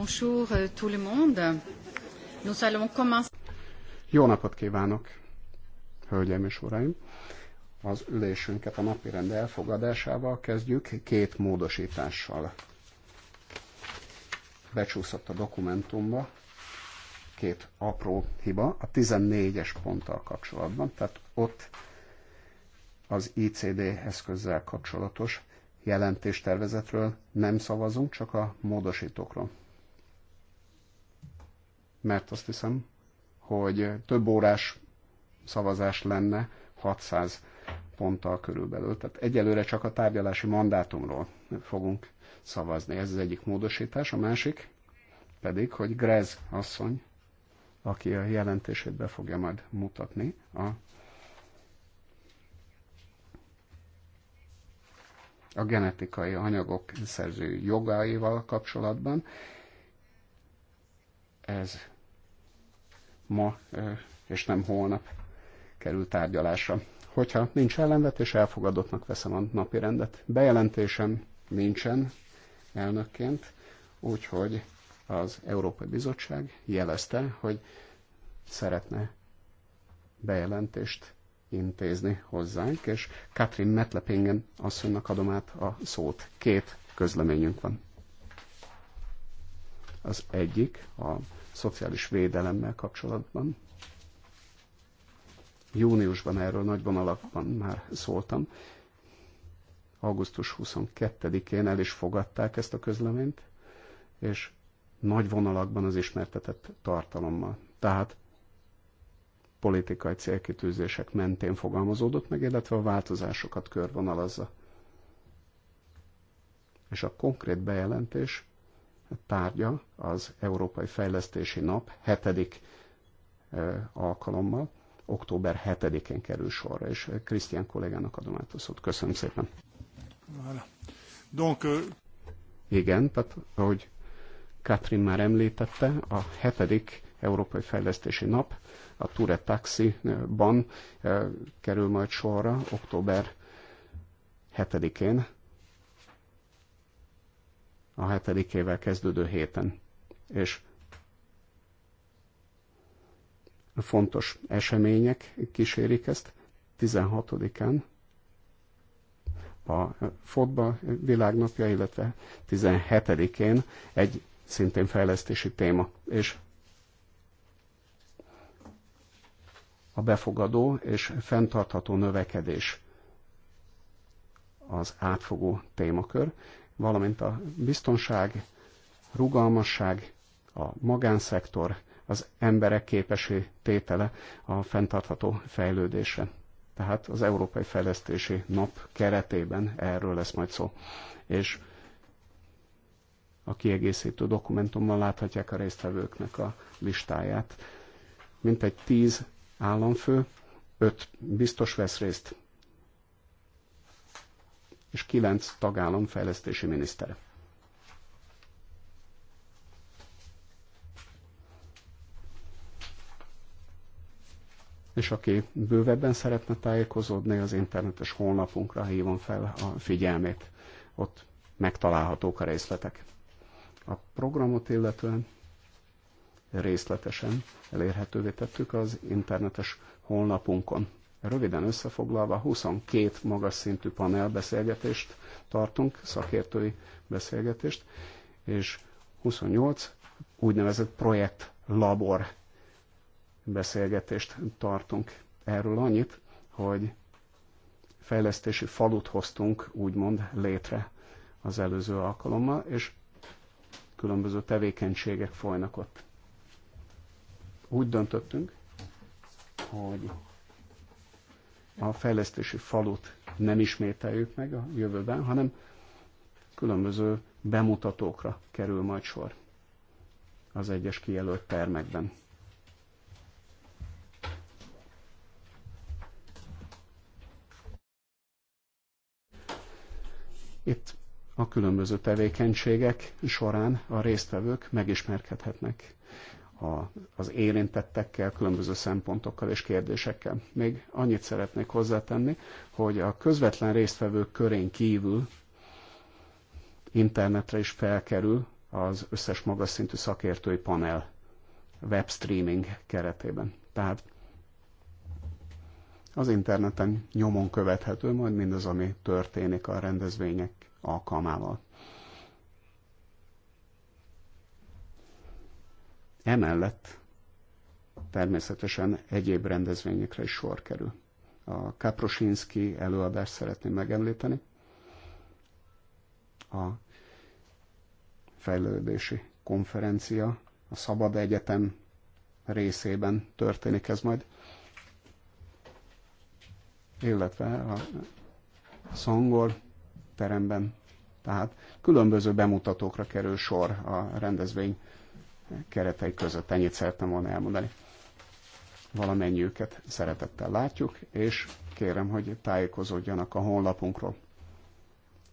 Bonjour euh, tout le monde. Nous allons commencer. Jó napot kívánok, hölgyeim és uraim! Az ülésünket a rend elfogadásával kezdjük, két módosítással. Becsúszott a dokumentumba két apró hiba a 14-es ponttal kapcsolatban, tehát ott az ICD eszközzel kapcsolatos jelentéstervezetről nem szavazunk, csak a módosítókról mert azt hiszem, hogy több órás szavazás lenne 600 ponttal körülbelül. Tehát egyelőre csak a tárgyalási mandátumról fogunk szavazni. Ez az egyik módosítás. A másik pedig, hogy Grez asszony, aki a jelentését be fogja majd mutatni, a, a genetikai anyagok szerző jogaival kapcsolatban. Ez ma és nem holnap kerül tárgyalásra. Hogyha nincs ellenvetés, elfogadottnak veszem a napi rendet. Bejelentésem nincsen elnökként, úgyhogy az Európai Bizottság jelezte, hogy szeretne bejelentést intézni hozzánk, és Katrin Metlepingen asszonynak adom át a szót. Két közleményünk van. Az egyik a szociális védelemmel kapcsolatban. Júniusban erről nagy vonalakban már szóltam. Augusztus 22-én el is fogadták ezt a közleményt, és nagy vonalakban az ismertetett tartalommal. Tehát politikai célkitűzések mentén fogalmazódott meg, illetve a változásokat körvonalazza. És a konkrét bejelentés tárgya az Európai Fejlesztési Nap hetedik alkalommal, október 7-én kerül sorra, és Krisztián kollégának adom át a szót. Köszönöm szépen. Voilà. Donc, euh, Igen, tehát ahogy Katrin már említette, a hetedik Európai Fejlesztési Nap a Ture Taxi-ban kerül majd sorra október 7-én a hetedikével kezdődő héten. És fontos események kísérik ezt. 16-án a fotba világnapja, illetve 17-én egy szintén fejlesztési téma. És a befogadó és fenntartható növekedés az átfogó témakör, valamint a biztonság, rugalmasság, a magánszektor, az emberek képesi tétele a fenntartható fejlődésre. Tehát az Európai Fejlesztési Nap keretében erről lesz majd szó. És a kiegészítő dokumentumban láthatják a résztvevőknek a listáját. Mintegy tíz államfő, öt biztos vesz részt, és kilenc tagállam fejlesztési minisztere. és aki bővebben szeretne tájékozódni, az internetes honlapunkra hívom fel a figyelmét. Ott megtalálhatók a részletek. A programot illetően részletesen elérhetővé tettük az internetes honlapunkon. Röviden összefoglalva 22 magas szintű panelbeszélgetést tartunk, szakértői beszélgetést, és 28 úgynevezett projekt labor beszélgetést tartunk. Erről annyit, hogy fejlesztési falut hoztunk úgymond létre az előző alkalommal, és különböző tevékenységek folynak ott. Úgy döntöttünk, hogy a fejlesztési falut nem ismételjük meg a jövőben, hanem különböző bemutatókra kerül majd sor az egyes kijelölt termekben. Itt a különböző tevékenységek során a résztvevők megismerkedhetnek a, az érintettekkel, különböző szempontokkal és kérdésekkel. Még annyit szeretnék hozzátenni, hogy a közvetlen résztvevők körén kívül internetre is felkerül az összes magas szintű szakértői panel webstreaming keretében. Tehát az interneten nyomon követhető majd mindaz, ami történik a rendezvények alkalmával. Emellett természetesen egyéb rendezvényekre is sor kerül. A Kaprosinski előadást szeretném megemlíteni. A fejlődési konferencia a Szabad Egyetem részében történik ez majd, illetve a Szangol teremben. Tehát különböző bemutatókra kerül sor a rendezvény keretei között. Ennyit szerettem volna elmondani. őket szeretettel látjuk, és kérem, hogy tájékozódjanak a honlapunkról.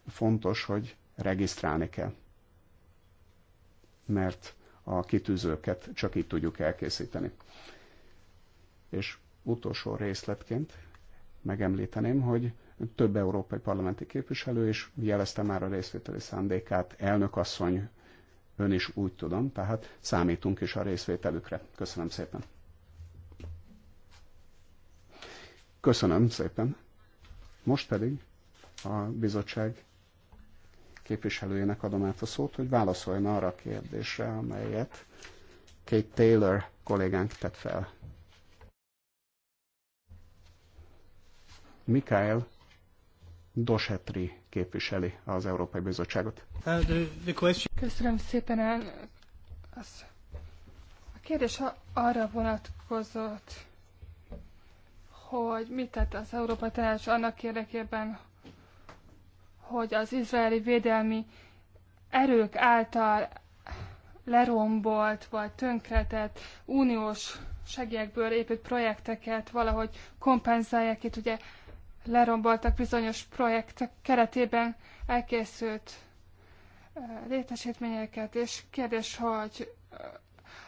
Fontos, hogy regisztrálni kell, mert a kitűzőket csak így tudjuk elkészíteni. És utolsó részletként megemlíteném, hogy több európai parlamenti képviselő is jelezte már a részvételi szándékát, elnökasszony ön is úgy tudom, tehát számítunk is a részvételükre. Köszönöm szépen. Köszönöm szépen. Most pedig a bizottság képviselőjének adom át a szót, hogy válaszoljon arra a kérdésre, amelyet Kate Taylor kollégánk tett fel. Mikael Dosetri képviseli az Európai Bizottságot. Uh, Köszönöm szépen, A kérdés arra vonatkozott, hogy mit tett az Európa Tanács annak érdekében, hogy az izraeli védelmi erők által lerombolt vagy tönkretett uniós segélyekből épült projekteket valahogy kompenzálják. Itt ugye leromboltak bizonyos projektek keretében elkészült létesítményeket, és kérdés, hogy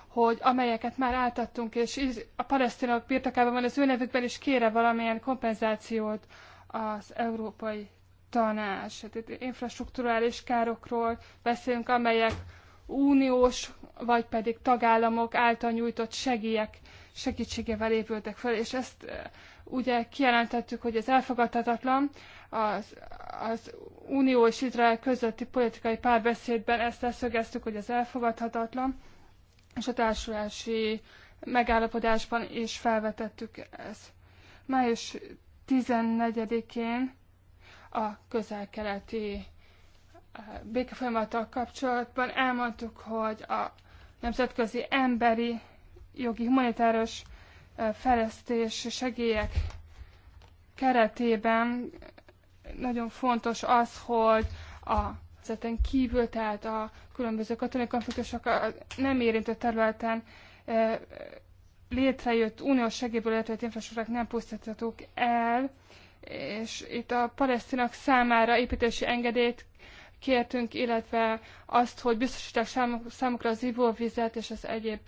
hogy amelyeket már átadtunk, és a palesztinok birtokában van az ő nevükben is kére valamilyen kompenzációt az Európai Tanács. Tehát itt infrastruktúrális károkról beszélünk, amelyek uniós, vagy pedig tagállamok által nyújtott segélyek segítségével épültek fel, és ezt ugye kijelentettük, hogy ez elfogadhatatlan, az, az Unió és Izrael közötti politikai párbeszédben ezt leszögeztük, hogy ez elfogadhatatlan, és a társulási megállapodásban is felvetettük ezt. Május 14-én a közel-keleti eh, békefolyamattal kapcsolatban elmondtuk, hogy a nemzetközi emberi jogi humanitáros fejlesztés segélyek keretében nagyon fontos az, hogy a területen kívül, tehát a különböző katonai konfliktusok a nem érintő területen létrejött uniós segélyből létrejött infrastruktúrák nem pusztíthatók el, és itt a palesztinak számára építési engedélyt kértünk, illetve azt, hogy biztosítsák számukra az ivóvizet és az egyéb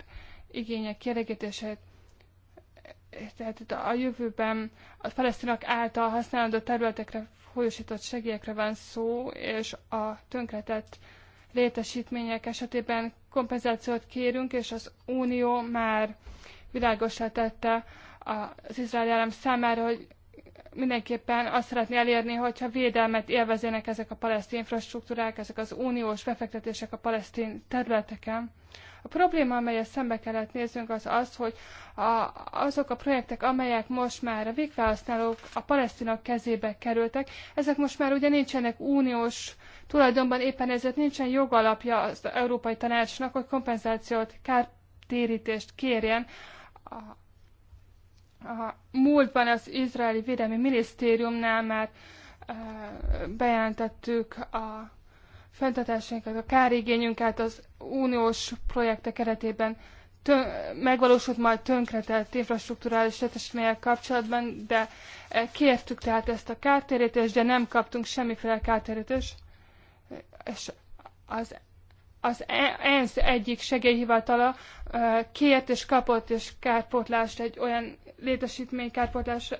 igények kielégítését tehát itt a jövőben a palesztinak által használandó területekre folyosított segélyekre van szó, és a tönkretett létesítmények esetében kompenzációt kérünk, és az Unió már világosra tette az izraeli állam számára, hogy mindenképpen azt szeretné elérni, hogyha védelmet élvezének ezek a palesztin infrastruktúrák, ezek az uniós befektetések a palesztin területeken, a probléma, amelyet szembe kellett néznünk, az az, hogy a, azok a projektek, amelyek most már a végfelhasználók a palesztinok kezébe kerültek, ezek most már ugye nincsenek uniós tulajdonban, éppen ezért nincsen jogalapja az Európai Tanácsnak, hogy kompenzációt, kártérítést kérjen a, a múltban az izraeli védelmi minisztériumnál már bejelentettük a fenntartásainkat, a kárigényünket az uniós projektek keretében tön, megvalósult majd tönkretett infrastruktúrális létesítmények kapcsolatban, de e, kértük tehát ezt a kártérítést, de nem kaptunk semmiféle kártérítést. És az, az ENSZ e-, e-, egyik segélyhivatala kért és kapott és kárpótlást egy olyan létesítmény kárpótlás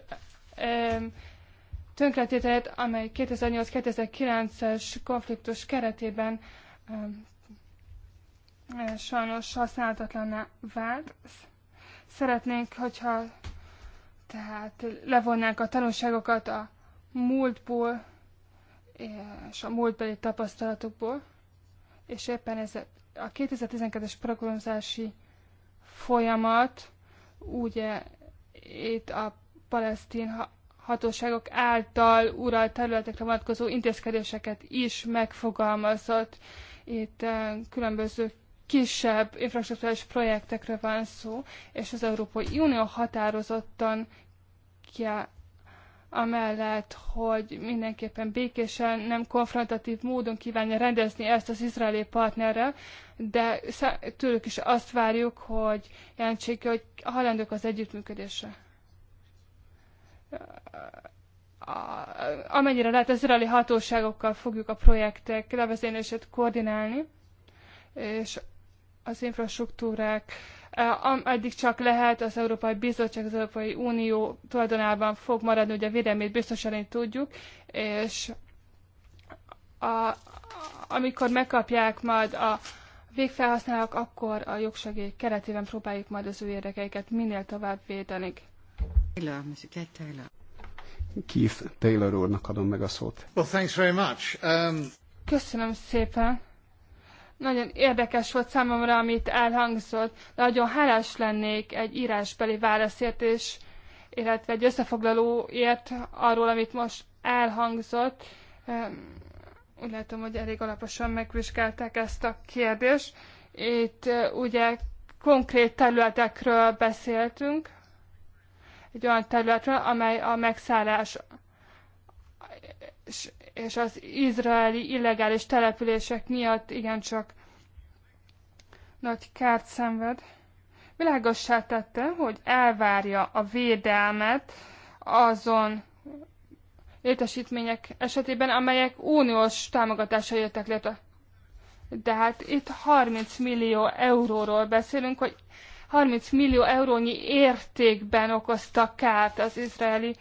tönkretételét, amely 2008-2009-es konfliktus keretében um, eh, sajnos használhatatlaná vált. Szeretnénk, hogyha tehát levonnánk a tanulságokat a múltból és a múltbeli tapasztalatokból, és éppen ez a 2012-es programozási folyamat, ugye itt a palesztin hatóságok által uralt területekre vonatkozó intézkedéseket is megfogalmazott. Itt eh, különböző kisebb infrastruktúrális projektekre van szó, és az Európai Unió határozottan ki amellett, hogy mindenképpen békésen, nem konfrontatív módon kívánja rendezni ezt az izraeli partnerrel, de tőlük is azt várjuk, hogy jelentsék, hogy hajlandók az együttműködésre a, amennyire lehet az izraeli hatóságokkal fogjuk a projektek levezénylését koordinálni, és az infrastruktúrák, e, addig csak lehet, az Európai Bizottság, az Európai Unió tulajdonában fog maradni, ugye a védelmét biztosan tudjuk, és a, amikor megkapják majd a végfelhasználók, akkor a jogsegély keretében próbáljuk majd az ő érdekeiket minél tovább védeni. Taylor, Mr. Taylor. Keith Taylor úrnak adom meg a szót. Well, thanks very much. Um... Köszönöm szépen. Nagyon érdekes volt számomra, amit elhangzott. Nagyon hálás lennék egy írásbeli válaszért, és illetve egy összefoglalóért arról, amit most elhangzott. Ehm, úgy látom, hogy elég alaposan megvizsgálták ezt a kérdést. Itt eh, ugye konkrét területekről beszéltünk, egy olyan területről, amely a megszállás és az izraeli illegális települések miatt igencsak nagy kárt szenved. Világossá tette, hogy elvárja a védelmet azon létesítmények esetében, amelyek uniós támogatásra jöttek létre. De hát itt 30 millió euróról beszélünk, hogy 30 millió eurónyi értékben okozta kárt az izraeli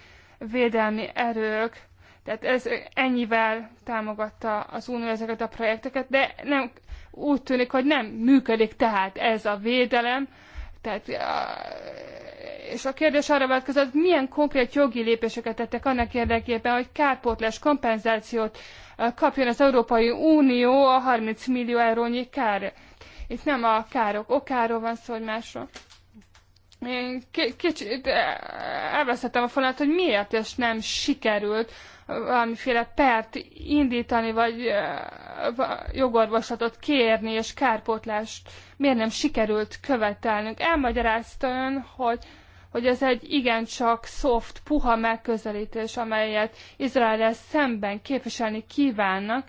védelmi erők. Tehát ez ennyivel támogatta az UNO ezeket a projekteket, de nem, úgy tűnik, hogy nem működik tehát ez a védelem. Tehát, és a kérdés arra vonatkozott, milyen konkrét jogi lépéseket tettek annak érdekében, hogy kárpótlás kompenzációt kapjon az Európai Unió a 30 millió eurónyi kár itt nem a károk okáról van szó, hogy másról. Én kicsit eh, elveszettem a fonalat, hogy miért és nem sikerült eh, valamiféle pert indítani, vagy eh, jogorvoslatot kérni, és kárpótlást miért nem sikerült követelnünk. Elmagyarázta ön, hogy, hogy ez egy igencsak soft, puha megközelítés, amelyet Izrael szemben képviselni kívánnak,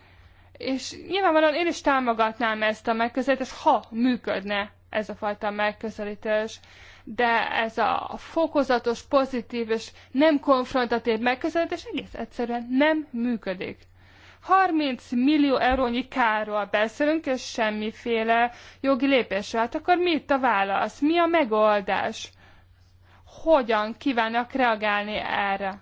és nyilvánvalóan én is támogatnám ezt a megközelítést, ha működne ez a fajta megközelítés. De ez a fokozatos, pozitív és nem konfrontatív megközelítés egész egyszerűen nem működik. 30 millió eurónyi kárról beszélünk, és semmiféle jogi lépésre. Hát akkor mi itt a válasz? Mi a megoldás? Hogyan kívánnak reagálni erre?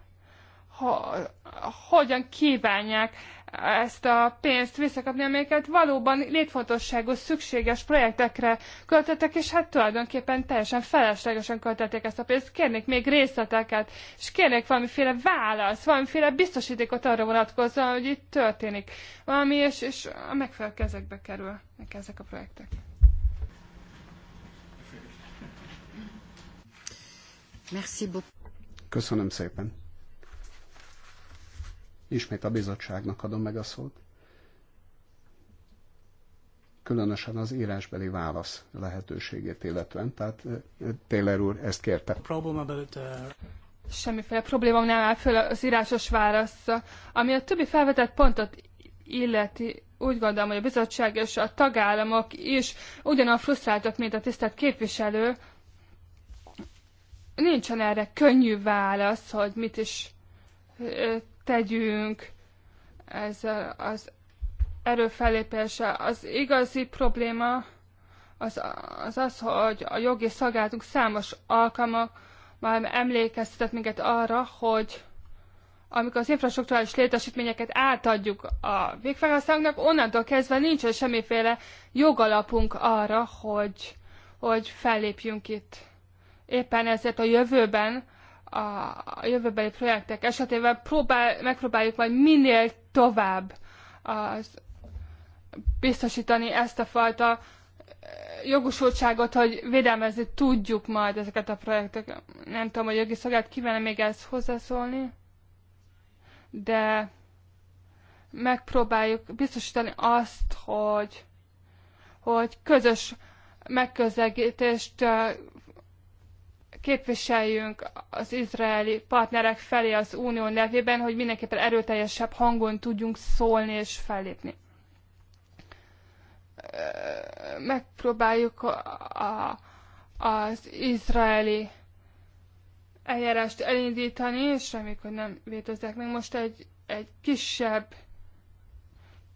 hogyan kívánják ezt a pénzt visszakapni, amelyeket valóban létfontosságú, szükséges projektekre költöttek, és hát tulajdonképpen teljesen feleslegesen költötték ezt a pénzt. Kérnék még részleteket, és kérnék valamiféle választ, valamiféle biztosítékot arra vonatkozóan, hogy itt történik valami, és, és a megfelelő kezekbe kerülnek ezek a projektek. Köszönöm szépen. Ismét a bizottságnak adom meg a szót. Különösen az írásbeli válasz lehetőségét illetően. Tehát Taylor úr ezt kérte. Uh, Semmiféle problémám nem áll föl az írásos válasz. Ami a többi felvetett pontot illeti, úgy gondolom, hogy a bizottság és a tagállamok is ugyanolyan frusztráltak, mint a tisztelt képviselő. Nincsen erre könnyű válasz, hogy mit is tegyünk ezzel az erőfelépése. Az igazi probléma az az, az hogy a jogi szolgálatunk számos alkalma már emlékeztetett minket arra, hogy amikor az infrastruktúrális létesítményeket átadjuk a végfelhasználóknak, onnantól kezdve nincs semmiféle jogalapunk arra, hogy, hogy fellépjünk itt. Éppen ezért a jövőben a jövőbeli projektek esetében próbál, megpróbáljuk majd minél tovább az, biztosítani ezt a fajta eh, jogosultságot, hogy védelmezni tudjuk majd ezeket a projekteket. Nem tudom, hogy jogi szolgált kívánom még ezt hozzászólni, de megpróbáljuk biztosítani azt, hogy, hogy közös megközelítést eh, képviseljünk az izraeli partnerek felé az unió nevében, hogy mindenképpen erőteljesebb hangon tudjunk szólni és fellépni. Megpróbáljuk a, az izraeli eljárást elindítani, és reméljük, hogy nem vétozzák meg. Most egy, egy kisebb,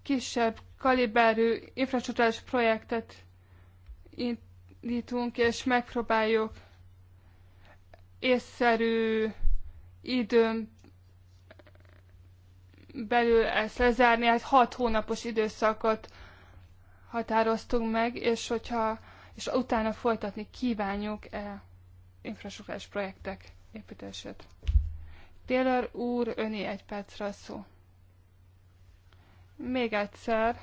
kisebb kaliberű infrastruktúrás projektet indítunk, és megpróbáljuk észszerű időn belül ezt lezárni, hát hat hónapos időszakot határoztunk meg, és hogyha és utána folytatni kívánjuk-e infrastruktúrás projektek építését. Taylor úr, öné egy percre szó. Még egyszer,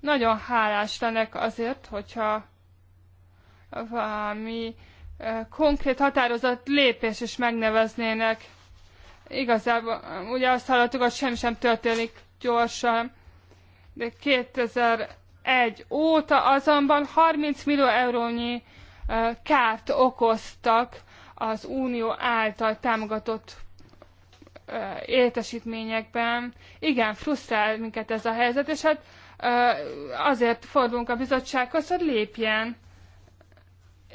nagyon hálás lennek azért, hogyha valami konkrét határozott lépés is megneveznének. Igazából ugye azt hallottuk, hogy semmi sem történik gyorsan, de 2001 óta azonban 30 millió eurónyi kárt okoztak az unió által támogatott értesítményekben. Igen, frusztrál minket ez a helyzet, és hát azért fordulunk a bizottsághoz, hogy lépjen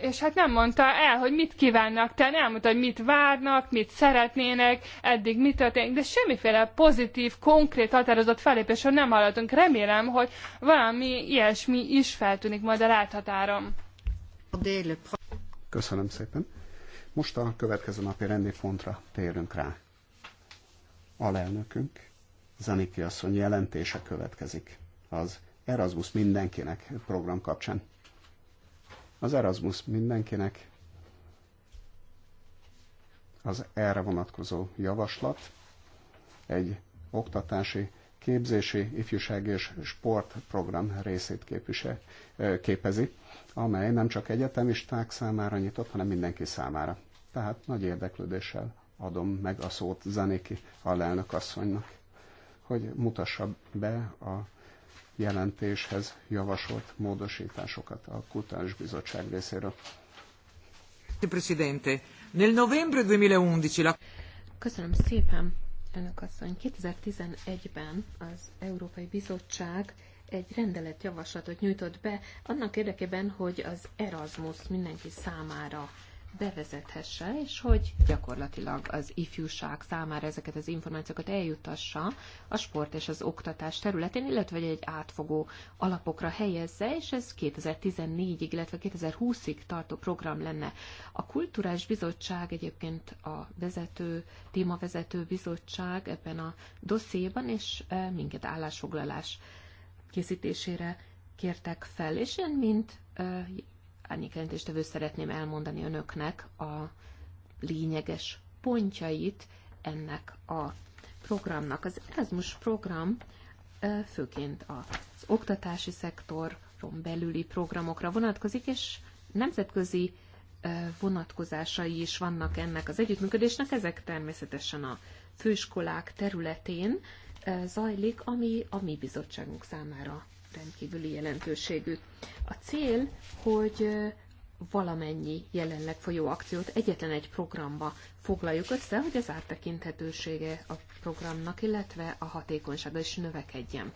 és hát nem mondta el, hogy mit kívánnak tenni, elmondta, hogy mit várnak, mit szeretnének, eddig mit történik, de semmiféle pozitív, konkrét, határozott felépésről nem hallottunk. Remélem, hogy valami ilyesmi is feltűnik majd a láthatárom. Köszönöm szépen. Most a következő napi rendi fontra térünk rá. lelnökünk, Zaniki asszony jelentése következik az Erasmus mindenkinek program kapcsán. Az Erasmus mindenkinek az erre vonatkozó javaslat egy oktatási, képzési, ifjúság és sportprogram részét képüse képezi, amely nem csak egyetemisták számára nyitott, hanem mindenki számára. Tehát nagy érdeklődéssel adom meg a szót Zanéki alelnök asszonynak, hogy mutassa be a jelentéshez javasolt módosításokat a Kutáns Bizottság részéről. Presidente, nel novembre 2011 Köszönöm szépen, elnök asszony. 2011-ben az Európai Bizottság egy rendeletjavaslatot nyújtott be annak érdekében, hogy az Erasmus mindenki számára bevezethesse, és hogy gyakorlatilag az ifjúság számára ezeket az információkat eljutassa a sport és az oktatás területén, illetve egy átfogó alapokra helyezze, és ez 2014-ig, illetve 2020-ig tartó program lenne. A Kulturális Bizottság egyébként a vezető, témavezető bizottság ebben a dosszéban, és e, minket állásfoglalás készítésére kértek fel, és én mint e, árnyékjelentéstevő szeretném elmondani önöknek a lényeges pontjait ennek a programnak. Az Erasmus program főként az oktatási szektoron belüli programokra vonatkozik, és nemzetközi vonatkozásai is vannak ennek az együttműködésnek, ezek természetesen a főiskolák területén zajlik, ami a mi bizottságunk számára rendkívüli jelentőségű. A cél, hogy valamennyi jelenleg folyó akciót egyetlen egy programba foglaljuk össze, hogy az áttekinthetősége a programnak, illetve a hatékonysága is növekedjen.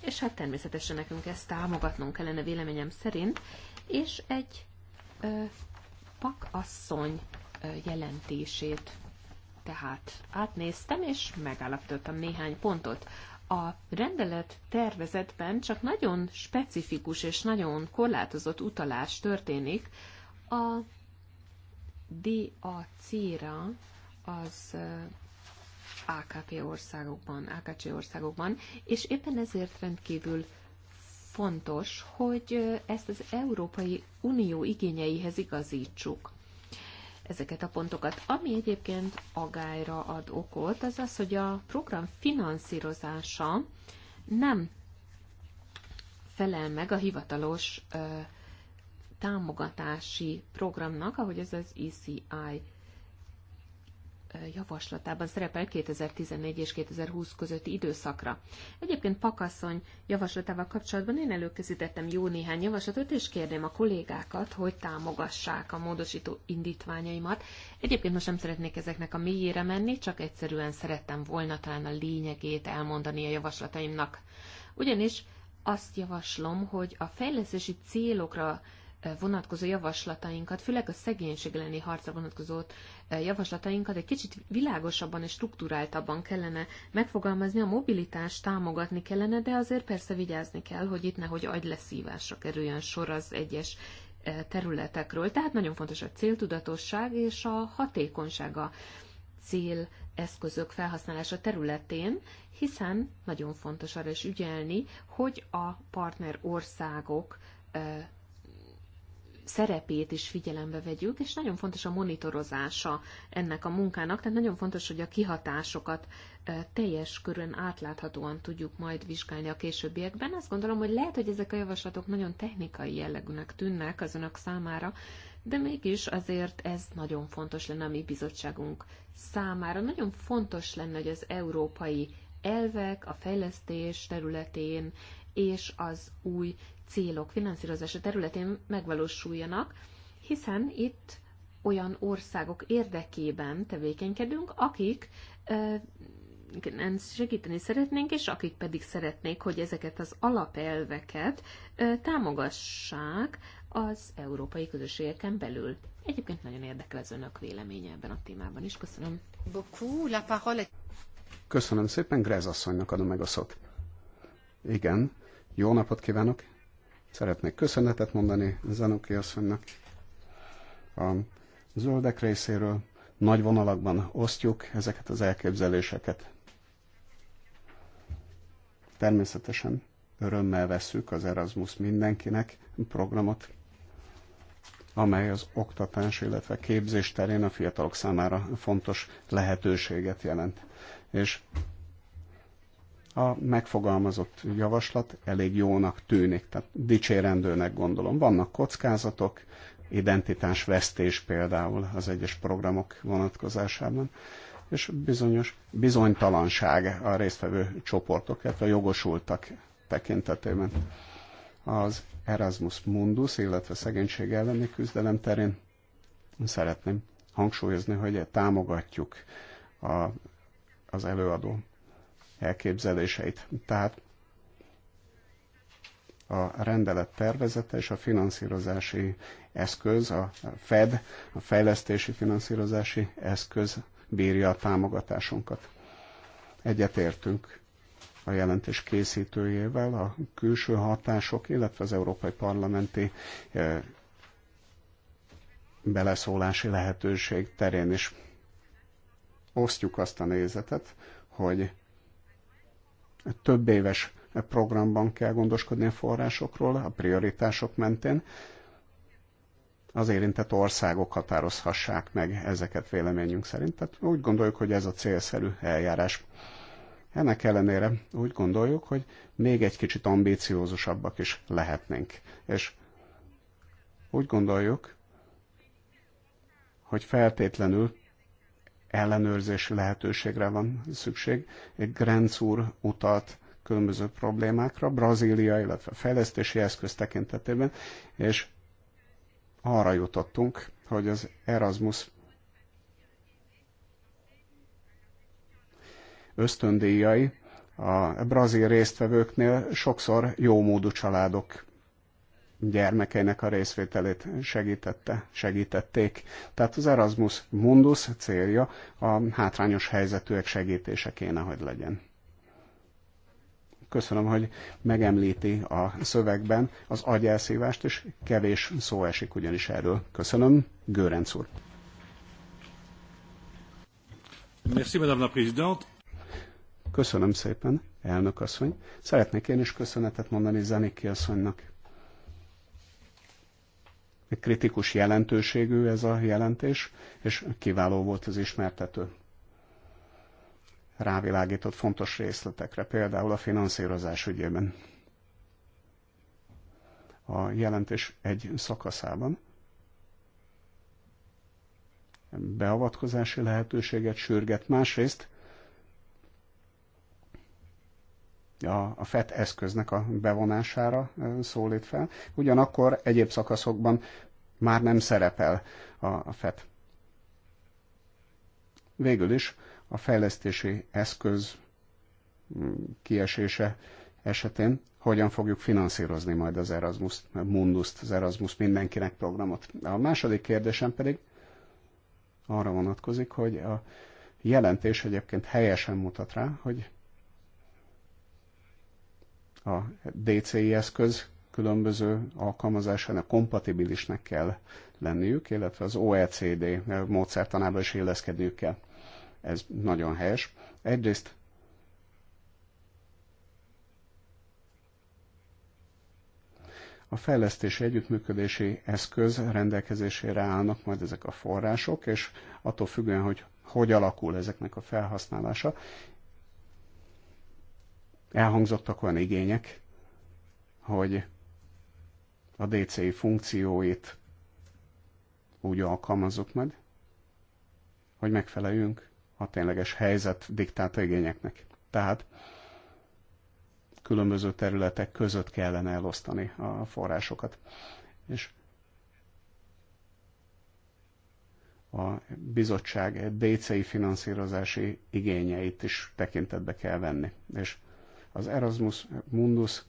És hát természetesen nekünk ezt támogatnunk kellene véleményem szerint, és egy ö, pakasszony ö, jelentését tehát átnéztem, és megállapítottam néhány pontot a rendelet tervezetben csak nagyon specifikus és nagyon korlátozott utalás történik a DAC-ra az AKP országokban, AKC országokban, és éppen ezért rendkívül fontos, hogy ezt az Európai Unió igényeihez igazítsuk ezeket a pontokat. Ami egyébként agályra ad okot, az az, hogy a program finanszírozása nem felel meg a hivatalos ö, támogatási programnak, ahogy ez az ECI javaslatában szerepel 2014 és 2020 közötti időszakra. Egyébként Pakasszony javaslatával kapcsolatban én előkészítettem jó néhány javaslatot, és kérném a kollégákat, hogy támogassák a módosító indítványaimat. Egyébként most nem szeretnék ezeknek a mélyére menni, csak egyszerűen szerettem volna talán a lényegét elmondani a javaslataimnak. Ugyanis azt javaslom, hogy a fejlesztési célokra vonatkozó javaslatainkat, főleg a szegénység elleni harcra vonatkozó eh, javaslatainkat egy kicsit világosabban és struktúráltabban kellene megfogalmazni, a mobilitást támogatni kellene, de azért persze vigyázni kell, hogy itt nehogy agyleszívásra kerüljön sor az egyes eh, területekről. Tehát nagyon fontos a céltudatosság és a hatékonysága cél eszközök felhasználása területén, hiszen nagyon fontos arra is ügyelni, hogy a partner országok eh, szerepét is figyelembe vegyük, és nagyon fontos a monitorozása ennek a munkának, tehát nagyon fontos, hogy a kihatásokat teljes körön átláthatóan tudjuk majd vizsgálni a későbbiekben. Azt gondolom, hogy lehet, hogy ezek a javaslatok nagyon technikai jellegűnek tűnnek az önök számára, de mégis azért ez nagyon fontos lenne a mi bizottságunk számára. Nagyon fontos lenne, hogy az európai elvek a fejlesztés területén és az új célok finanszírozása területén megvalósuljanak, hiszen itt olyan országok érdekében tevékenykedünk, akik segíteni szeretnénk, és akik pedig szeretnék, hogy ezeket az alapelveket támogassák az európai közösségeken belül. Egyébként nagyon érdekel az önök véleménye ebben a témában is. Köszönöm. Köszönöm szépen, Grez asszonynak adom meg a szót. Igen, jó napot kívánok! Szeretnék köszönetet mondani Zanuki asszonynak a zöldek részéről. Nagy vonalakban osztjuk ezeket az elképzeléseket. Természetesen örömmel vesszük az Erasmus mindenkinek programot, amely az oktatás, illetve képzés terén a fiatalok számára fontos lehetőséget jelent. És a megfogalmazott javaslat elég jónak tűnik, tehát dicsérendőnek gondolom. Vannak kockázatok, vesztés például az egyes programok vonatkozásában, és bizonyos bizonytalanság a résztvevő csoportok, illetve a jogosultak tekintetében. Az Erasmus Mundus, illetve szegénység elleni küzdelem terén szeretném hangsúlyozni, hogy támogatjuk a, az előadó elképzeléseit. Tehát a rendelet tervezete és a finanszírozási eszköz, a FED, a fejlesztési finanszírozási eszköz bírja a támogatásunkat. Egyetértünk a jelentés készítőjével, a külső hatások, illetve az Európai Parlamenti e, beleszólási lehetőség terén is osztjuk azt a nézetet, hogy több éves programban kell gondoskodni a forrásokról, a prioritások mentén. Az érintett országok határozhassák meg ezeket véleményünk szerint. Tehát úgy gondoljuk, hogy ez a célszerű eljárás. Ennek ellenére úgy gondoljuk, hogy még egy kicsit ambíciózusabbak is lehetnénk. És úgy gondoljuk, hogy feltétlenül ellenőrzési lehetőségre van szükség. egy úr utalt különböző problémákra, Brazília, illetve fejlesztési eszköz tekintetében, és arra jutottunk, hogy az Erasmus ösztöndíjai a brazil résztvevőknél sokszor jómódú családok gyermekeinek a részvételét segítette, segítették. Tehát az Erasmus Mundus célja a hátrányos helyzetűek segítése kéne, hogy legyen. Köszönöm, hogy megemlíti a szövegben az agyelszívást, és kevés szó esik ugyanis erről. Köszönöm, Gőrenc úr. Merci, Madame la Présidente. Köszönöm szépen, elnök asszony. Szeretnék én is köszönetet mondani Zeniki asszonynak kritikus jelentőségű ez a jelentés, és kiváló volt az ismertető. Rávilágított fontos részletekre, például a finanszírozás ügyében. A jelentés egy szakaszában beavatkozási lehetőséget sürget, másrészt a, a FET eszköznek a bevonására szólít fel, ugyanakkor egyéb szakaszokban már nem szerepel a, a FET. Végül is a fejlesztési eszköz mm, kiesése esetén hogyan fogjuk finanszírozni majd az Erasmus Munduszt, az Erasmus mindenkinek programot. A második kérdésem pedig arra vonatkozik, hogy a jelentés egyébként helyesen mutat rá, hogy a DCI eszköz különböző alkalmazásának kompatibilisnek kell lenniük, illetve az OECD módszertanába is illeszkedniük kell. Ez nagyon helyes. Egyrészt a fejlesztési együttműködési eszköz rendelkezésére állnak majd ezek a források, és attól függően, hogy hogy alakul ezeknek a felhasználása, Elhangzottak olyan igények, hogy a DCI funkcióit úgy alkalmazzuk meg, hogy megfeleljünk a tényleges helyzet diktálta igényeknek. Tehát különböző területek között kellene elosztani a forrásokat. És a bizottság DCI finanszírozási igényeit is tekintetbe kell venni. És az Erasmus Mundus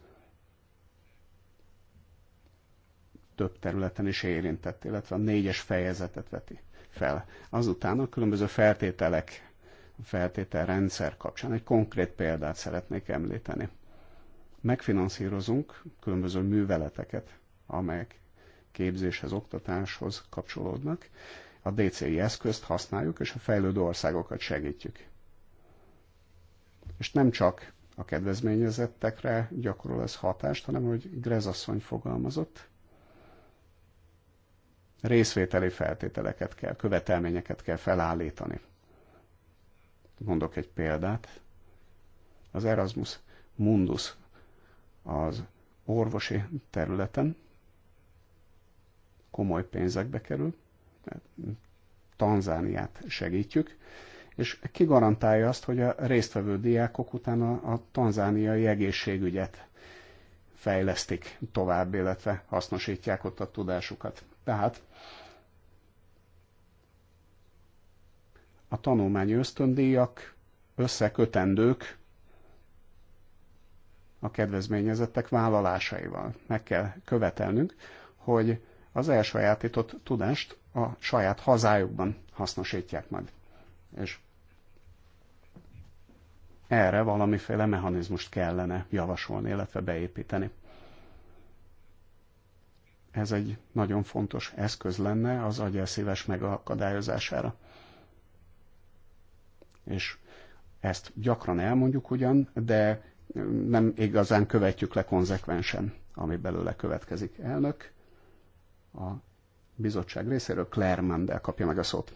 több területen is érintett, illetve a négyes fejezetet veti fel. Azután a különböző feltételek, feltételrendszer kapcsán egy konkrét példát szeretnék említeni. Megfinanszírozunk különböző műveleteket, amelyek képzéshez, oktatáshoz kapcsolódnak. A DCI eszközt használjuk, és a fejlődő országokat segítjük. És nem csak a kedvezményezettekre gyakorol ez hatást, hanem hogy Grezasszony fogalmazott, részvételi feltételeket kell, követelményeket kell felállítani. Mondok egy példát. Az Erasmus Mundus az orvosi területen komoly pénzekbe kerül, Tanzániát segítjük, és ki garantálja azt, hogy a résztvevő diákok utána a tanzániai egészségügyet fejlesztik tovább, illetve hasznosítják ott a tudásukat. Tehát a tanulmányi ösztöndíjak összekötendők a kedvezményezettek vállalásaival. Meg kell követelnünk, hogy az elsajátított tudást a saját hazájukban hasznosítják majd. És erre valamiféle mechanizmust kellene javasolni, illetve beépíteni. Ez egy nagyon fontos eszköz lenne az agyelszíves megakadályozására. És ezt gyakran elmondjuk ugyan, de nem igazán követjük le konzekvensen, ami belőle következik. Elnök a bizottság részéről Claire Mandel kapja meg a szót.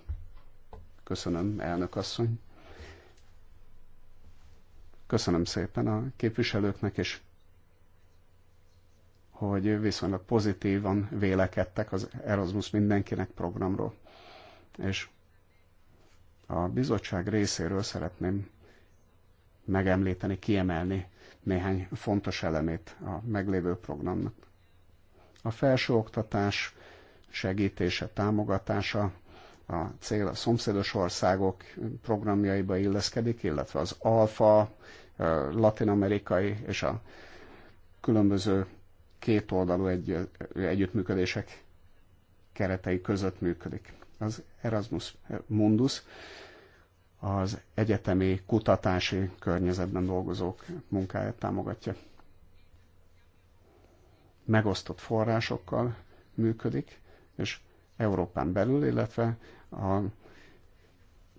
Köszönöm, elnök asszony. Köszönöm szépen a képviselőknek és hogy viszonylag pozitívan vélekedtek az Erasmus mindenkinek programról. És a bizottság részéről szeretném megemlíteni, kiemelni néhány fontos elemét a meglévő programnak. A felsőoktatás segítése, támogatása, a cél a szomszédos országok programjaiba illeszkedik, illetve az alfa latinamerikai és a különböző kétoldalú egy, együttműködések keretei között működik. Az Erasmus Mundus az egyetemi kutatási környezetben dolgozók munkáját támogatja. Megosztott forrásokkal működik, és Európán belül, illetve a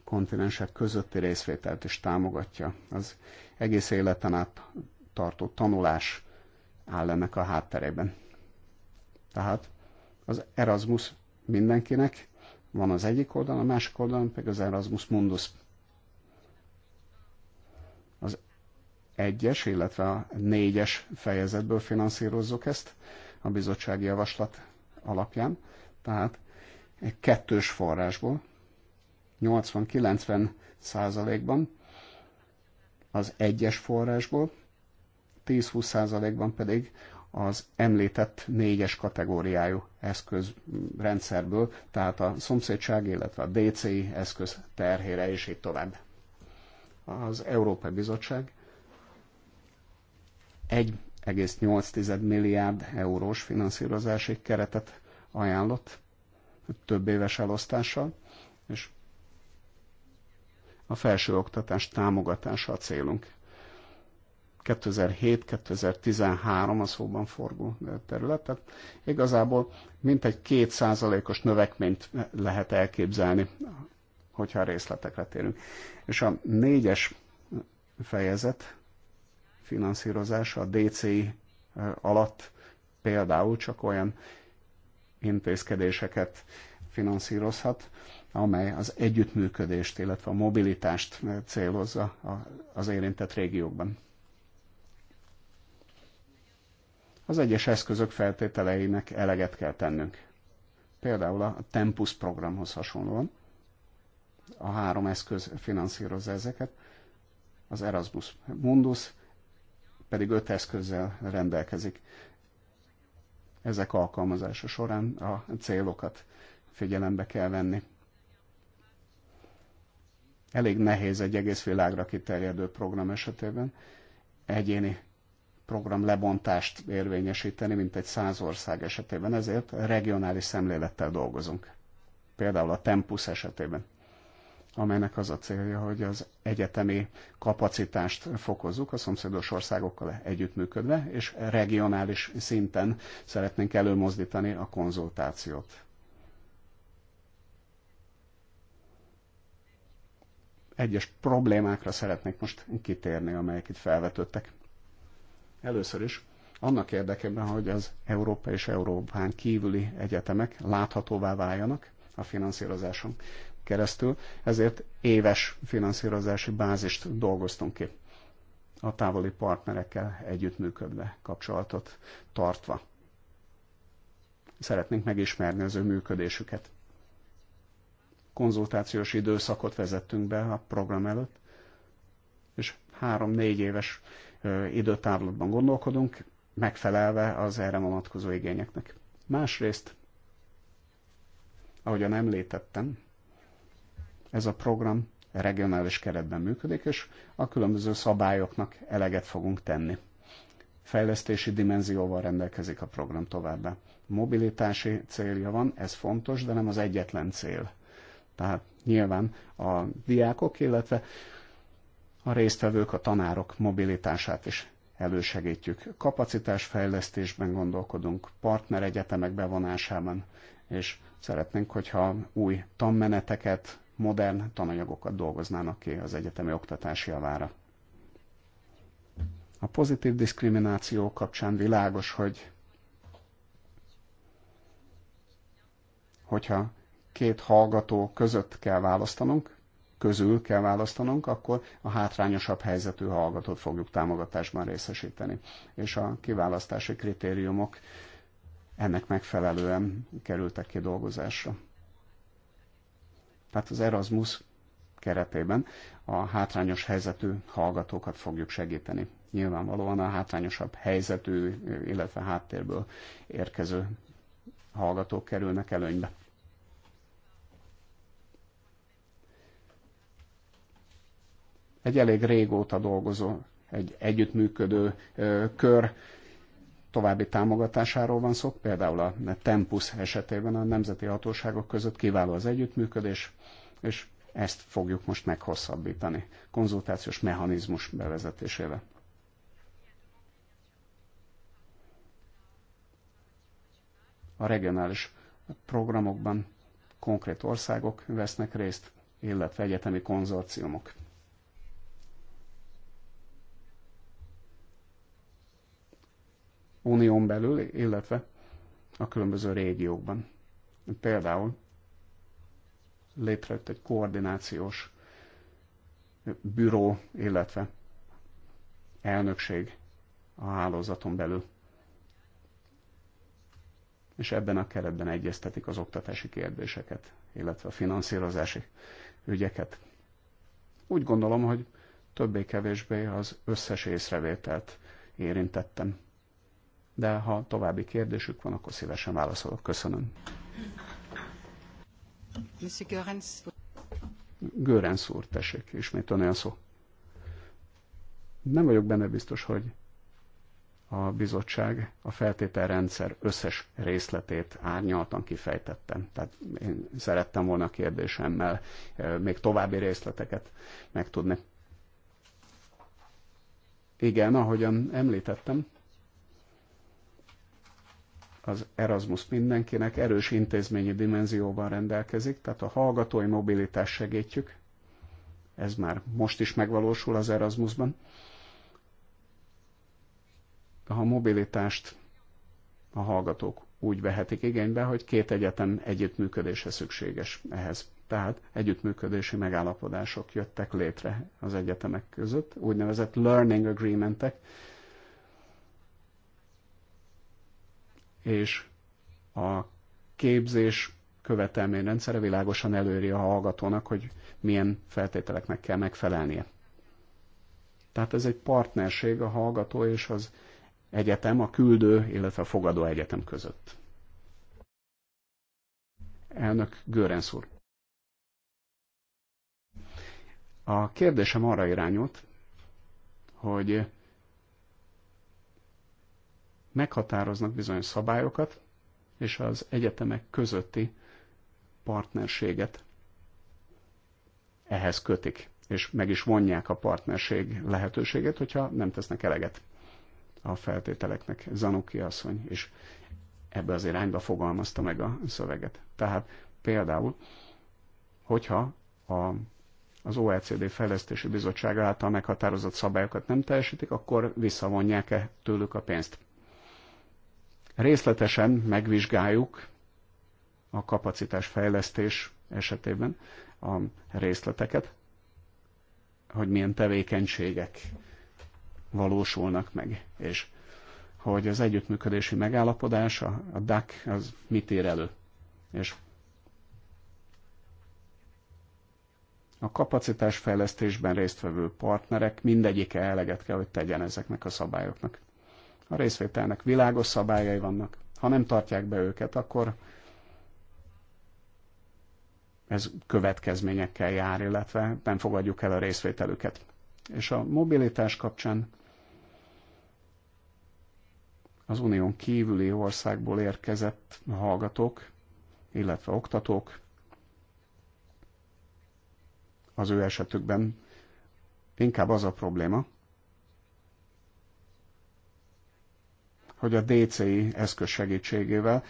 kontinensek közötti részvételt is támogatja. Az egész életen át tartó tanulás áll ennek a hátterében. Tehát az Erasmus mindenkinek van az egyik oldalon, a másik oldalon pedig az Erasmus Mundus. Az egyes, illetve a négyes fejezetből finanszírozzuk ezt a bizottsági javaslat alapján, tehát egy kettős forrásból, 80-90 százalékban az egyes forrásból, 10-20%-ban pedig az említett négyes kategóriájú eszközrendszerből, tehát a szomszédság, illetve a DCI eszköz terhére, és így tovább. Az Európai Bizottság 1,8 milliárd eurós finanszírozási keretet ajánlott több éves elosztással, és a felsőoktatás támogatása a célunk. 2007-2013 a szóban forgó terület, tehát igazából mintegy kétszázalékos növekményt lehet elképzelni, hogyha a részletekre térünk. És a négyes fejezet finanszírozása a DCI alatt például csak olyan intézkedéseket finanszírozhat, amely az együttműködést, illetve a mobilitást eh, célozza az érintett régiókban. Az egyes eszközök feltételeinek eleget kell tennünk. Például a Tempus programhoz hasonlóan. A három eszköz finanszírozza ezeket. Az Erasmus Mundus pedig öt eszközzel rendelkezik. Ezek alkalmazása során a célokat figyelembe kell venni elég nehéz egy egész világra kiterjedő program esetében egyéni program lebontást érvényesíteni, mint egy száz ország esetében, ezért regionális szemlélettel dolgozunk. Például a Tempus esetében, amelynek az a célja, hogy az egyetemi kapacitást fokozzuk a szomszédos országokkal együttműködve, és regionális szinten szeretnénk előmozdítani a konzultációt egyes problémákra szeretnék most kitérni, amelyek itt felvetődtek. Először is annak érdekében, hogy az Európa és Európán kívüli egyetemek láthatóvá váljanak a finanszírozáson keresztül, ezért éves finanszírozási bázist dolgoztunk ki a távoli partnerekkel együttműködve, kapcsolatot tartva. Szeretnénk megismerni az ő működésüket konzultációs időszakot vezettünk be a program előtt, és három-négy éves időtávlatban gondolkodunk, megfelelve az erre vonatkozó igényeknek. Másrészt, ahogyan említettem, ez a program regionális keretben működik, és a különböző szabályoknak eleget fogunk tenni. Fejlesztési dimenzióval rendelkezik a program továbbá. Mobilitási célja van, ez fontos, de nem az egyetlen cél. Tehát nyilván a diákok, illetve a résztvevők, a tanárok mobilitását is elősegítjük. Kapacitásfejlesztésben gondolkodunk, partner egyetemek bevonásában, és szeretnénk, hogyha új tanmeneteket, modern tananyagokat dolgoznának ki az egyetemi oktatási javára. A pozitív diszkrimináció kapcsán világos, hogy hogyha két hallgató között kell választanunk, közül kell választanunk, akkor a hátrányosabb helyzetű hallgatót fogjuk támogatásban részesíteni. És a kiválasztási kritériumok ennek megfelelően kerültek ki dolgozásra. Tehát az Erasmus keretében a hátrányos helyzetű hallgatókat fogjuk segíteni. Nyilvánvalóan a hátrányosabb helyzetű, illetve háttérből érkező hallgatók kerülnek előnybe. egy elég régóta dolgozó, egy együttműködő kör további támogatásáról van szó, például a Tempus esetében a nemzeti hatóságok között kiváló az együttműködés, és ezt fogjuk most meghosszabbítani konzultációs mechanizmus bevezetésével. A regionális programokban konkrét országok vesznek részt, illetve egyetemi konzorciumok. unión belül, illetve a különböző régiókban. Például létrejött egy koordinációs büró, illetve elnökség a hálózaton belül. És ebben a keretben egyeztetik az oktatási kérdéseket, illetve a finanszírozási ügyeket. Úgy gondolom, hogy többé-kevésbé az összes észrevételt érintettem de ha további kérdésük van, akkor szívesen válaszolok. Köszönöm. Görenc úr, tessék, ismét a szó. Nem vagyok benne biztos, hogy a bizottság a feltételrendszer összes részletét árnyaltan kifejtettem. Tehát én szerettem volna a kérdésemmel még további részleteket megtudni. Igen, ahogyan említettem, az Erasmus mindenkinek erős intézményi dimenzióval rendelkezik, tehát a hallgatói mobilitást segítjük. Ez már most is megvalósul az Erasmusban. A mobilitást a hallgatók úgy vehetik igénybe, hogy két egyetem együttműködése szükséges ehhez. Tehát együttműködési megállapodások jöttek létre az egyetemek között, úgynevezett learning agreementek, és a képzés rendszere világosan előri a hallgatónak, hogy milyen feltételeknek kell megfelelnie. Tehát ez egy partnerség a hallgató és az egyetem, a küldő, illetve a fogadó egyetem között. Elnök Görens úr. A kérdésem arra irányult, hogy meghatároznak bizonyos szabályokat, és az egyetemek közötti partnerséget ehhez kötik, és meg is vonják a partnerség lehetőségét, hogyha nem tesznek eleget a feltételeknek. Zanuki asszony is ebbe az irányba fogalmazta meg a szöveget. Tehát például, hogyha a, az OECD Fejlesztési Bizottság által meghatározott szabályokat nem teljesítik, akkor visszavonják-e tőlük a pénzt részletesen megvizsgáljuk a kapacitásfejlesztés esetében a részleteket, hogy milyen tevékenységek valósulnak meg, és hogy az együttműködési megállapodás, a, a DAC, az mit ír elő. És a kapacitásfejlesztésben résztvevő partnerek mindegyike eleget kell, hogy tegyen ezeknek a szabályoknak. A részvételnek világos szabályai vannak. Ha nem tartják be őket, akkor ez következményekkel jár, illetve nem fogadjuk el a részvételüket. És a mobilitás kapcsán az unión kívüli országból érkezett hallgatók, illetve oktatók, az ő esetükben inkább az a probléma, hogy a DCI eszköz segítségével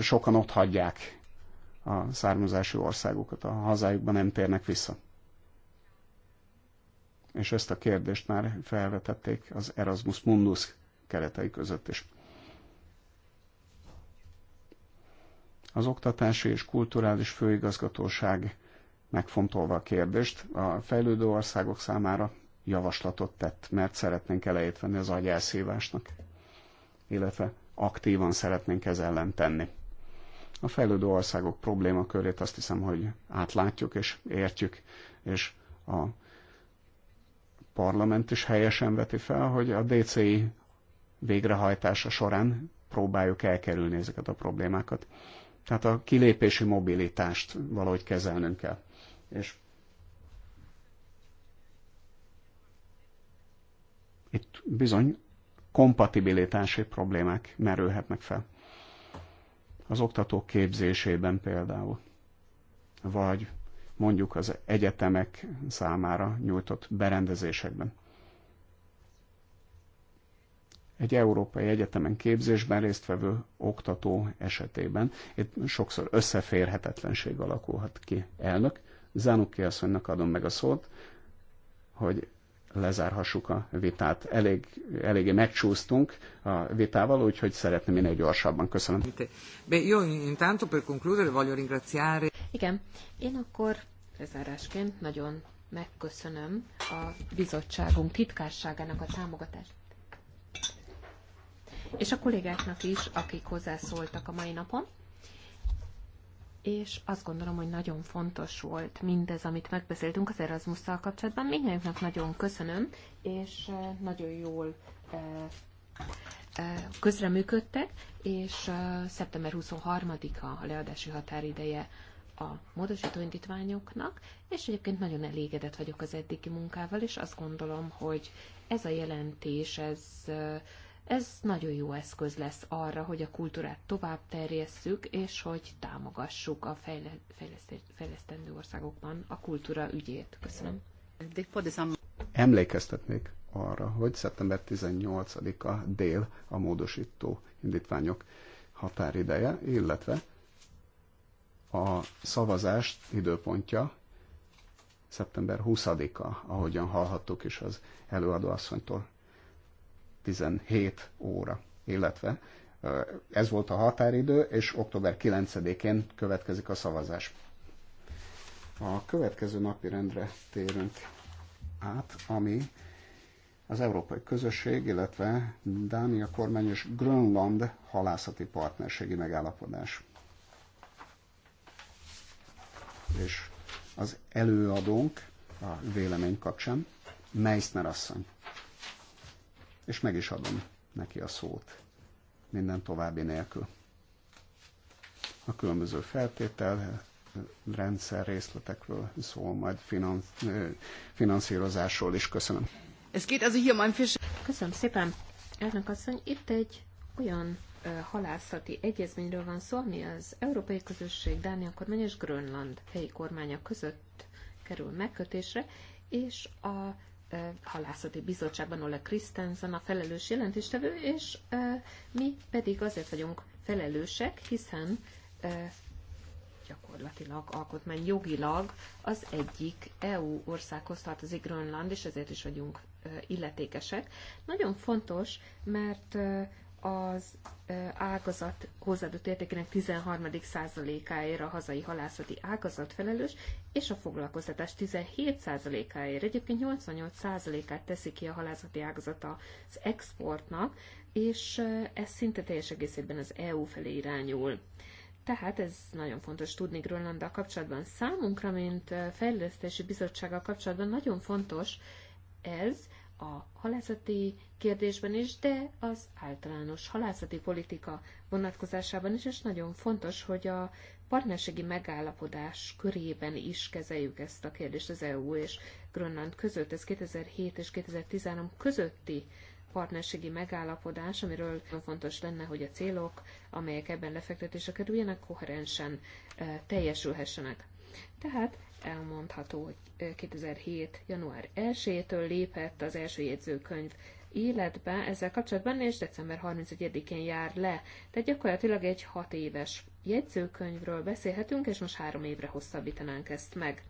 sokan ott hagyják a származási országukat, a hazájukban nem térnek vissza. És ezt a kérdést már felvetették az Erasmus Mundus keretei között is. Az Oktatási és Kulturális Főigazgatóság megfontolva a kérdést, a fejlődő országok számára javaslatot tett, mert szeretnénk elejét venni az agyelszívásnak illetve aktívan szeretnénk ez ellen tenni. A fejlődő országok problémakörét azt hiszem, hogy átlátjuk és értjük, és a parlament is helyesen veti fel, hogy a DCI végrehajtása során próbáljuk elkerülni ezeket a problémákat. Tehát a kilépési mobilitást valahogy kezelnünk kell. És itt bizony kompatibilitási problémák merülhetnek fel. Az oktatók képzésében például, vagy mondjuk az egyetemek számára nyújtott berendezésekben. Egy európai egyetemen képzésben résztvevő oktató esetében itt sokszor összeférhetetlenség alakulhat ki. Elnök, Zánuki asszonynak adom meg a szót, hogy lezárhassuk a vitát. Elég, eléggé megcsúsztunk a vitával, úgyhogy szeretném minél gyorsabban. Köszönöm. Igen, én akkor lezárásként nagyon megköszönöm a bizottságunk titkárságának a támogatást. És a kollégáknak is, akik hozzászóltak a mai napon és azt gondolom, hogy nagyon fontos volt mindez, amit megbeszéltünk az erasmus kapcsolatban. Mindjárt nagyon köszönöm, és eh, nagyon jól eh, eh, közreműködtek, és szeptember 23-a a leadási határideje a módosító indítványoknak, és egyébként nagyon elégedett vagyok az eddigi munkával, és azt gondolom, hogy ez a jelentés, ez ez nagyon jó eszköz lesz arra, hogy a kultúrát tovább terjesszük, és hogy támogassuk a fejlesztendő országokban a kultúra ügyét. Köszönöm. Emlékeztetnék arra, hogy szeptember 18-a dél a módosító indítványok határideje, illetve a szavazás időpontja szeptember 20-a, ahogyan hallhattuk is az előadóasszonytól. 17 óra, illetve ez volt a határidő, és október 9-én következik a szavazás. A következő napi rendre térünk át, ami az Európai Közösség, illetve Dánia kormány és Grönland halászati partnerségi megállapodás. És az előadónk a vélemény kapcsán Meissner asszony és meg is adom neki a szót minden további nélkül. A különböző feltétel rendszer részletekről szól, majd finansz, finanszírozásról is köszönöm. Ez két az a Köszönöm szépen. Elnök asszony, itt egy olyan ö, halászati egyezményről van szó, ami az Európai Közösség, Dánia kormány és Grönland helyi kormánya között kerül megkötésre, és a halászati bizottságban Ole Christensen a felelős jelentéstevő, és mi pedig azért vagyunk felelősek, hiszen gyakorlatilag alkotmány jogilag az egyik EU országhoz tartozik Grönland, és ezért is vagyunk illetékesek. Nagyon fontos, mert az ágazat hozzáadott értékének 13 áért a hazai halászati ágazat felelős, és a foglalkoztatás 17 áért Egyébként 88 át teszi ki a halászati ágazat az exportnak, és ez szinte teljes egészében az EU felé irányul. Tehát ez nagyon fontos tudni Grönlanddal kapcsolatban. Számunkra, mint fejlesztési bizottsággal kapcsolatban nagyon fontos ez, a halászati kérdésben is, de az általános halászati politika vonatkozásában is, és nagyon fontos, hogy a partnerségi megállapodás körében is kezeljük ezt a kérdést az EU és Grönland között. Ez 2007 és 2013 közötti partnerségi megállapodás, amiről fontos lenne, hogy a célok, amelyek ebben lefektetésre kerüljenek, koherensen eh, teljesülhessenek. Tehát elmondható, hogy 2007. január 1-től lépett az első jegyzőkönyv életbe ezzel kapcsolatban, és december 31-én jár le. Tehát gyakorlatilag egy hat éves jegyzőkönyvről beszélhetünk, és most három évre hosszabbítanánk ezt meg.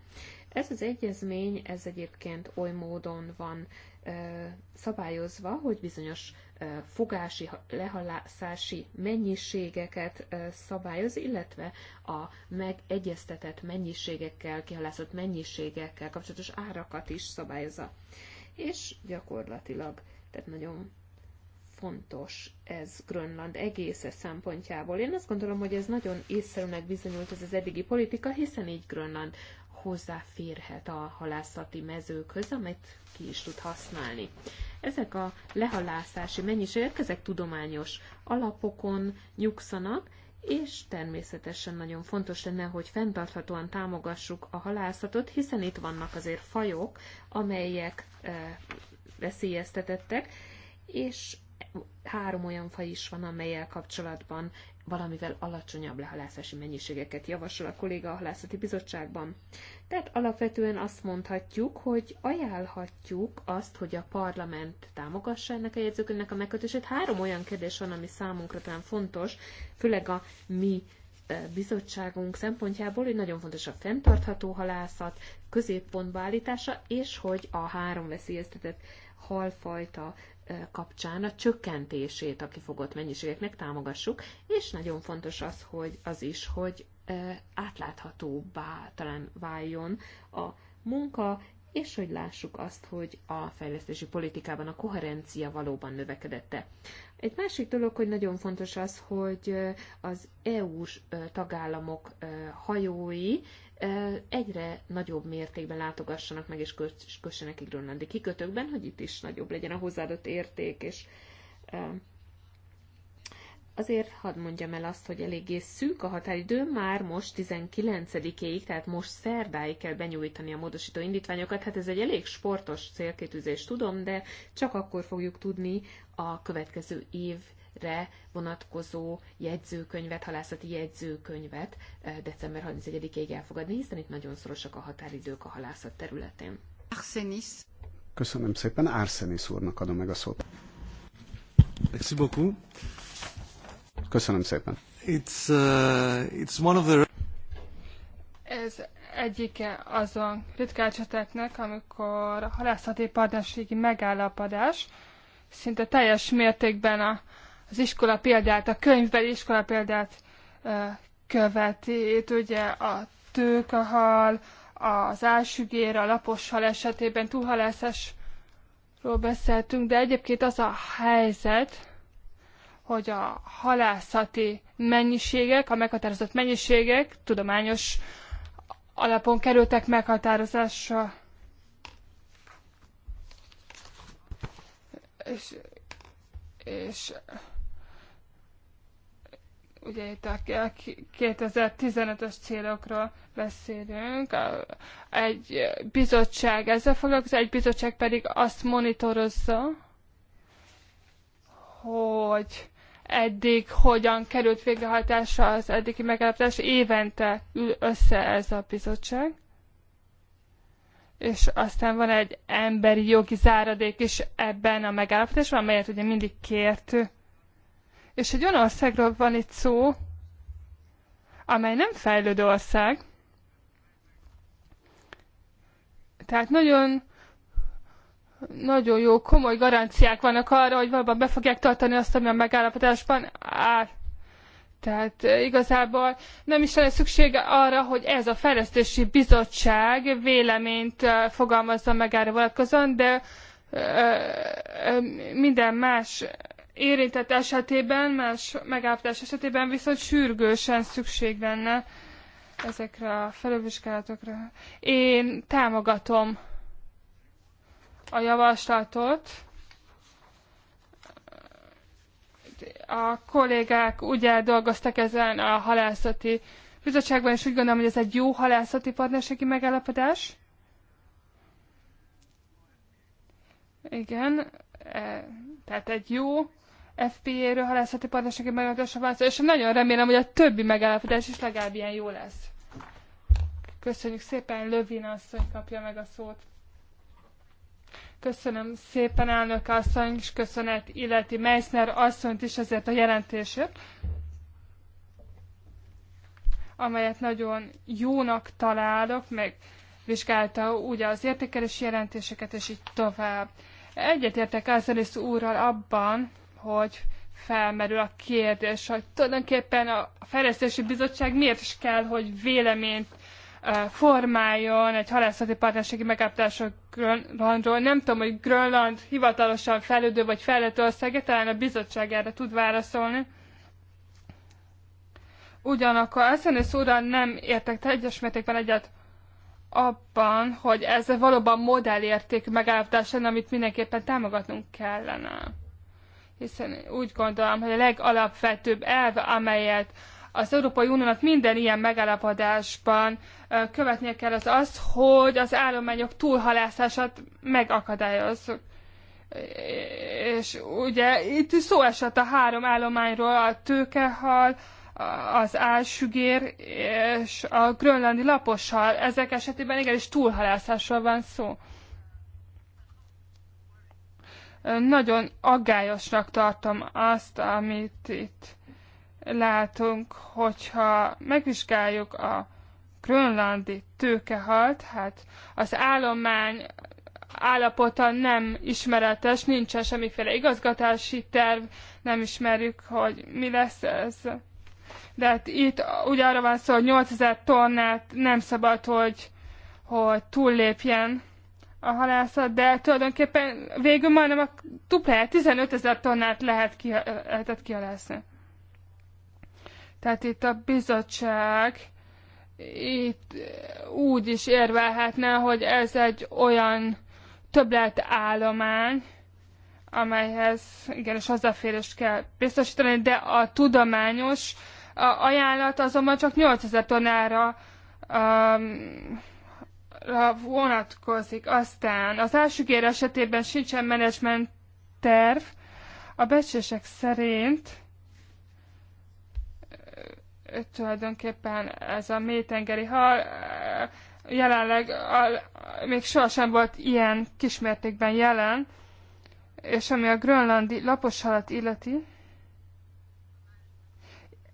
Ez az egyezmény, ez egyébként oly módon van ö, szabályozva, hogy bizonyos fogási, lehalászási mennyiségeket szabályoz, illetve a megegyeztetett mennyiségekkel, kihalászott mennyiségekkel kapcsolatos árakat is szabályozza. És gyakorlatilag, tehát nagyon fontos ez Grönland egésze szempontjából. Én azt gondolom, hogy ez nagyon észszerűnek bizonyult ez az eddigi politika, hiszen így Grönland hozzáférhet a halászati mezőkhöz, amit ki is tud használni. Ezek a lehalászási mennyiségek, ezek tudományos alapokon nyugszanak, és természetesen nagyon fontos lenne, hogy fenntarthatóan támogassuk a halászatot, hiszen itt vannak azért fajok, amelyek e, veszélyeztetettek, és három olyan faj is van, amelyel kapcsolatban valamivel alacsonyabb lehalászási mennyiségeket javasol a kolléga a halászati bizottságban. Tehát alapvetően azt mondhatjuk, hogy ajánlhatjuk azt, hogy a parlament támogassa ennek a jegyzőkönyvnek a megkötését. Három olyan kérdés van, ami számunkra talán fontos, főleg a mi e, bizottságunk szempontjából, hogy nagyon fontos a fenntartható halászat, középpontba állítása, és hogy a három veszélyeztetett halfajta kapcsán a csökkentését a kifogott mennyiségeknek támogassuk, és nagyon fontos az, hogy az is, hogy átláthatóbbá talán váljon a munka, és hogy lássuk azt, hogy a fejlesztési politikában a koherencia valóban növekedette. Egy másik dolog, hogy nagyon fontos az, hogy az EU-s tagállamok hajói egyre nagyobb mértékben látogassanak meg, és kössenek ki grönlandi kikötőkben, hogy itt is nagyobb legyen a hozzáadott érték, és azért hadd mondjam el azt, hogy eléggé szűk a határidő, már most 19-ig, tehát most szerdáig kell benyújtani a módosító indítványokat. Hát ez egy elég sportos célkétűzés, tudom, de csak akkor fogjuk tudni a következő év re vonatkozó jegyzőkönyvet, halászati jegyzőkönyvet eh, december 31-ig elfogadni, hiszen itt nagyon szorosak a határidők a halászat területén. Arsenis. Köszönöm szépen, Arsenis úrnak adom meg a szót. Merci beaucoup. Köszönöm szépen. It's, uh, it's one of the... Ez egyike azon ritkán eseteknek, amikor halászati partnerségi megállapodás szinte teljes mértékben a az iskola példát, a könyvbeli iskola példát követi. Itt ugye a tőkehal, az álsügér, a lapos hal esetében túlhalászásról beszéltünk, de egyébként az a helyzet, hogy a halászati mennyiségek, a meghatározott mennyiségek tudományos alapon kerültek meghatározásra. És, és ugye itt a 2015-ös célokról beszélünk, egy bizottság ezzel foglalkozik, egy bizottság pedig azt monitorozza, hogy eddig hogyan került végrehajtásra az eddigi megállapodás, évente ül össze ez a bizottság. És aztán van egy emberi jogi záradék is ebben a megállapodásban, amelyet ugye mindig kértünk és egy olyan országról van itt szó, amely nem fejlődő ország, tehát nagyon nagyon jó, komoly garanciák vannak arra, hogy valóban be fogják tartani azt, ami a megállapodásban áll. Tehát eh, igazából nem is lenne szüksége arra, hogy ez a fejlesztési bizottság véleményt eh, fogalmazza meg erre vonatkozóan, de eh, minden más érintett esetében, más megállapodás esetében viszont sürgősen szükség lenne ezekre a felülvizsgálatokra. Én támogatom a javaslatot. A kollégák ugye dolgoztak ezen a halászati bizottságban, és úgy gondolom, hogy ez egy jó halászati partnerségi megállapodás. Igen, e, tehát egy jó FPA-ről, halászati partnerségi megállapodásra van szó, és nagyon remélem, hogy a többi megállapodás is legalább ilyen jó lesz. Köszönjük szépen, Lövin asszony kapja meg a szót. Köszönöm szépen, elnök asszony, és köszönet illeti Meissner asszonyt is ezért a jelentésért, amelyet nagyon jónak találok, meg vizsgálta ugye az értékelési jelentéseket, és így tovább. Egyetértek Ázelis úrral abban, hogy felmerül a kérdés, hogy tulajdonképpen a Fejlesztési Bizottság miért is kell, hogy véleményt formáljon egy halászati partnerségi megállapodásról Grönlandról. Nem tudom, hogy Grönland hivatalosan felüldő vagy fejlett országe, talán a bizottság erre tud válaszolni. Ugyanakkor Eszenész úrral nem értek egyes mértékben egyet abban, hogy ez valóban modellértékű megállapodás lenne, amit mindenképpen támogatnunk kellene hiszen úgy gondolom, hogy a legalapvetőbb elve amelyet az Európai Uniónak minden ilyen megállapodásban követnie kell, az az, hogy az állományok túlhalászását megakadályozzuk. És ugye itt szó esett a három állományról, a tőkehal, az álsügér és a grönlandi laposhal. Ezek esetében igenis túlhalászásról van szó nagyon aggályosnak tartom azt, amit itt látunk, hogyha megvizsgáljuk a grönlandi tőkehalt, hát az állomány állapota nem ismeretes, nincsen semmiféle igazgatási terv, nem ismerjük, hogy mi lesz ez. De hát itt ugye arra van szó, hogy 8000 tonnát nem szabad, hogy, hogy túllépjen a halászat, de tulajdonképpen végül majdnem a dupláját, 15 ezer tonnát lehet ki, lehetett kihalászni. Tehát itt a bizottság itt úgy is érvelhetne, hogy ez egy olyan állomány, amelyhez igenis hozzáférést kell biztosítani, de a tudományos ajánlat azonban csak 8000 tonnára um, vonatkozik. Aztán az elsőgér esetében sincsen menedzsment terv. A becsések szerint tulajdonképpen ez a mélytengeri hal jelenleg a, még sohasem volt ilyen kismértékben jelen, és ami a grönlandi lapos halat illeti,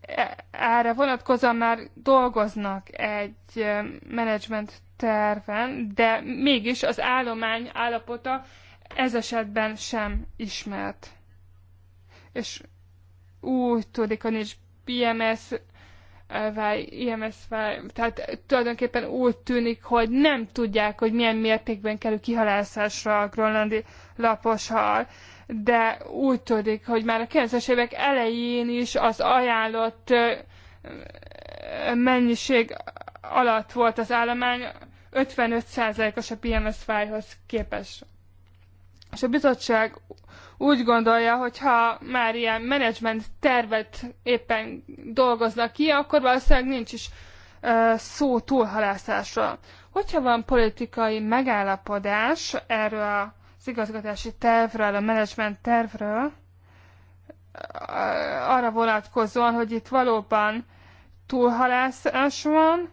e, erre vonatkozóan már dolgoznak egy menedzsment terven, de mégis az állomány állapota ez esetben sem ismert. És úgy tudik, hogy nincs BMS, vagy eh, IMS, vagy, tehát tulajdonképpen úgy tűnik, hogy nem tudják, hogy milyen mértékben kerül kihalászásra a grönlandi laposhal, de úgy tudik, hogy már a 90-es évek elején is az ajánlott eh, mennyiség alatt volt az állomány, 55%-os a PMS fájhoz képest. És a bizottság úgy gondolja, hogy ha már ilyen menedzsment tervet éppen dolgoznak ki, akkor valószínűleg nincs is uh, szó túlhalászásról. Hogyha van politikai megállapodás erről az igazgatási tervről, a menedzsment tervről, arra vonatkozóan, hogy itt valóban túlhalászás van,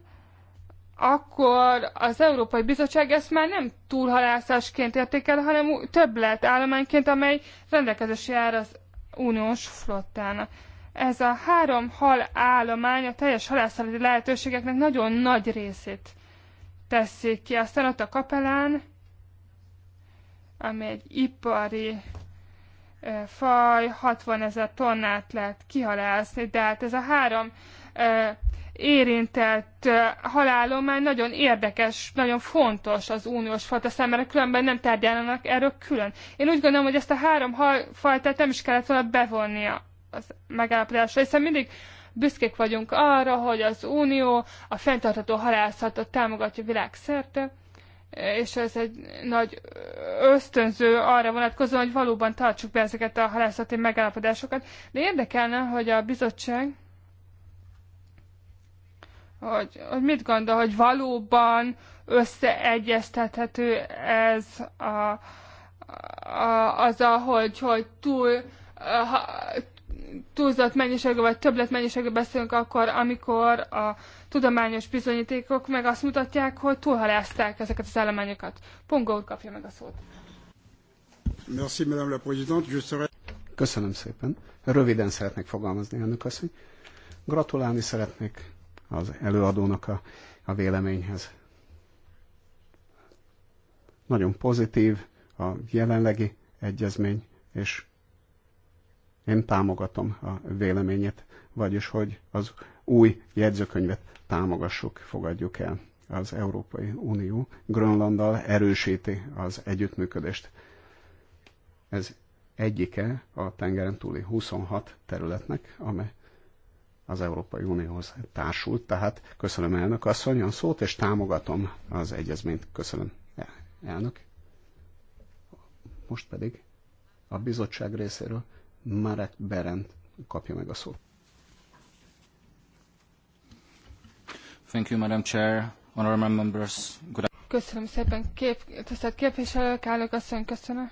akkor az Európai Bizottság ezt már nem túlhalászásként értékel, hanem több lehet állományként, amely rendelkezésre jár az uniós flottának. Ez a három hal állomány a teljes halászati lehetőségeknek nagyon nagy részét teszik ki. Aztán ott a kapelán, ami egy ipari faj, 60 ezer tonnát lehet kihalászni, de hát ez a három érintett eh, már nagyon érdekes, nagyon fontos az uniós fajta számára, különben nem tárgyalnak erről külön. Én úgy gondolom, hogy ezt a három fajtát nem is kellett volna bevonni a megállapodásra, hiszen mindig büszkék vagyunk arra, hogy az unió a fenntartható halászatot támogatja világszerte, és ez egy nagy ösztönző arra vonatkozóan, hogy valóban tartsuk be ezeket a halászati megállapodásokat. De érdekelne, hogy a bizottság hogy, hogy mit gondol, hogy valóban összeegyeztethető ez a, a, a, hogy, hogy túl, ha, túlzott mennyiségű vagy többlet mennyiségű beszélünk akkor, amikor a tudományos bizonyítékok meg azt mutatják, hogy túlhalázták ezeket az állományokat. Pongo úr kapja meg a szót. Merci, Madame la Présidente. Je serai... Köszönöm szépen. Röviden szeretnék fogalmazni, azt, hogy Gratulálni szeretnék az előadónak a, a véleményhez. Nagyon pozitív a jelenlegi egyezmény, és én támogatom a véleményet, vagyis hogy az új jegyzőkönyvet támogassuk, fogadjuk el. Az Európai Unió Grönlanddal erősíti az együttműködést. Ez egyike a tengeren túli 26 területnek, amely az Európai Unióhoz társult, tehát köszönöm elnök asszony a szót, és támogatom az egyezményt. Köszönöm elnök. Most pedig a bizottság részéről Marek Berend kapja meg a szót. Thank you, Madam Chair, Honorable Members. Good Köszönöm szépen, kép, tisztelt képviselők, állok asszony, köszönöm.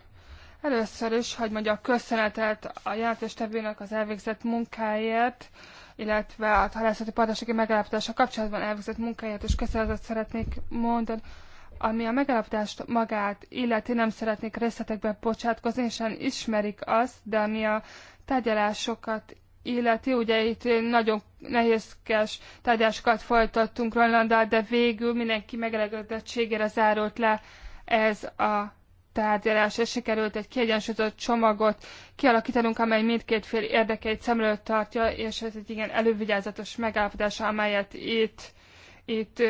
Először is, hogy mondja, köszönetet a jelentéstevőnek az elvégzett munkáért, illetve a halászati partnerségi megállapodása kapcsolatban elvégzett munkáját és köszönetet szeretnék mondani. Ami a megállapodást magát illeti, nem szeretnék részletekbe bocsátkozni, és ismerik azt, de ami a tárgyalásokat illeti, ugye itt nagyon nehézkes tárgyalásokat folytattunk Rolandal, de végül mindenki megelegedettségére zárult le ez a tárgyalásra sikerült egy kiegyensúlyozott csomagot kialakítanunk, amely mindkét fél érdekeit szem előtt tartja, és ez egy igen elővigyázatos megállapodás, amelyet itt, itt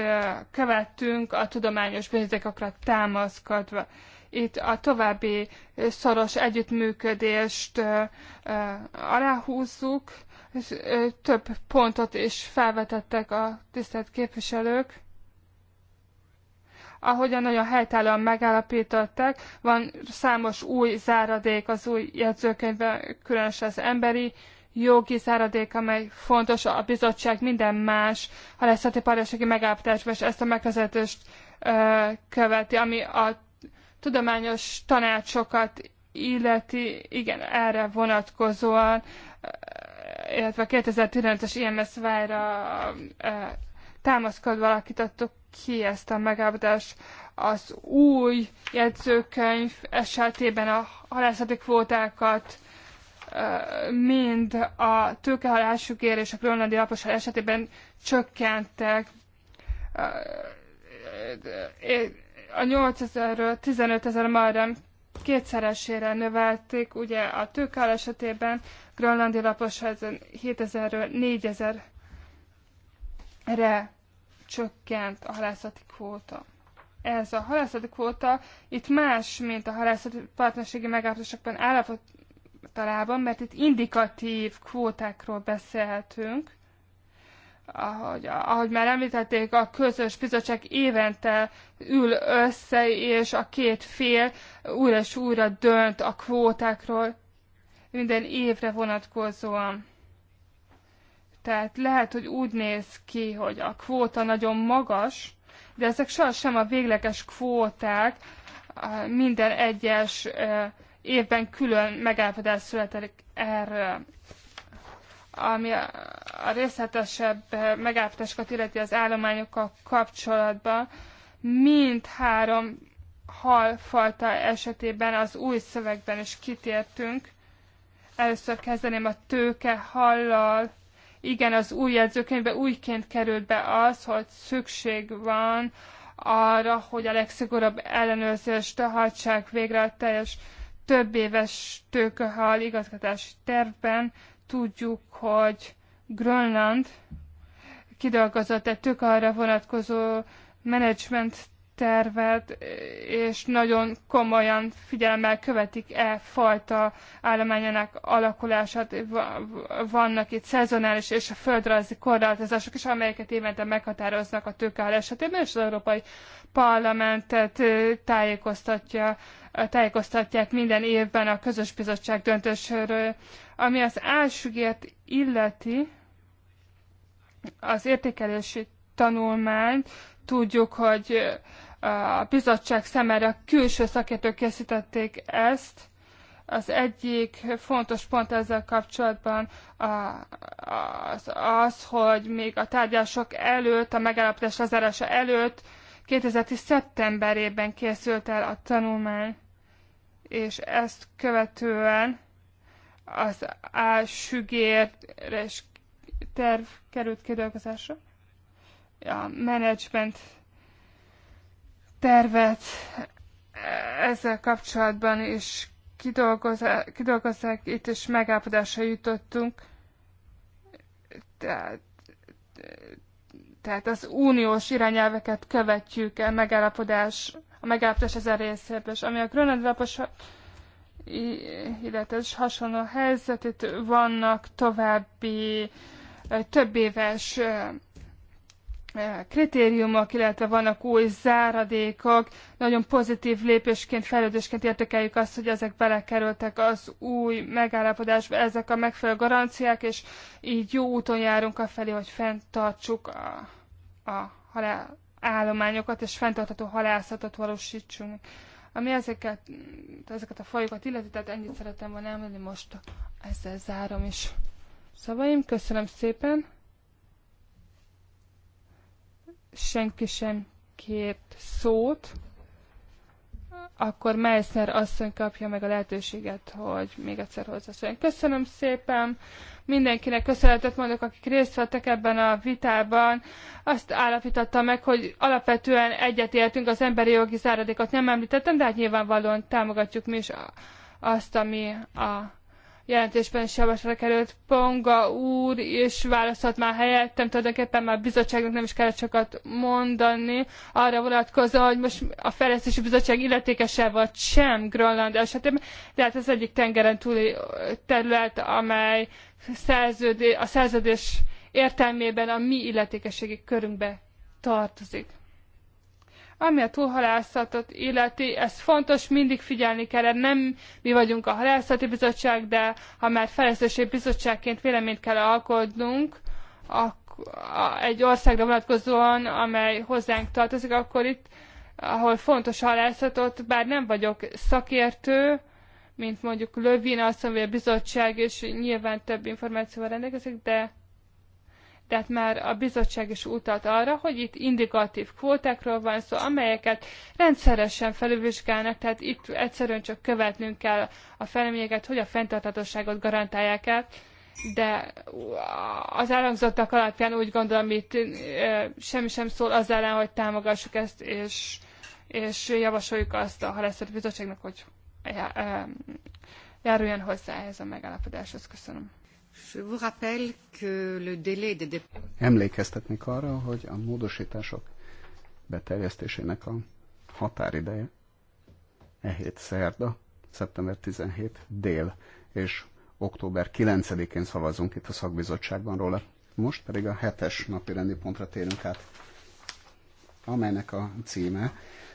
követtünk a tudományos bizonyítékokra támaszkodva. Itt a további szoros együttműködést aláhúzzuk, több pontot is felvetettek a tisztelt képviselők ahogyan nagyon helytállóan megállapították, van számos új záradék az új jegyzőkönyvben, különösen az emberi jogi záradék, amely fontos a bizottság minden más ha lesz a partnerségi megállapításban, és ezt a megközelítést követi, ami a tudományos tanácsokat illeti, igen, erre vonatkozóan, illetve a 2015-es IMS vájra támaszkodva alakítottuk ki ezt a megállapodást. Az új jegyzőkönyv esetében a halászati kvótákat mind a tőkehalásukért és a grönlandi laposság esetében csökkentek a 8000-ről 15000 majdnem kétszeresére növelték, ugye a tőkál esetében grönlandi lapos 7000-ről 4000-re csökkent a halászati kvóta. Ez a halászati kvóta itt más, mint a halászati partnerségi megállapodásokban állapot mert itt indikatív kvótákról beszélhetünk, ahogy, ahogy már említették, a közös bizottság évente ül össze, és a két fél újra és újra dönt a kvótákról minden évre vonatkozóan. Tehát lehet, hogy úgy néz ki, hogy a kvóta nagyon magas, de ezek sohasem a végleges kvóták, minden egyes évben külön megállapodás születik erről. Ami a részletesebb megállapodásokat illeti az állományokkal kapcsolatban, három halfajta esetében az új szövegben is kitértünk. Először kezdeném a tőke hallal, igen, az új jegyzőkönyvbe újként került be az, hogy szükség van arra, hogy a legszigorabb ellenőrzést hajtsák végre a teljes több éves tőkehal igazgatási tervben. Tudjuk, hogy Grönland kidolgozott egy tök vonatkozó menedzsment tervet, és nagyon komolyan figyelemmel követik e fajta állományának alakulását. Vannak itt szezonális és a földrajzi korlátozások is, amelyeket évente meghatároznak a tőkáll esetében, és az Európai Parlamentet tájékoztatja, tájékoztatják minden évben a közös bizottság döntéséről, ami az elsőgért illeti az értékelési tanulmányt, tudjuk, hogy a bizottság számára külső szakértők készítették ezt. Az egyik fontos pont ezzel kapcsolatban az, az, hogy még a tárgyalások előtt, a megállapodás lezárása előtt 2010. szeptemberében készült el a tanulmány, és ezt követően az álsügéres terv került kidolgozásra. A management tervet ezzel kapcsolatban is kidolgozzák, itt és megállapodásra jutottunk. Tehát, tehát az uniós irányelveket követjük el megállapodás, a megállapodás ezen részében, és ami a lapos, illetve hasonló helyzet, itt vannak további több éves kritériumok, illetve vannak új záradékok. Nagyon pozitív lépésként, fejlődésként értékeljük azt, hogy ezek belekerültek az új megállapodásba, ezek a megfelelő garanciák, és így jó úton járunk afelé, hogy fenntartsuk a, a halál állományokat, és fenntartható halászatot valósítsunk. Ami ezeket, ezeket a fajokat illeti, tehát ennyit szeretem volna elmondani, most, ezzel zárom is. Szavaim, köszönöm szépen! senki sem kért szót, akkor Meissner asszony kapja meg a lehetőséget, hogy még egyszer hozzászóljon. Köszönöm szépen mindenkinek, köszönetet mondok, akik részt vettek ebben a vitában. Azt állapította meg, hogy alapvetően egyetértünk, az emberi jogi záradékot nem említettem, de hát nyilvánvalóan támogatjuk mi is azt, ami a jelentésben is javaslatra került. Ponga úr is válaszolt már helyettem, tulajdonképpen már a bizottságnak nem is kellett sokat mondani. Arra vonatkozóan, hogy most a fejlesztési bizottság illetékese vagy sem Grönland esetében, de hát ez egyik tengeren túli terület, amely szerződés, a szerződés értelmében a mi illetékességi körünkbe tartozik. Ami a túlhalászatot illeti, ez fontos, mindig figyelni kell, nem mi vagyunk a halászati bizottság, de ha már fejlesztési bizottságként véleményt kell alkotnunk, egy országra vonatkozóan, amely hozzánk tartozik, akkor itt, ahol fontos halászatot, bár nem vagyok szakértő, mint mondjuk Lövin, azt mondja, a bizottság, és nyilván több információval rendelkezik, de tehát már a bizottság is utalt arra, hogy itt indikatív kvótákról van szó, amelyeket rendszeresen felülvizsgálnak, tehát itt egyszerűen csak követnünk kell a felményeket, hogy a fenntarthatóságot garantálják el, de az államzottak alapján úgy gondolom, itt semmi sem szól az ellen, hogy támogassuk ezt, és, és javasoljuk azt a halászat bizottságnak, hogy járuljon hozzá ehhez a megállapodáshoz. Köszönöm. Emlékeztetnék arra, hogy a módosítások beterjesztésének a határideje e hét szerda, szeptember 17 dél, és október 9-én szavazunk itt a szakbizottságban róla. Most pedig a hetes napi rendi pontra térünk át, amelynek a címe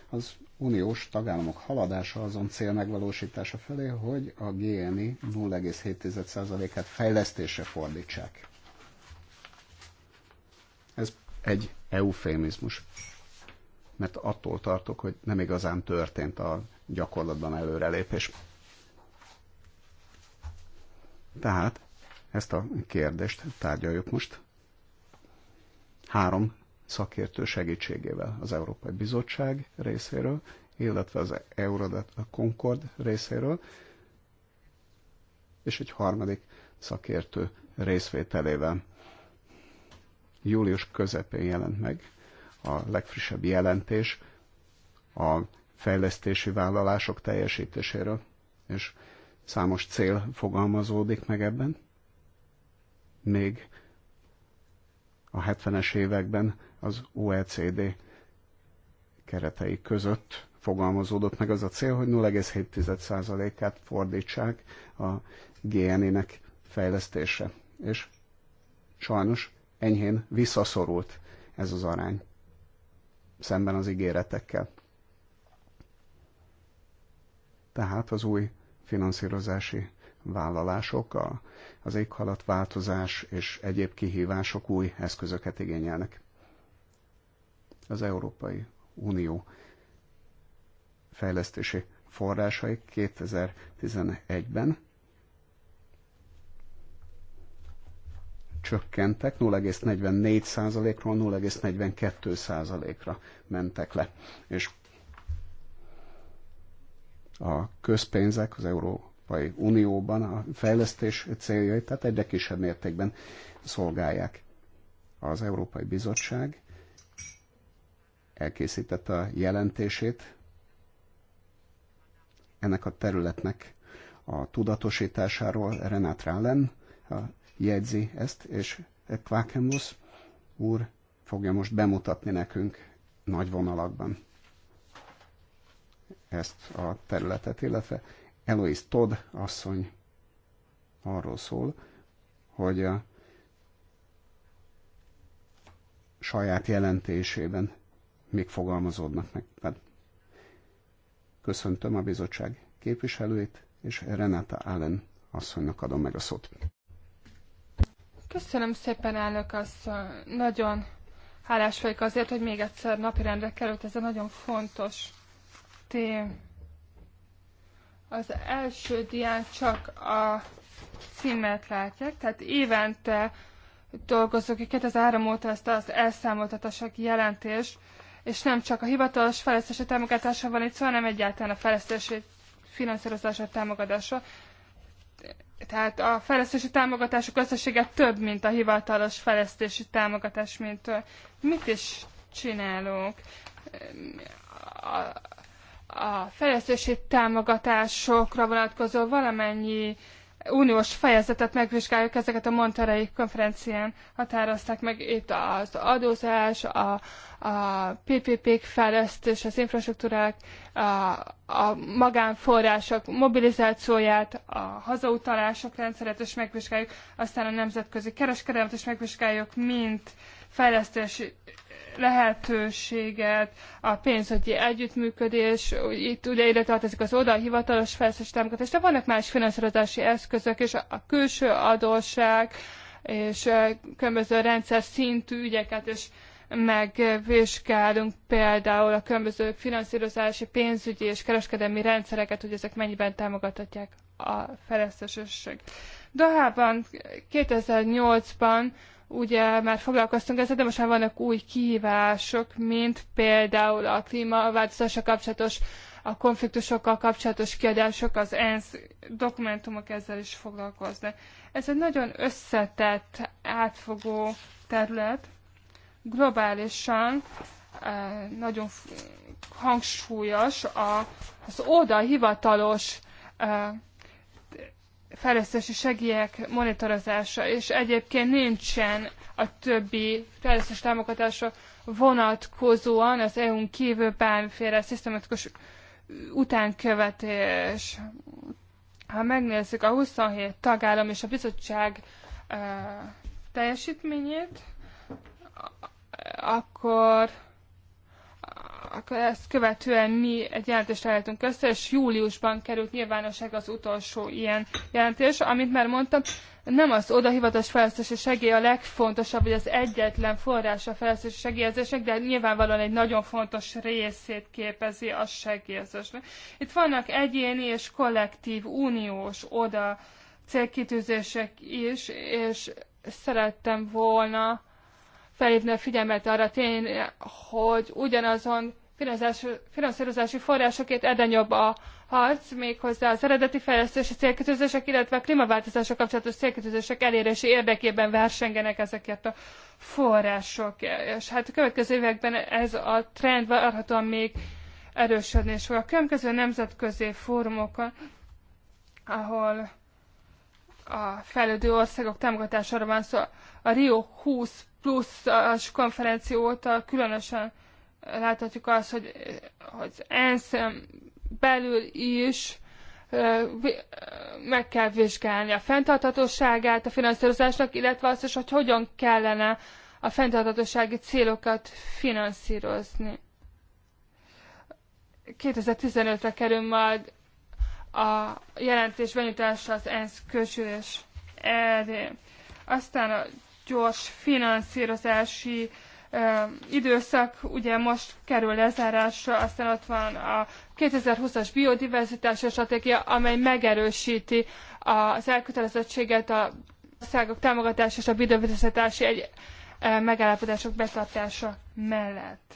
az uniós tagállamok haladása azon cél megvalósítása felé, hogy a GNI 0,7%-át fejlesztésre fordítsák. Ez egy eufémizmus, mert attól tartok, hogy nem igazán történt a gyakorlatban előrelépés. Tehát ezt a kérdést tárgyaljuk most. Három szakértő segítségével az Európai Bizottság részéről, illetve az Eurodat a Concord részéről, és egy harmadik szakértő részvételével. Július közepén jelent meg a legfrissebb jelentés a fejlesztési vállalások teljesítéséről, és számos cél fogalmazódik meg ebben. Még a 70-es években az OECD keretei között fogalmazódott meg az a cél, hogy 0,7%-át fordítsák a GNI-nek fejlesztése. És sajnos enyhén visszaszorult ez az arány szemben az ígéretekkel. Tehát az új finanszírozási vállalások, a az változás és egyéb kihívások új eszközöket igényelnek. Az Európai Unió fejlesztési forrásai 2011-ben csökkentek, 0,44%-ról 0,42%-ra mentek le. És a közpénzek, az Euró Európai Unióban a fejlesztés céljait, tehát egyre kisebb mértékben szolgálják. Az Európai Bizottság elkészítette a jelentését ennek a területnek a tudatosításáról Renát Rallen jegyzi ezt, és Quackenbus úr fogja most bemutatni nekünk nagy vonalakban ezt a területet, illetve Eloise Todd asszony arról szól, hogy a saját jelentésében még fogalmazódnak meg. Tehát köszöntöm a bizottság képviselőit, és Renata Allen asszonynak adom meg a szót. Köszönöm szépen, elnök asszony. Nagyon hálás vagyok azért, hogy még egyszer napirendre került ez a nagyon fontos tém. Az első dián csak a címet látják, tehát évente dolgozok ki 2003 óta ezt az elszámoltatások jelentés és nem csak a hivatalos fejlesztési támogatásra van itt szó, hanem egyáltalán a fejlesztési finanszírozásra támogatása. Tehát a fejlesztési támogatások összessége több, mint a hivatalos fejlesztési támogatás, mint mit is csinálunk. A a fejlesztési támogatásokra vonatkozó valamennyi uniós fejezetet megvizsgáljuk, ezeket a Monterrey konferencián határozták meg itt az adózás, a, a PPP-k fejlesztés, az infrastruktúrák, a, a magánforrások mobilizációját, a hazautalások rendszerét is megvizsgáljuk, aztán a nemzetközi kereskedelmet is megvizsgáljuk, mint fejlesztési lehetőséget, a pénzügyi együttműködés, itt ugye ide tartozik az oda a hivatalos felszes támogatás, de vannak más finanszírozási eszközök, és a külső adósság, és különböző rendszer szintű ügyeket is megvizsgálunk például a különböző finanszírozási, pénzügyi és kereskedelmi rendszereket, hogy ezek mennyiben támogatják a fejlesztésesség. Dohában 2008-ban ugye már foglalkoztunk ezzel, de most már vannak új kihívások, mint például a klímaváltozással kapcsolatos, a konfliktusokkal kapcsolatos kiadások, az ENSZ dokumentumok ezzel is foglalkoznak. Ez egy nagyon összetett, átfogó terület, globálisan eh, nagyon hangsúlyos az oda hivatalos eh, fejlesztési segélyek monitorozása, és egyébként nincsen a többi fejlesztési támogatásra vonatkozóan az EU-n kívül bármiféle szisztematikus utánkövetés. Ha megnézzük a 27 tagállam és a bizottság uh, teljesítményét, akkor akkor ezt követően mi egy jelentést állítunk össze, és júliusban került nyilvánosság az utolsó ilyen jelentés, amit már mondtam, nem az oda fejlesztési segély a legfontosabb, vagy az egyetlen forrása a fejlesztési segélyezésnek, de nyilvánvalóan egy nagyon fontos részét képezi a segélyezésnek. Itt vannak egyéni és kollektív, uniós oda célkitűzések is, és szerettem volna felhívni a figyelmet arra tény, hogy ugyanazon finanszírozási forrásokért egyre a harc, méghozzá az eredeti fejlesztési célkitűzések, illetve a klímaváltozással kapcsolatos célkitűzések elérési érdekében versengenek ezekért a források. És hát a következő években ez a trend várhatóan még erősödni és A következő nemzetközi fórumokon, ahol a fejlődő országok támogatására van szó, a Rio 20 pluszas konferenció óta különösen láthatjuk azt, hogy az ENSZ belül is meg kell vizsgálni a fenntarthatóságát a finanszírozásnak, illetve azt is, hogy hogyan kellene a fenntarthatósági célokat finanszírozni. 2015-re kerül majd a jelentés benyújtása az ENSZ közülés elé. Aztán a gyors finanszírozási időszak, ugye most kerül lezárásra, aztán ott van a 2020-as biodiverzitási stratégia, amely megerősíti az elkötelezettséget a országok támogatása és a biodiverzitási egy, megállapodások betartása mellett.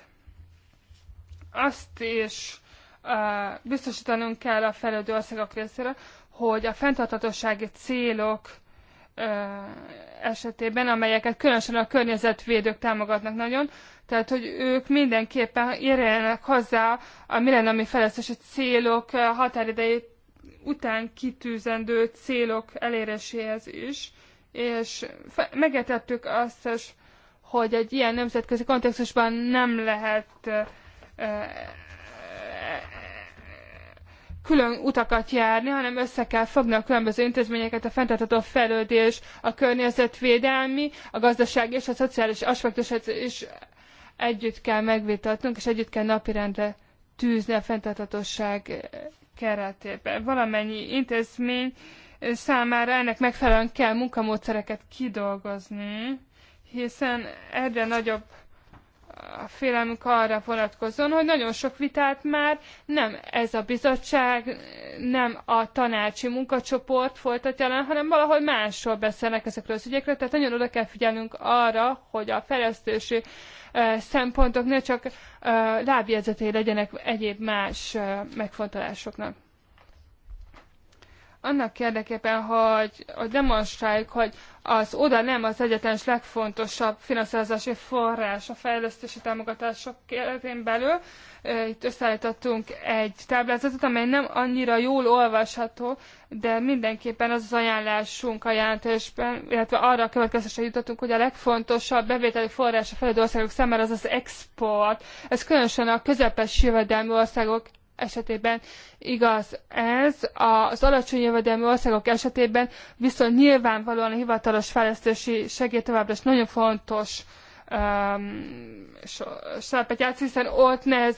Azt is biztosítanunk kell a fejlődő országok részéről, hogy a fenntarthatósági célok esetében, amelyeket különösen a környezetvédők támogatnak nagyon, tehát hogy ők mindenképpen érjenek hozzá a millenniumi fejlesztési célok határidejét után kitűzendő célok eléréséhez is, és megetettük azt is, hogy egy ilyen nemzetközi kontextusban nem lehet külön utakat járni, hanem össze kell fogni a különböző intézményeket, a fenntartható fejlődés, a környezetvédelmi, a gazdasági és a szociális aspektusát is együtt kell megvitatnunk, és együtt kell napirendre tűzni a fenntarthatóság keretében. Valamennyi intézmény számára ennek megfelelően kell munkamódszereket kidolgozni, hiszen egyre nagyobb a félelmük arra vonatkozóan, hogy nagyon sok vitát már nem ez a bizottság, nem a tanácsi munkacsoport folytatja le, hanem valahol másról beszélnek ezekről az ügyekről, tehát nagyon oda kell figyelnünk arra, hogy a fejlesztési szempontok ne csak lábjegyzetei legyenek egyéb más megfontolásoknak annak érdekében, hogy, hogy demonstráljuk, hogy az oda nem az egyetlen legfontosabb finanszírozási forrás a fejlesztési támogatások keretén belül. Itt összeállítottunk egy táblázatot, amely nem annyira jól olvasható, de mindenképpen az az ajánlásunk a jelentésben, illetve arra a következésre jutottunk, hogy a legfontosabb bevételi forrás a fejlődő országok számára az az export. Ez különösen a közepes jövedelmi országok esetében igaz ez, az alacsony jövedelmi országok esetében viszont nyilvánvalóan a hivatalos fejlesztési segély továbbra is nagyon fontos um, szerepet játsz, hiszen ott nehez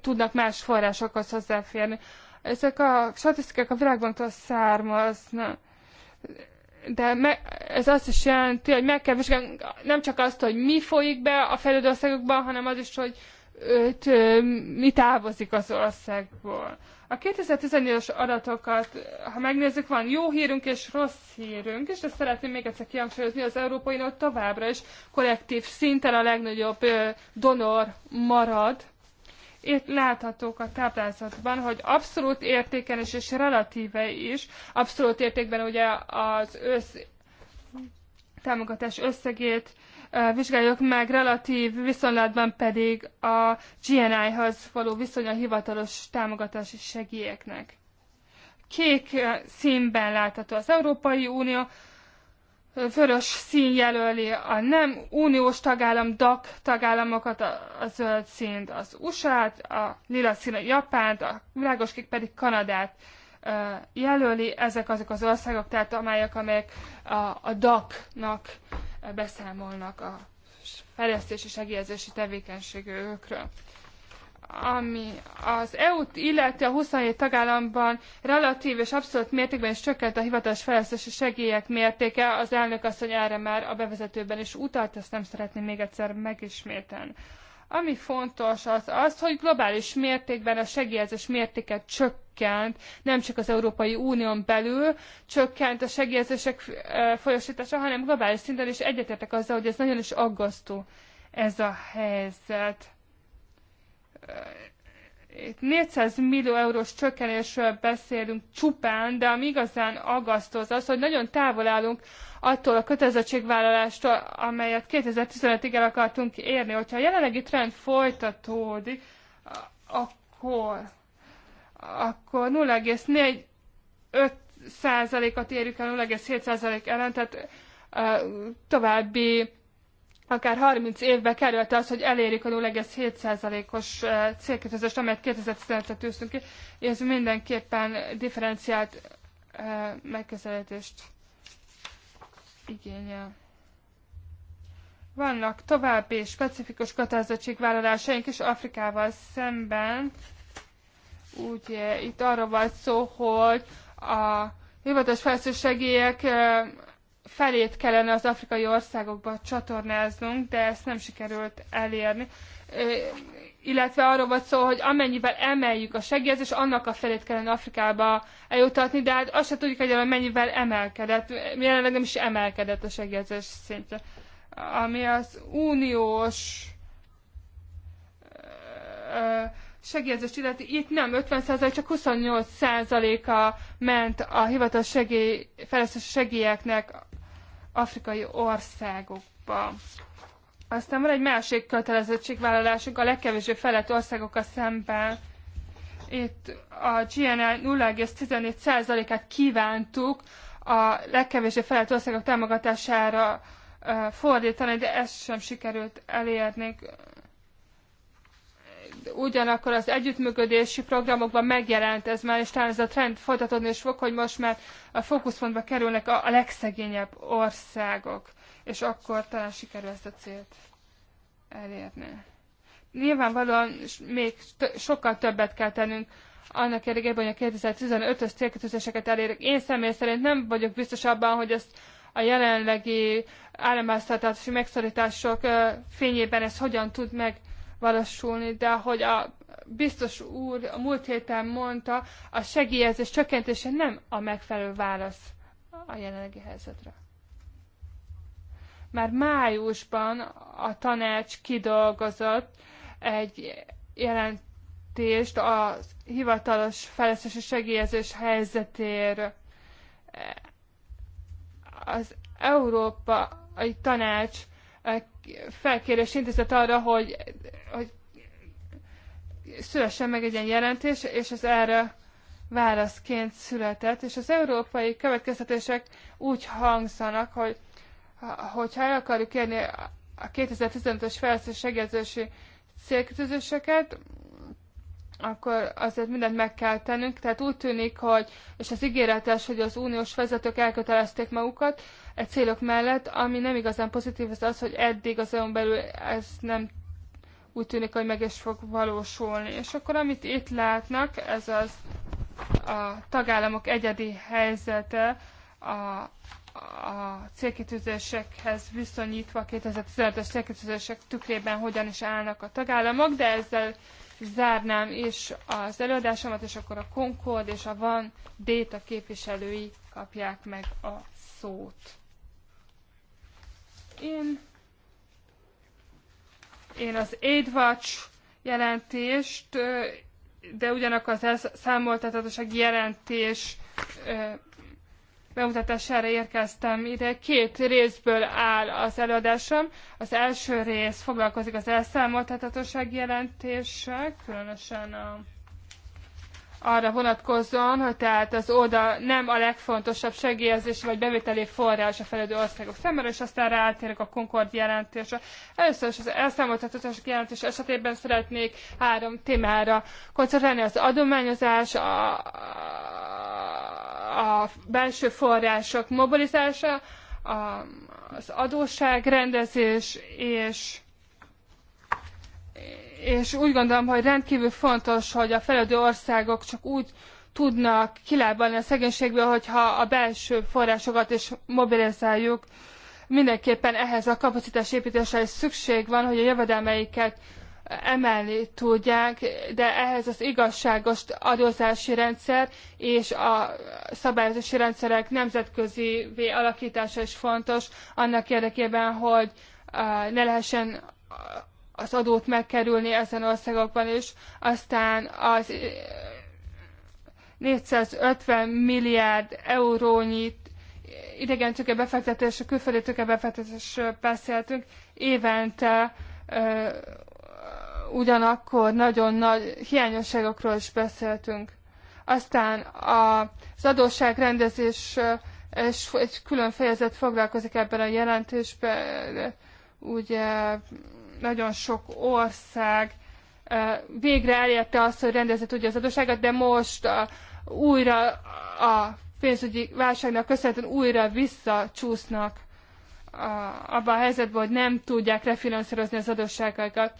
tudnak más forrásokhoz hozzáférni. Ezek a statisztikák a világbanktól származnak de me, ez azt is jelenti, hogy meg kell vizsgálni nem csak azt, hogy mi folyik be a fejlődő országokban, hanem az is, hogy őt, mi távozik az országból. A 2018-as adatokat, ha megnézzük, van jó hírünk és rossz hírünk, és ezt szeretném még egyszer kihangsúlyozni, az Európai Unió továbbra is kollektív szinten a legnagyobb donor marad. Itt láthatók a táblázatban, hogy abszolút értéken is, és relatíve is, abszolút értékben ugye az össz támogatás összegét vizsgáljuk meg, relatív viszonylatban pedig a GNI-hoz való viszony a hivatalos támogatási segélyeknek. Kék színben látható az Európai Unió, vörös szín jelöli a nem uniós tagállam, DAC tagállamokat, a, a zöld színt az USA-t, a lila szín a Japánt, a világoskék pedig Kanadát jelöli. Ezek azok az országok, tehát amelyek, amelyek a, a DAC-nak beszámolnak a fejlesztési segélyezési tevékenységükről ami az EU-t illeti a 27 tagállamban relatív és abszolút mértékben is csökkent a hivatalos fejlesztési segélyek mértéke, az elnök asszony erre már a bevezetőben is utalt, ezt nem szeretném még egyszer megismételni. Ami fontos az az, hogy globális mértékben a segélyezés mértéke csökkent, nem csak az Európai Unión belül csökkent a segélyezések folyosítása, hanem globális szinten is egyetértek azzal, hogy ez nagyon is aggasztó ez a helyzet 400 millió eurós csökkenésről beszélünk csupán, de ami igazán aggasztó az hogy nagyon távol állunk attól a kötelezettségvállalástól, amelyet 2015-ig el akartunk érni. Hogyha a jelenlegi trend folytatódik, akkor, akkor 0,45 százalékat érjük el 0,7 százalék ellen, tehát további akár 30 évbe került az, hogy elérjük a 0,7%-os célkötözést, amelyet 2015-re tűztünk ki. Ez mindenképpen differenciált megközelítést igényel. Vannak további specifikus kötelezettségvállalásaink is Afrikával szemben. Ugye itt arra van szó, hogy a hivatalos felszősegélyek felét kellene az afrikai országokba csatornáznunk, de ezt nem sikerült elérni. Illetve arról volt szó, hogy amennyivel emeljük a segélyezést, annak a felét kellene Afrikába eljutatni, de hát azt se tudjuk egyáltalán, mennyivel emelkedett. Jelenleg nem is emelkedett a segélyezés szintje. Ami az uniós segélyezést illeti, itt nem 50%, csak 28%-a ment a hivatalos segély, segélyeknek afrikai országokba. Aztán van egy másik kötelezettségvállalásunk a legkevésbé felett országokkal szemben. Itt a GNL 015 át kívántuk a legkevésbé felett országok támogatására fordítani, de ezt sem sikerült elérnünk ugyanakkor az együttműködési programokban megjelent ez már, és talán ez a trend folytatódni is fog, hogy most már a fókuszpontba kerülnek a, legszegényebb országok, és akkor talán sikerül ezt a célt elérni. Nyilvánvalóan még sokkal többet kell tennünk annak érdekében, hogy a 2015-ös célkötőzéseket elérjük. Én személy szerint nem vagyok biztos abban, hogy ezt a jelenlegi államháztartási megszorítások fényében ez hogyan tud meg valósulni, de hogy a biztos úr a múlt héten mondta, a segélyezés csökkentése nem a megfelelő válasz a jelenlegi helyzetre. Már májusban a tanács kidolgozott egy jelentést a hivatalos fejlesztési segélyezés helyzetéről. Az Európa, tanács eh, felkérés intézett arra, hogy szülessen meg egy ilyen jelentés, és az erre válaszként született, és az európai következtetések úgy hangzanak, hogy hogyha el akarjuk érni a 2015-ös fejlesztés segélyezési célkötözéseket, akkor azért mindent meg kell tennünk. Tehát úgy tűnik, hogy, és az ígéretes, hogy az uniós vezetők elkötelezték magukat egy célok mellett, ami nem igazán pozitív, az az, hogy eddig az EU-n belül ez nem úgy tűnik, hogy meg is fog valósulni. És akkor amit itt látnak, ez az a tagállamok egyedi helyzete a, a célkitűzésekhez viszonyítva, 2015 es célkitűzések tükrében hogyan is állnak a tagállamok, de ezzel zárnám is az előadásomat, és akkor a Concord és a Van Data képviselői kapják meg a szót. Én én az AidWatch jelentést, de ugyanakkor az elszámoltatatosági jelentés bemutatására érkeztem ide. Két részből áll az előadásom. Az első rész foglalkozik az elszámoltathatósági jelentéssel, különösen a arra vonatkozzon, hogy tehát az oda nem a legfontosabb segélyezés vagy bevételi forrás a felelő országok számára, és aztán rátérek a Concord jelentésre. Először is az elszámoltatatások jelentés esetében szeretnék három témára koncentrálni, az adományozás, a, a belső források mobilizása, a, az adósságrendezés és és úgy gondolom, hogy rendkívül fontos, hogy a fejlődő országok csak úgy tudnak kilábalni a szegénységből, hogyha a belső forrásokat is mobilizáljuk. Mindenképpen ehhez a kapacitásépítésre is szükség van, hogy a jövedelmeiket emelni tudják, de ehhez az igazságos adózási rendszer és a szabályozási rendszerek nemzetközi alakítása is fontos, annak érdekében, hogy uh, ne lehessen az adót megkerülni ezen országokban is. Aztán az 450 eh, milliárd eurónyi eh, idegen a külföldi tőkebefektetés beszéltünk, évente ö, eh, ugyanakkor nagyon nagy hiányosságokról is beszéltünk. Aztán a, az adósságrendezés és egy külön fejezet foglalkozik ebben a jelentésben, ugye nagyon sok ország végre elérte azt, hogy rendezze tudja az adósságot, de most a, újra a pénzügyi válságnak köszönhetően újra visszacsúsznak a, abba a helyzetbe, hogy nem tudják refinanszírozni az adósságaikat.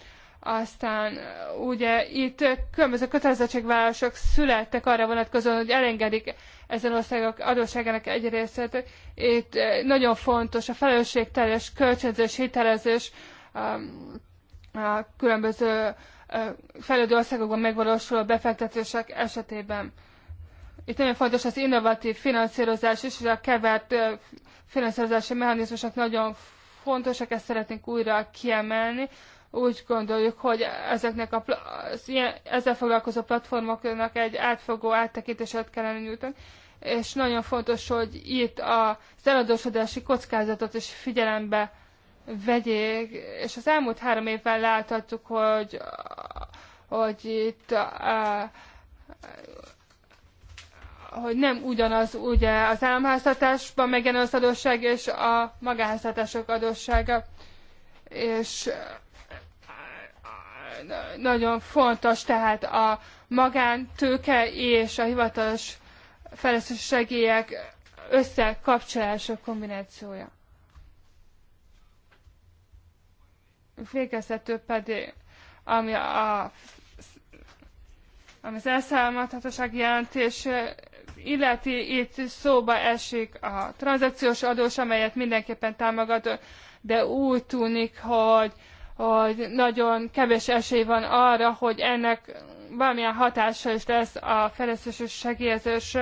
Aztán ugye itt különböző kötelezettségvállalások születtek arra vonatkozóan, hogy elengedik ezen országok adósságának egy részét. Itt nagyon fontos a felelősségteljes kölcsönzés, hitelezés, Um, a különböző fejlődő országokban megvalósuló befektetések esetében. Itt nagyon fontos az innovatív finanszírozás is, és a kevert finanszírozási mechanizmusok nagyon fontosak, ezt szeretnénk újra kiemelni. Úgy gondoljuk, hogy ezeknek a, az ilyen, ezzel foglalkozó platformoknak egy átfogó áttekintéset kellene nyújtani, és nagyon fontos, hogy itt az eladósodási kockázatot is figyelembe vegyék, és az elmúlt három évben láthattuk, hogy, hogy itt a, hogy nem ugyanaz ugye az államháztartásban megjelenő az adósság és a magánháztartások adóssága. És nagyon fontos tehát a magántőke és a hivatalos fejlesztési segélyek összekapcsolása kombinációja. végezető pedig, ami a ami az elszámadhatóság jelentés eh, illeti, itt szóba esik a tranzakciós adós, amelyet mindenképpen támogat, de úgy tűnik, hogy, hogy nagyon kevés esély van arra, hogy ennek valamilyen hatása is lesz a fejlesztéses segélyezős.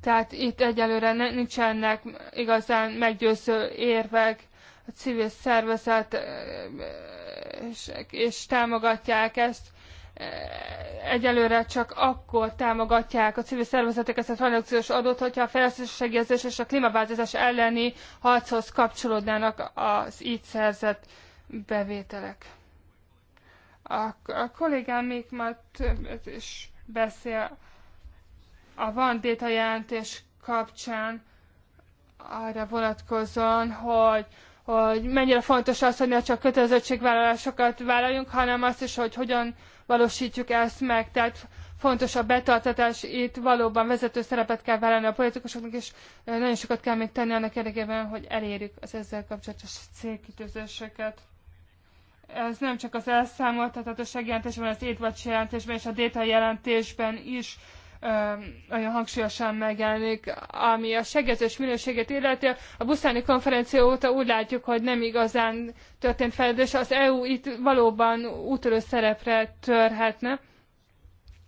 Tehát itt egyelőre nincsenek igazán meggyőző érvek a civil szervezet és, és támogatják ezt. Egyelőre csak akkor támogatják a civil szervezetek ezt a tranzakciós adót, hogyha a fejlesztési segélyezés és a klímaváltozás elleni harchoz kapcsolódnának az így szerzett bevételek. A, a kollégám még már többet is beszél a van déta jelentés kapcsán arra vonatkozóan, hogy hogy mennyire fontos az, hogy ne csak kötelezettségvállalásokat vállaljunk, hanem azt is, hogy hogyan valósítjuk ezt meg. Tehát fontos a betartatás, itt valóban vezető szerepet kell vállalni a politikusoknak, és nagyon sokat kell még tenni annak érdekében, hogy elérjük az ezzel kapcsolatos célkitűzéseket. Ez nem csak az elszámoltathatóság jelentésben, az étvacs jelentésben és a déta jelentésben is olyan hangsúlyosan megjelenik, ami a segítős minőséget illeti. A buszáni konferencia óta úgy látjuk, hogy nem igazán történt fejlődés. Az EU itt valóban útörő szerepre törhetne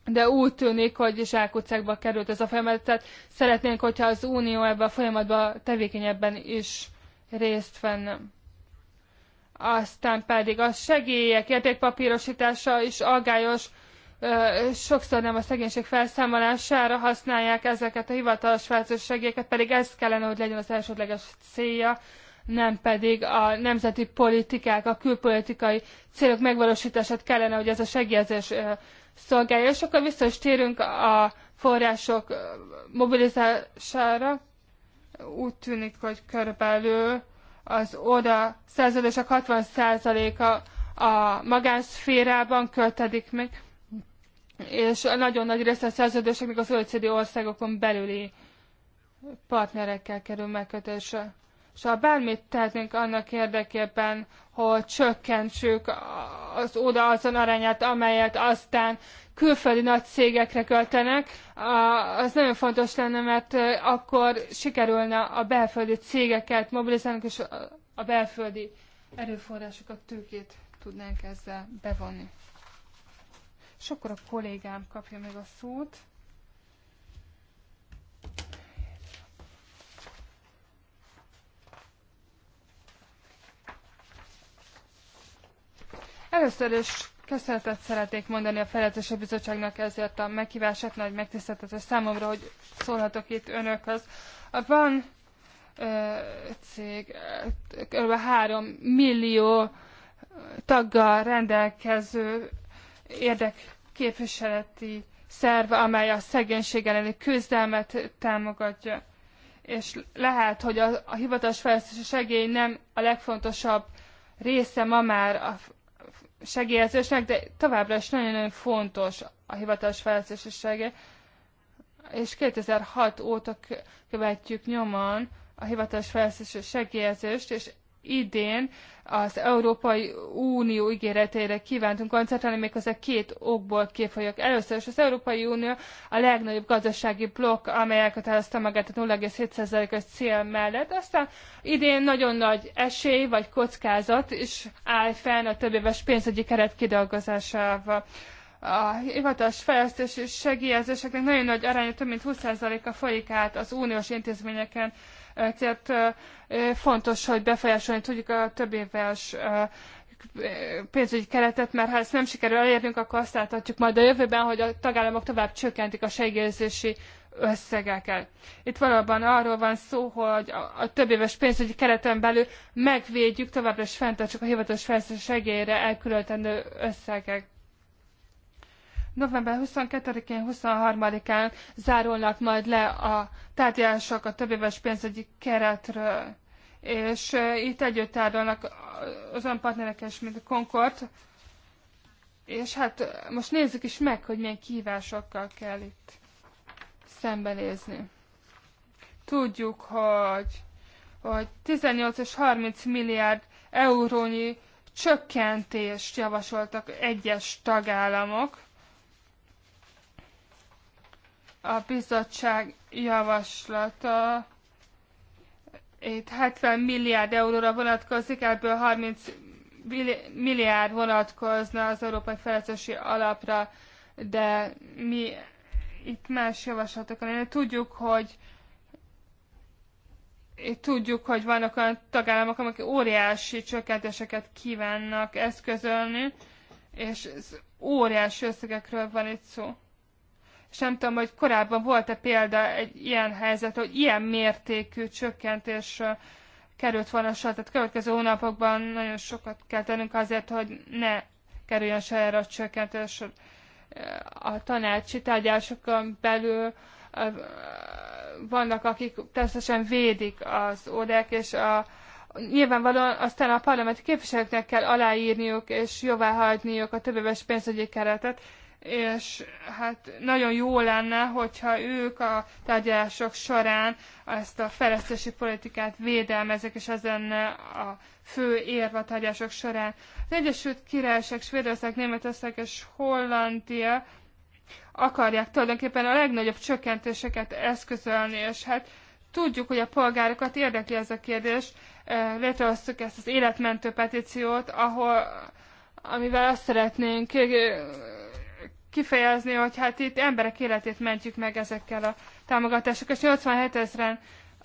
de úgy tűnik, hogy zsákutcákba került ez a folyamat, tehát szeretnénk, hogyha az Unió ebben a folyamatban tevékenyebben is részt venne. Aztán pedig a segélyek értékpapírosítása is aggályos, sokszor nem a szegénység felszámolására használják ezeket a hivatalos fejlesztő segélyeket, pedig ez kellene, hogy legyen az elsődleges célja, nem pedig a nemzeti politikák, a külpolitikai célok megvalósítását kellene, hogy ez a segélyezés szolgálja. És akkor vissza is térünk a források mobilizására. Úgy tűnik, hogy körülbelül az oda szerződések 60%-a a magánszférában költedik meg és nagyon nagy része a szerződéseknek az OECD országokon belüli partnerekkel kerül megkötésre. És ha bármit tehetnénk annak érdekében, hogy csökkentsük az oda azon arányát, amelyet aztán külföldi nagy cégekre költenek, az nagyon fontos lenne, mert akkor sikerülne a belföldi cégeket mobilizálni, és a belföldi erőforrásokat, tőkét tudnánk ezzel bevonni. És akkor a kollégám kapja meg a szót. Először is köszönetet szeretnék mondani a Fejlesztési Bizottságnak ezért a meghívását, nagy megtiszteltetés számomra, hogy szólhatok itt önökhöz. Van ö, cég kb. 3 millió taggal rendelkező érdekképviseleti szerve, amely a szegénység elleni küzdelmet támogatja. És lehet, hogy a, a hivatalos fejlesztési segély nem a legfontosabb része ma már a segélyezésnek, de továbbra is nagyon-nagyon fontos a hivatalos fejlesztési segély. És 2006 óta követjük nyomon a hivatalos fejlesztési segélyezést, és idén az Európai Unió ígéretére kívántunk koncentrálni, méghozzá két okból kifolyok. Először is az Európai Unió a legnagyobb gazdasági blokk, amely elkötelezte magát a 0,7%-os cél mellett. Aztán idén nagyon nagy esély vagy kockázat is áll fenn a több éves pénzügyi keret kidolgozásával a hivatalos fejlesztési segélyezéseknek nagyon nagy aránya, több mint 20%-a folyik át az uniós intézményeken ezért fontos, hogy befolyásolni tudjuk a több éves pénzügyi keretet, mert ha ezt nem sikerül elérnünk, akkor azt láthatjuk majd a jövőben, hogy a tagállamok tovább csökkentik a segélyezési összegeket. Itt valóban arról van szó, hogy a, a több éves pénzügyi kereten belül megvédjük, továbbra is fenntartsuk a hivatalos fejlesztés segélyre elkülöntendő összegek november 22-én, 23-án zárulnak majd le a tárgyalások a többéves pénzügyi keretről. És itt együtt tárgyalnak az olyan partnerek is, mint a Concord. És hát most nézzük is meg, hogy milyen kihívásokkal kell itt szembenézni. Tudjuk, hogy, hogy 18 és 30 milliárd eurónyi csökkentést javasoltak egyes tagállamok, a bizottság javaslata itt 70 milliárd euróra vonatkozik, ebből 30 milliárd vonatkozna az Európai Fejlesztési Alapra, de mi itt más javaslatokon. Én tudjuk, hogy tudjuk, hogy vannak olyan tagállamok, amik óriási csökkentéseket kívánnak eszközölni, és óriási összegekről van itt szó és nem tudom, hogy korábban volt-e példa egy ilyen helyzet, hogy ilyen mértékű csökkentés került volna a tehát következő hónapokban nagyon sokat kell tennünk azért, hogy ne kerüljön se erre a csökkentés a tanácsi tárgyásokon belül vannak, akik természetesen védik az odák, és a, nyilvánvalóan aztán a parlamenti képviselőknek kell aláírniuk és jóváhagyniuk a többéves pénzügyi keretet, és hát nagyon jó lenne, hogyha ők a tárgyalások során ezt a fejlesztési politikát védelmezik, és ez lenne a fő érve a tárgyalások során. Az Egyesült Királyság, Svédország, Németország és Hollandia akarják tulajdonképpen a legnagyobb csökkentéseket eszközölni, és hát tudjuk, hogy a polgárokat érdekli ez a kérdés. Eh, létrehoztuk ezt az életmentő petíciót, ahol, amivel azt szeretnénk eh, kifejezni, hogy hát itt emberek életét mentjük meg ezekkel a támogatásokkal, és 87 ezeren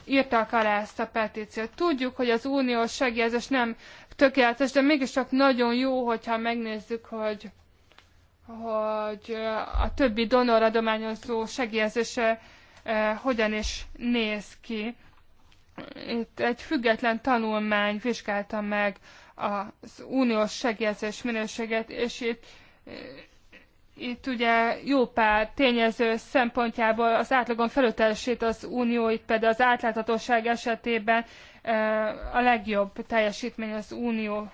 írtak alá ezt a petíciót. Tudjuk, hogy az uniós segélyezés nem tökéletes, de mégiscsak nagyon jó, hogyha megnézzük, hogy, hogy a többi donoradományozó segélyezése eh, hogyan is néz ki. Itt egy független tanulmány vizsgálta meg az uniós segélyezés minőséget, és itt eh, itt ugye jó pár tényező szempontjából az átlagon felültelesít az unió, itt például az átláthatóság esetében eh, a legjobb teljesítmény az unió.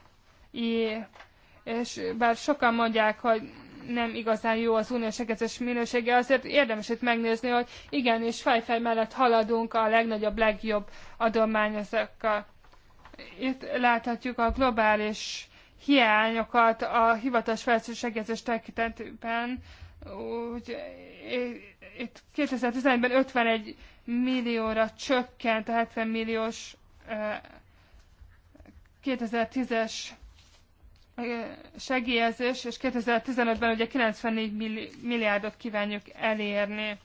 És bár sokan mondják, hogy nem igazán jó az uniós egészes minősége, azért érdemes itt megnézni, hogy igenis fejfej mellett haladunk a legnagyobb, legjobb adományozókkal. Itt láthatjuk a globális hiányokat a hivatalos fejlesztés segélyezés tekintetben. Úgy, itt 2011-ben 51 millióra csökkent a 70 milliós 2010-es segélyezés, és 2015-ben ugye 94 milliárdot kívánjuk elérni.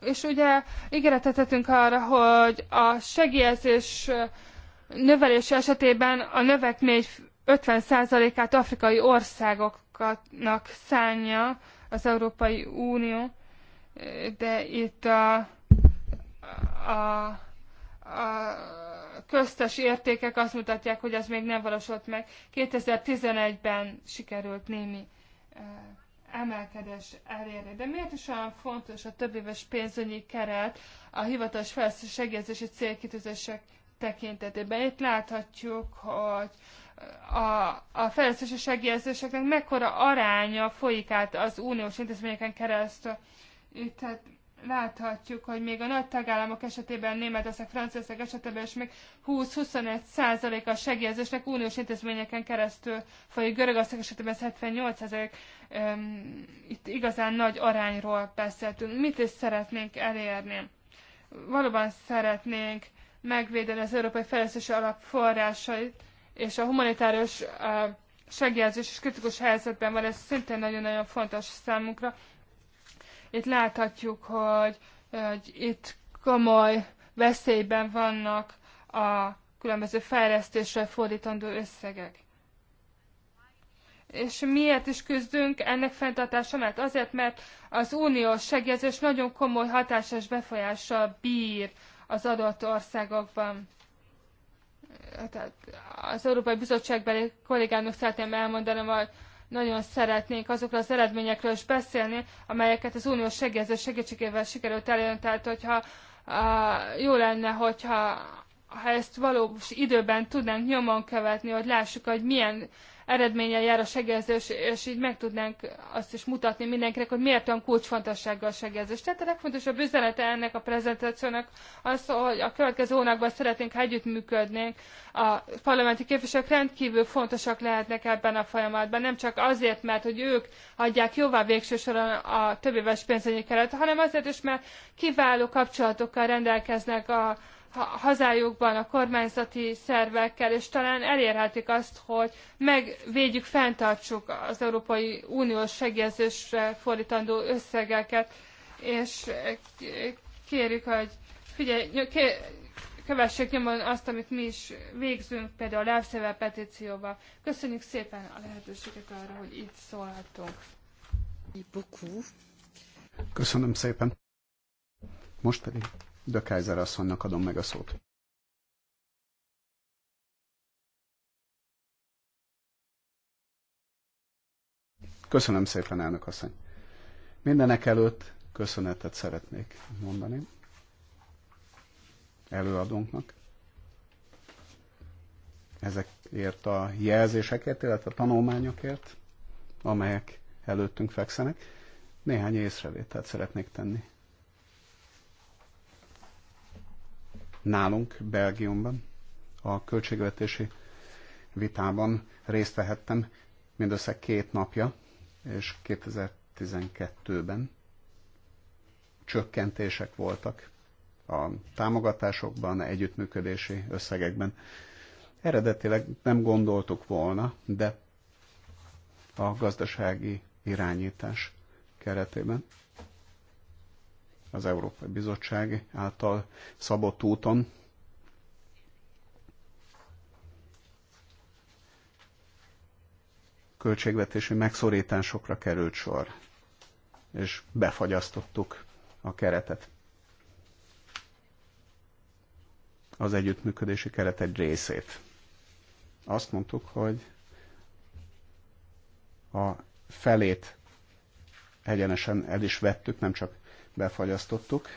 És ugye ígéretet tettünk arra, hogy a segélyezés növelés esetében a növekmény 50%-át afrikai országoknak szánja az Európai Unió, de itt a, a, a köztes értékek azt mutatják, hogy ez még nem valósult meg. 2011-ben sikerült némi emelkedés elérni. De miért is olyan fontos a több éves pénzügyi keret a hivatalos fejlesztés segélyezési célkitűzések tekintetében? Itt láthatjuk, hogy a, a fejlesztési segélyezéseknek mekkora aránya folyik át az uniós intézményeken keresztül. Itt hát láthatjuk, hogy még a nagy tagállamok esetében, németeszek, franciaszek esetében is még 20-21 százalék a segélyezésnek uniós intézményeken keresztül folyik, Görögország esetében 78 százalék. Itt igazán nagy arányról beszéltünk. Mit is szeretnénk elérni? Valóban szeretnénk megvédeni az Európai Fejlesztési Alap forrásait, és a humanitárius segélyezés és kritikus helyzetben van, ez szintén nagyon-nagyon fontos számunkra. Itt láthatjuk, hogy, hogy itt komoly veszélyben vannak a különböző fejlesztésre fordítandó összegek. És miért is küzdünk ennek fenntartása Mert Azért, mert az uniós segélyezés nagyon komoly hatásos befolyással bír az adott országokban tehát hát, az Európai Bizottságbeli kollégának szeretném elmondani, hogy nagyon szeretnénk azokról az eredményekről is beszélni, amelyeket az uniós segélyező segítségével sikerült elérni. Tehát, hogyha jó lenne, hogyha ha ezt valós időben tudnánk nyomon követni, hogy lássuk, hogy milyen eredménnyel jár a segélyezés, és így meg tudnánk azt is mutatni mindenkinek, hogy miért olyan kulcsfontossággal a segélyezés. Tehát a legfontosabb üzenete ennek a prezentációnak az, hogy a következő hónapban szeretnénk, ha együttműködnénk. A parlamenti képviselők rendkívül fontosak lehetnek ebben a folyamatban, nem csak azért, mert hogy ők adják jóvá végső soron a többéves pénzügyi keret, hanem azért is, mert kiváló kapcsolatokkal rendelkeznek a hazájukban a kormányzati szervekkel, és talán elérhetik azt, hogy megvédjük, fenntartsuk az Európai Uniós segélyezésre fordítandó összegeket, és kérjük, hogy figyelj, kövessék nyomon azt, amit mi is végzünk, például a Lávszevel petícióval. Köszönjük szépen a lehetőséget arra, hogy itt szólhatunk. Köszönöm szépen. Most pedig de Kaiser asszonynak adom meg a szót. Köszönöm szépen, elnök asszony. Mindenek előtt köszönetet szeretnék mondani előadónknak. Ezekért a jelzésekért, illetve a tanulmányokért, amelyek előttünk fekszenek. Néhány észrevételt szeretnék tenni. nálunk, Belgiumban, a költségvetési vitában részt vehettem mindössze két napja, és 2012-ben csökkentések voltak a támogatásokban, a együttműködési összegekben. Eredetileg nem gondoltuk volna, de a gazdasági irányítás keretében az Európai Bizottság által szabott úton. Költségvetési megszorításokra került sor, és befagyasztottuk a keretet. Az együttműködési keret egy részét. Azt mondtuk, hogy a felét egyenesen el is vettük, nem csak befagyasztottuk.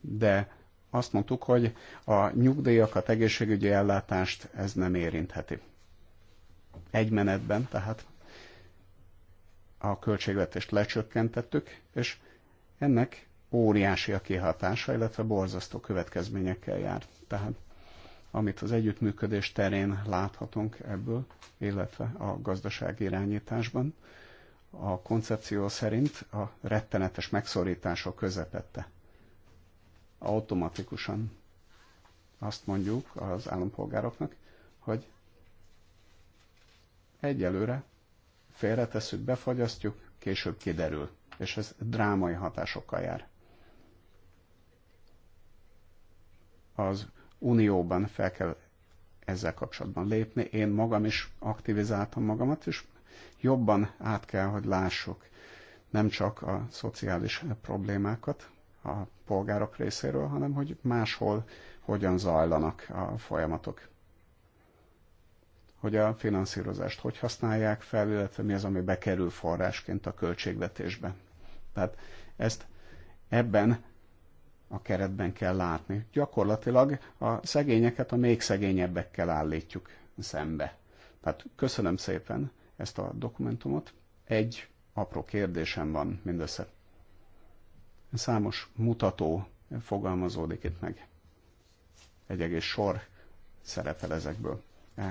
De azt mondtuk, hogy a nyugdíjakat, egészségügyi ellátást ez nem érintheti. Egy menetben, tehát a költségvetést lecsökkentettük, és ennek óriási a kihatása, illetve borzasztó következményekkel jár. Tehát amit az együttműködés terén láthatunk ebből, illetve a gazdaság irányításban, a koncepció szerint a rettenetes megszorítások közepette. Automatikusan azt mondjuk az állampolgároknak, hogy egyelőre félretesszük, befagyasztjuk, később kiderül, és ez drámai hatásokkal jár. Az Unióban fel kell ezzel kapcsolatban lépni. Én magam is aktivizáltam magamat, és jobban át kell, hogy lássuk nem csak a szociális problémákat a polgárok részéről, hanem hogy máshol hogyan zajlanak a folyamatok. Hogy a finanszírozást hogy használják fel, illetve mi az, ami bekerül forrásként a költségvetésbe. Tehát ezt ebben a keretben kell látni. Gyakorlatilag a szegényeket a még szegényebbekkel állítjuk szembe. Tehát köszönöm szépen ezt a dokumentumot. Egy apró kérdésem van mindössze. Számos mutató fogalmazódik itt meg. Egy egész sor szerepel ezekből.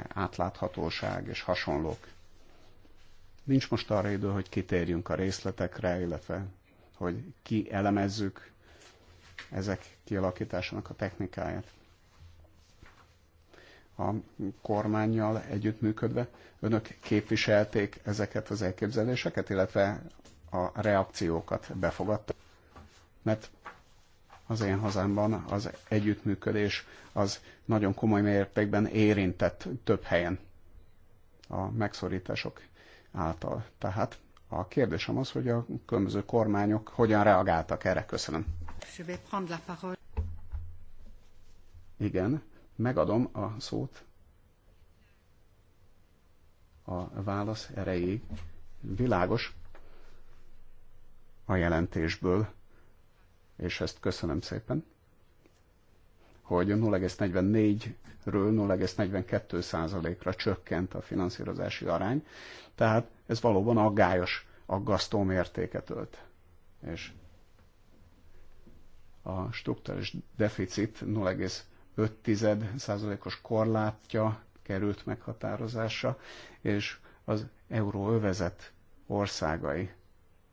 Átláthatóság és hasonlók. Nincs most arra idő, hogy kitérjünk a részletekre, illetve hogy ki elemezzük ezek kialakításának a technikáját. A kormányjal együttműködve önök képviselték ezeket az elképzeléseket, illetve a reakciókat befogadtak. Mert az én hazámban az együttműködés az nagyon komoly mértékben érintett több helyen a megszorítások által. Tehát a kérdésem az, hogy a különböző kormányok hogyan reagáltak erre. Köszönöm. Igen, megadom a szót a válasz erejéig. Világos a jelentésből, és ezt köszönöm szépen, hogy 0,44-ről 0,42 százalékra csökkent a finanszírozási arány, tehát ez valóban aggályos, aggasztó mértéket ölt. És a struktúrális deficit 0,5%-os korlátja került meghatározásra, és az euróövezet országai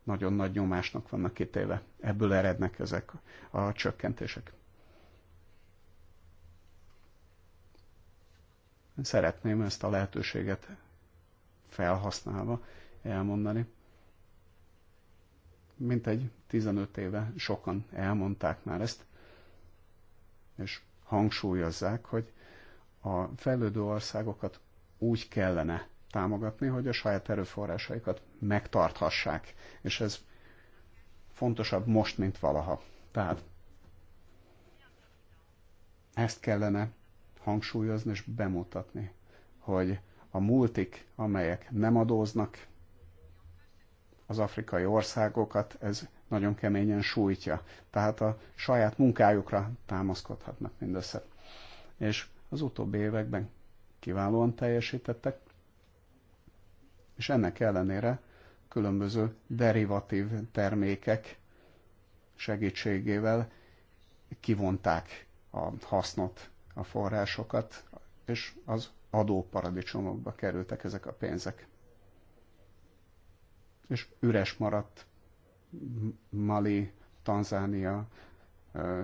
nagyon nagy nyomásnak vannak kitéve. Ebből erednek ezek a csökkentések. Szeretném ezt a lehetőséget felhasználva elmondani, mintegy 15 éve sokan elmondták már ezt, és hangsúlyozzák, hogy a fejlődő országokat úgy kellene támogatni, hogy a saját erőforrásaikat megtarthassák, és ez fontosabb most, mint valaha. Tehát ezt kellene hangsúlyozni és bemutatni, hogy a multik, amelyek nem adóznak, az afrikai országokat ez nagyon keményen sújtja. Tehát a saját munkájukra támaszkodhatnak mindössze. És az utóbbi években kiválóan teljesítettek, és ennek ellenére különböző derivatív termékek segítségével kivonták a hasznot, a forrásokat, és az adóparadicsomokba kerültek ezek a pénzek és üres maradt Mali, Tanzánia,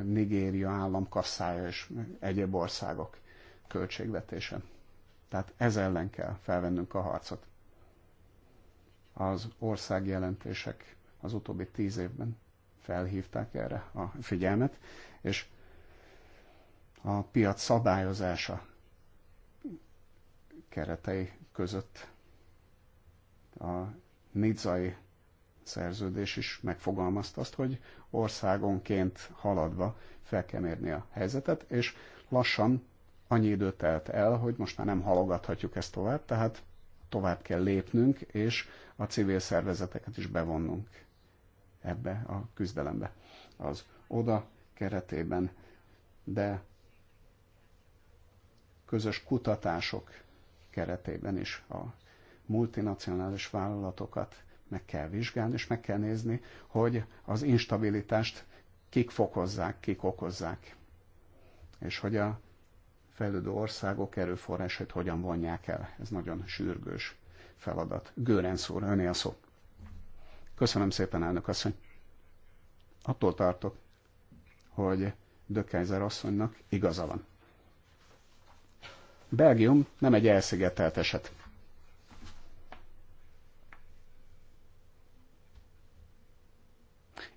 Nigéria államkasszája és egyéb országok költségvetése. Tehát ez ellen kell felvennünk a harcot. Az országjelentések az utóbbi tíz évben felhívták erre a figyelmet, és a piac szabályozása keretei között a nicai szerződés is megfogalmazta azt, hogy országonként haladva fel kell mérni a helyzetet, és lassan annyi idő telt el, hogy most már nem halogathatjuk ezt tovább, tehát tovább kell lépnünk, és a civil szervezeteket is bevonnunk ebbe a küzdelembe. Az oda keretében, de közös kutatások keretében is a multinacionális vállalatokat meg kell vizsgálni, és meg kell nézni, hogy az instabilitást kik fokozzák, kik okozzák, és hogy a fejlődő országok erőforrásait hogyan vonják el. Ez nagyon sürgős feladat. Görenc úr, öné a szó. Köszönöm szépen, elnök asszony. Attól tartok, hogy Dökkeizer asszonynak igaza van. Belgium nem egy elszigetelt eset.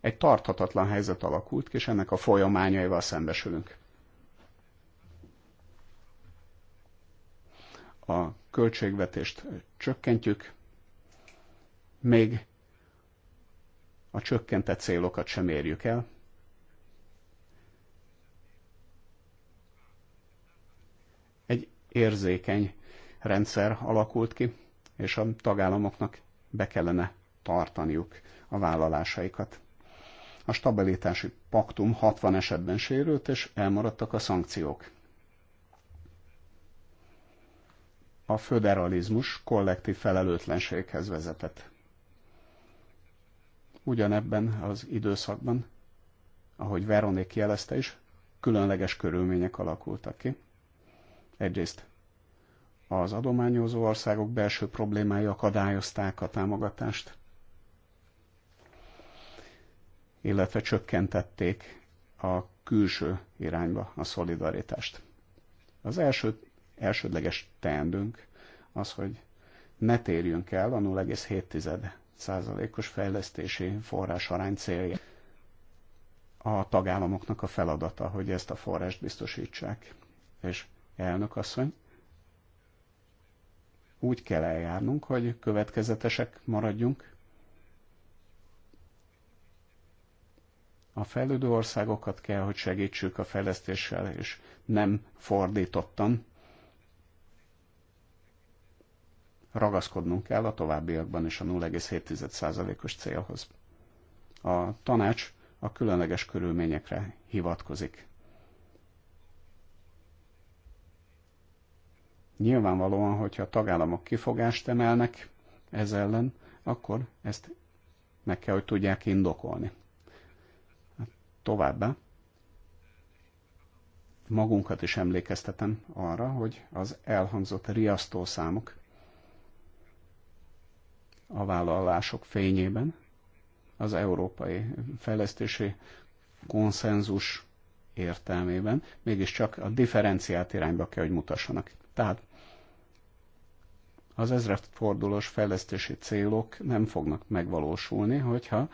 egy tarthatatlan helyzet alakult ki, és ennek a folyamányaival szembesülünk. A költségvetést csökkentjük, még a csökkentett célokat sem érjük el. Egy érzékeny rendszer alakult ki, és a tagállamoknak be kellene tartaniuk a vállalásaikat. A stabilitási paktum 60 esetben sérült, és elmaradtak a szankciók. A föderalizmus kollektív felelőtlenséghez vezetett. Ugyanebben az időszakban, ahogy Veronik jelezte is, különleges körülmények alakultak ki. Egyrészt az adományozó országok belső problémái akadályozták a támogatást, illetve csökkentették a külső irányba a szolidaritást. Az első, elsődleges teendőnk az, hogy ne térjünk el a 0,7 százalékos fejlesztési forrás arány célja. A tagállamoknak a feladata, hogy ezt a forrást biztosítsák. És elnök asszony, úgy kell eljárnunk, hogy következetesek maradjunk, a fejlődő országokat kell, hogy segítsük a fejlesztéssel, és nem fordítottan. Ragaszkodnunk kell a továbbiakban is a 0,7%-os célhoz. A tanács a különleges körülményekre hivatkozik. Nyilvánvalóan, hogyha a tagállamok kifogást emelnek ez ellen, akkor ezt meg kell, hogy tudják indokolni Továbbá magunkat is emlékeztetem arra, hogy az elhangzott számok a vállalások fényében az európai fejlesztési konszenzus értelmében mégiscsak a differenciált irányba kell, hogy mutassanak. Tehát az ezredfordulós fejlesztési célok nem fognak megvalósulni, hogyha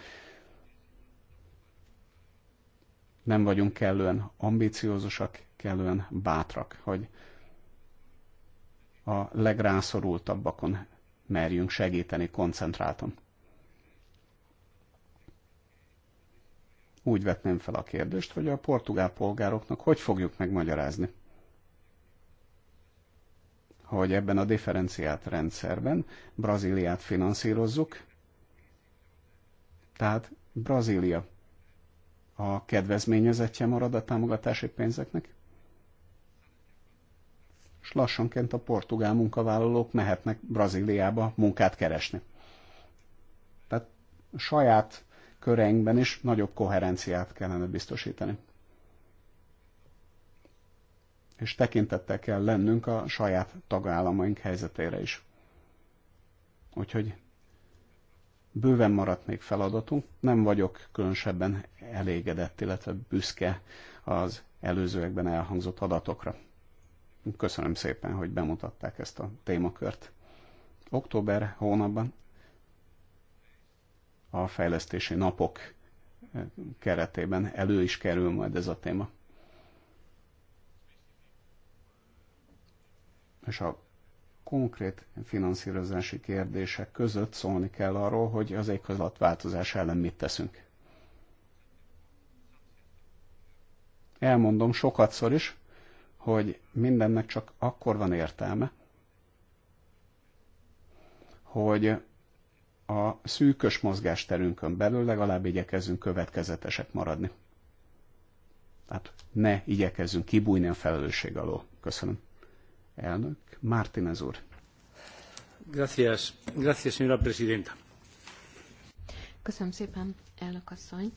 nem vagyunk kellően ambiciózusak, kellően bátrak, hogy a legrászorultabbakon merjünk segíteni koncentráltan. Úgy vetném fel a kérdést, hogy a portugál polgároknak hogy fogjuk megmagyarázni, hogy ebben a differenciált rendszerben Brazíliát finanszírozzuk, tehát Brazília a kedvezményezetje marad a támogatási pénzeknek, és lassanként a portugál munkavállalók mehetnek Brazíliába munkát keresni. Tehát a saját köreinkben is nagyobb koherenciát kellene biztosítani. És tekintettel kell lennünk a saját tagállamaink helyzetére is. Úgyhogy bőven maradt még feladatunk. Nem vagyok különösebben elégedett, illetve büszke az előzőekben elhangzott adatokra. Köszönöm szépen, hogy bemutatták ezt a témakört. Október hónapban a fejlesztési napok eh, keretében elő is kerül majd ez a téma. És a konkrét finanszírozási kérdések között szólni kell arról, hogy az éghajlatváltozás ellen mit teszünk. Elmondom sokatszor is, hogy mindennek csak akkor van értelme, hogy a szűkös mozgásterünkön belül legalább igyekezzünk következetesek maradni. Tehát ne igyekezzünk kibújni a felelősség alól. Köszönöm. Elnök Mártinez úr. Gracias, gracias, señora presidenta. Köszönöm szépen, elnök asszony.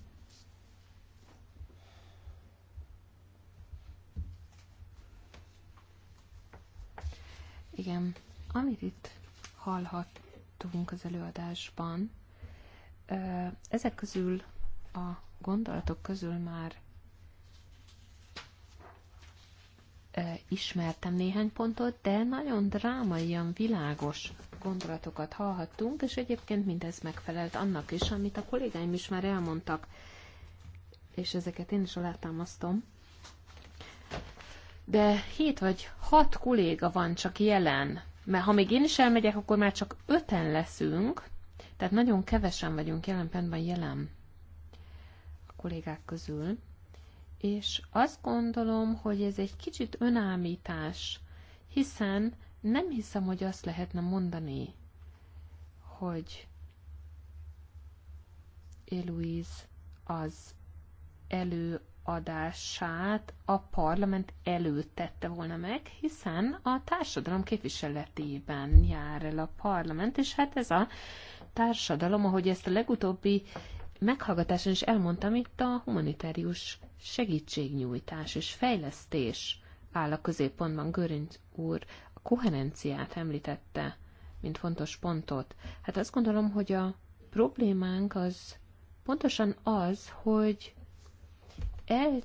Igen, amit itt hallhattunk az előadásban, ezek közül a gondolatok közül már ismertem néhány pontot, de nagyon drámaian világos gondolatokat hallhattunk, és egyébként mindez megfelelt annak is, amit a kollégáim is már elmondtak, és ezeket én is alátámasztom. De hét vagy hat kolléga van csak jelen, mert ha még én is elmegyek, akkor már csak öten leszünk, tehát nagyon kevesen vagyunk jelen pontban jelen a kollégák közül és azt gondolom, hogy ez egy kicsit önállítás, hiszen nem hiszem, hogy azt lehetne mondani, hogy Eloise az előadását a parlament előtt tette volna meg, hiszen a társadalom képviseletében jár el a parlament, és hát ez a társadalom, ahogy ezt a legutóbbi meghallgatáson is elmondtam, itt a humanitárius segítségnyújtás és fejlesztés áll a középpontban. Görint úr a koherenciát említette, mint fontos pontot. Hát azt gondolom, hogy a problémánk az pontosan az, hogy el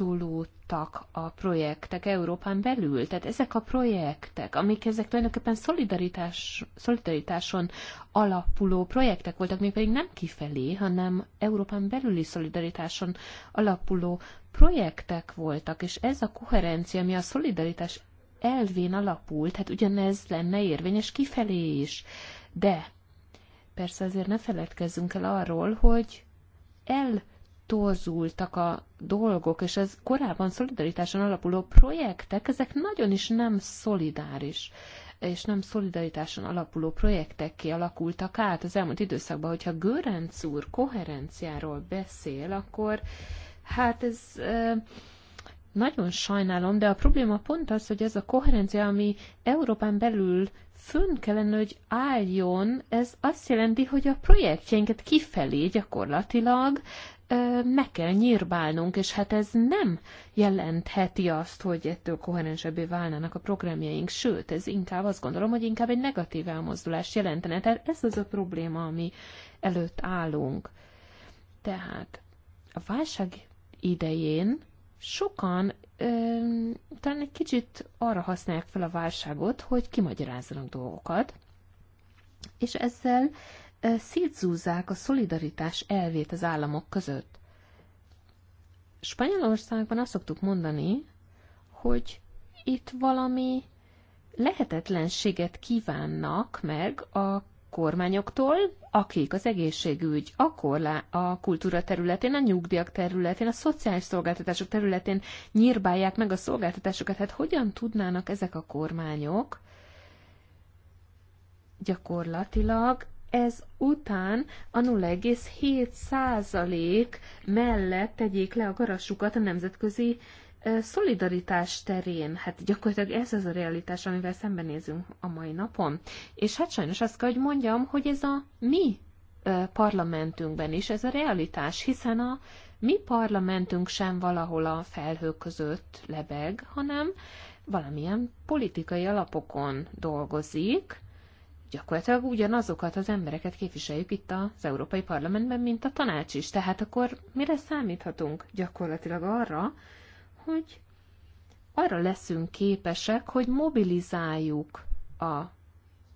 eltúlódtak a projektek Európán belül. Tehát ezek a projektek, amik ezek tulajdonképpen szolidaritás, szolidaritáson alapuló projektek voltak, még pedig nem kifelé, hanem Európán belüli szolidaritáson alapuló projektek voltak, és ez a koherencia, ami a szolidaritás elvén alapult, hát ugyanez lenne érvényes kifelé is. De persze azért ne feledkezzünk el arról, hogy el torzultak a dolgok, és ez korábban szolidaritáson alapuló projektek, ezek nagyon is nem szolidáris és nem szolidaritáson alapuló projektekké alakultak át az elmúlt időszakban, hogyha Görenc úr koherenciáról beszél, akkor hát ez nagyon sajnálom, de a probléma pont az, hogy ez a koherencia, ami Európán belül fönn kellene, hogy álljon, ez azt jelenti, hogy a projektjeinket kifelé gyakorlatilag meg kell nyírbálnunk, és hát ez nem jelentheti azt, hogy ettől koherensebbé válnának a programjaink, sőt, ez inkább azt gondolom, hogy inkább egy negatív elmozdulást jelentene. Tehát ez az a probléma, ami előtt állunk. Tehát a válság idején sokan ö, talán egy kicsit arra használják fel a válságot, hogy kimagyarázzanak dolgokat, és ezzel szétszúzzák a szolidaritás elvét az államok között. Spanyolországban azt szoktuk mondani, hogy itt valami lehetetlenséget kívánnak meg a kormányoktól, akik az egészségügy, a, korlá, a kultúra területén, a nyugdíjak területén, a szociális szolgáltatások területén nyírbálják meg a szolgáltatásokat. Hát hogyan tudnának ezek a kormányok gyakorlatilag ez után a 0,7% mellett tegyék le a garasukat a nemzetközi szolidaritás terén, hát gyakorlatilag ez az a realitás, amivel szembenézünk a mai napon. És hát sajnos azt kell, hogy mondjam, hogy ez a mi parlamentünkben is ez a realitás, hiszen a mi parlamentünk sem valahol a felhők között lebeg, hanem valamilyen politikai alapokon dolgozik, gyakorlatilag ugyanazokat az embereket képviseljük itt az Európai Parlamentben, mint a tanács is. Tehát akkor mire számíthatunk gyakorlatilag arra, hogy arra leszünk képesek, hogy mobilizáljuk a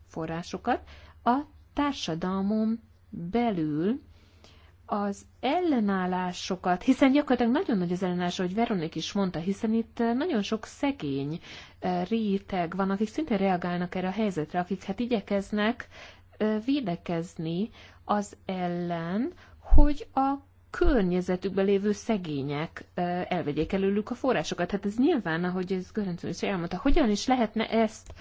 forrásokat a társadalmon belül az ellenállásokat, hiszen gyakorlatilag nagyon nagy az ellenállás, ahogy Veronik is mondta, hiszen itt eh, nagyon sok szegény eh, réteg van, akik szintén reagálnak erre a helyzetre, akik hát igyekeznek eh, védekezni az ellen, hogy a környezetükben lévő szegények elvegyék előlük a forrásokat. Hát ez nyilván, ahogy ez Görencön is elmondta, hogyan is lehetne ezt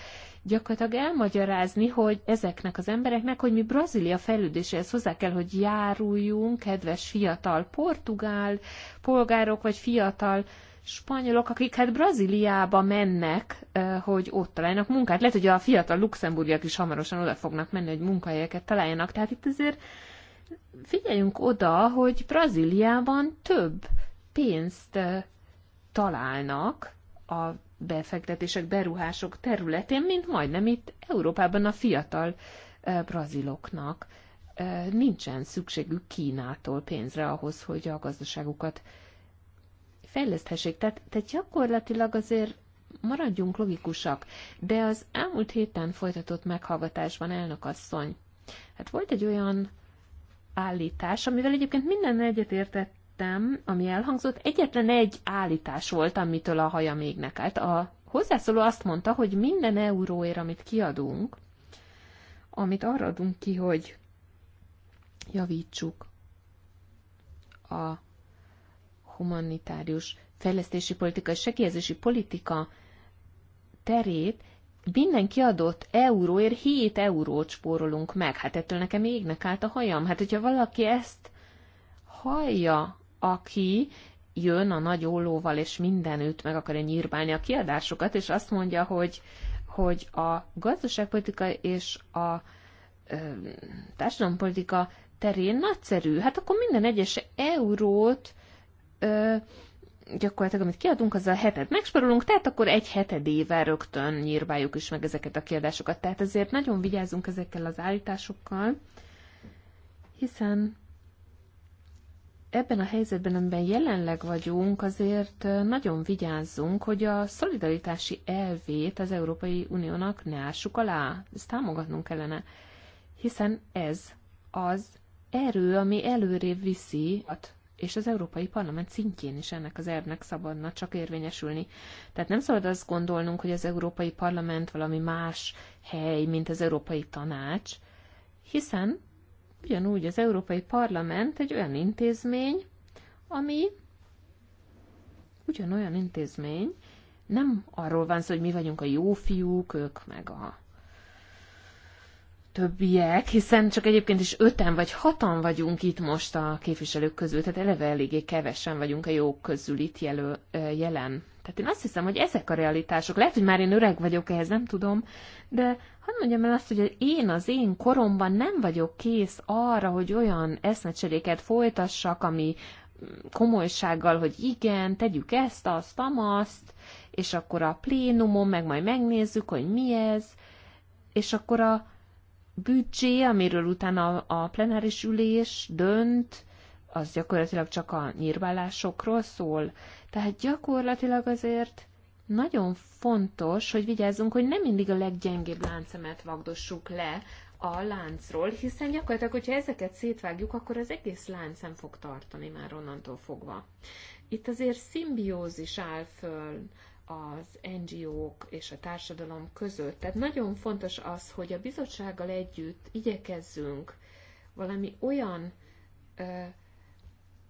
gyakorlatilag elmagyarázni, hogy ezeknek az embereknek, hogy mi Brazília fejlődéséhez hozzá kell, hogy járuljunk, kedves fiatal portugál polgárok, vagy fiatal spanyolok, akik hát Brazíliába mennek, hogy ott találjanak munkát. Lehet, hogy a fiatal luxemburgiak is hamarosan oda fognak menni, hogy munkahelyeket találjanak. Tehát itt azért figyeljünk oda, hogy Brazíliában több pénzt eh, találnak a befektetések, beruhások területén, mint majdnem itt Európában a fiatal eh, braziloknak. Eh, nincsen szükségük Kínától pénzre ahhoz, hogy a gazdaságukat fejleszthessék. Tehát, tehát gyakorlatilag azért maradjunk logikusak, de az elmúlt héten folytatott meghallgatásban asszony, hát volt egy olyan állítás, amivel egyébként minden egyetértettem, ami elhangzott, egyetlen egy állítás volt, amitől a haja még nekelt. A hozzászóló azt mondta, hogy minden euróért, amit kiadunk, amit arra adunk ki, hogy javítsuk a humanitárius fejlesztési politika és segélyezési politika terét, minden kiadott euróért 7 eurót spórolunk meg. Hát ettől nekem égnek állt a hajam. Hát, hogyha valaki ezt hallja, aki jön a nagy ólóval, és mindenütt meg akarja nyírbálni a kiadásokat, és azt mondja, hogy, hogy a gazdaságpolitika és a ö, társadalompolitika terén nagyszerű. Hát akkor minden egyes eurót ö, gyakorlatilag, amit kiadunk, azzal hetet megsporolunk, tehát akkor egy hetedével rögtön nyírbáljuk is meg ezeket a kiadásokat. Tehát ezért nagyon vigyázunk ezekkel az állításokkal, hiszen ebben a helyzetben, amiben jelenleg vagyunk, azért nagyon vigyázzunk, hogy a szolidaritási elvét az Európai Uniónak ne ássuk alá. Ezt támogatnunk kellene, hiszen ez az erő, ami előrébb viszi a és az Európai Parlament szintjén is ennek az elvnek szabadna csak érvényesülni. Tehát nem szabad azt gondolnunk, hogy az Európai Parlament valami más hely, mint az Európai Tanács, hiszen ugyanúgy az Európai Parlament egy olyan intézmény, ami ugyanolyan intézmény, nem arról van szó, hogy mi vagyunk a jó fiúk, ők meg a többiek, hiszen csak egyébként is öten vagy hatan vagyunk itt most a képviselők közül, tehát eleve eléggé kevesen vagyunk a jók közül itt jelö, jelen. Tehát én azt hiszem, hogy ezek a realitások. Lehet, hogy már én öreg vagyok ehhez, nem tudom, de hadd mondjam el azt, hogy én az én koromban nem vagyok kész arra, hogy olyan eszmecseréket folytassak, ami komolysággal, hogy igen, tegyük ezt, azt, amazt, és akkor a plénumon meg majd megnézzük, hogy mi ez, és akkor a büdzsé, amiről utána a plenáris ülés dönt, az gyakorlatilag csak a nyírválásokról szól. Tehát gyakorlatilag azért nagyon fontos, hogy vigyázzunk, hogy nem mindig a leggyengébb láncemet vagdossuk le a láncról, hiszen gyakorlatilag, hogyha ezeket szétvágjuk, akkor az egész láncem fog tartani már onnantól fogva. Itt azért szimbiózis áll föl az NGO-k és a társadalom között. Tehát nagyon fontos az, hogy a bizottsággal együtt igyekezzünk valami olyan ö,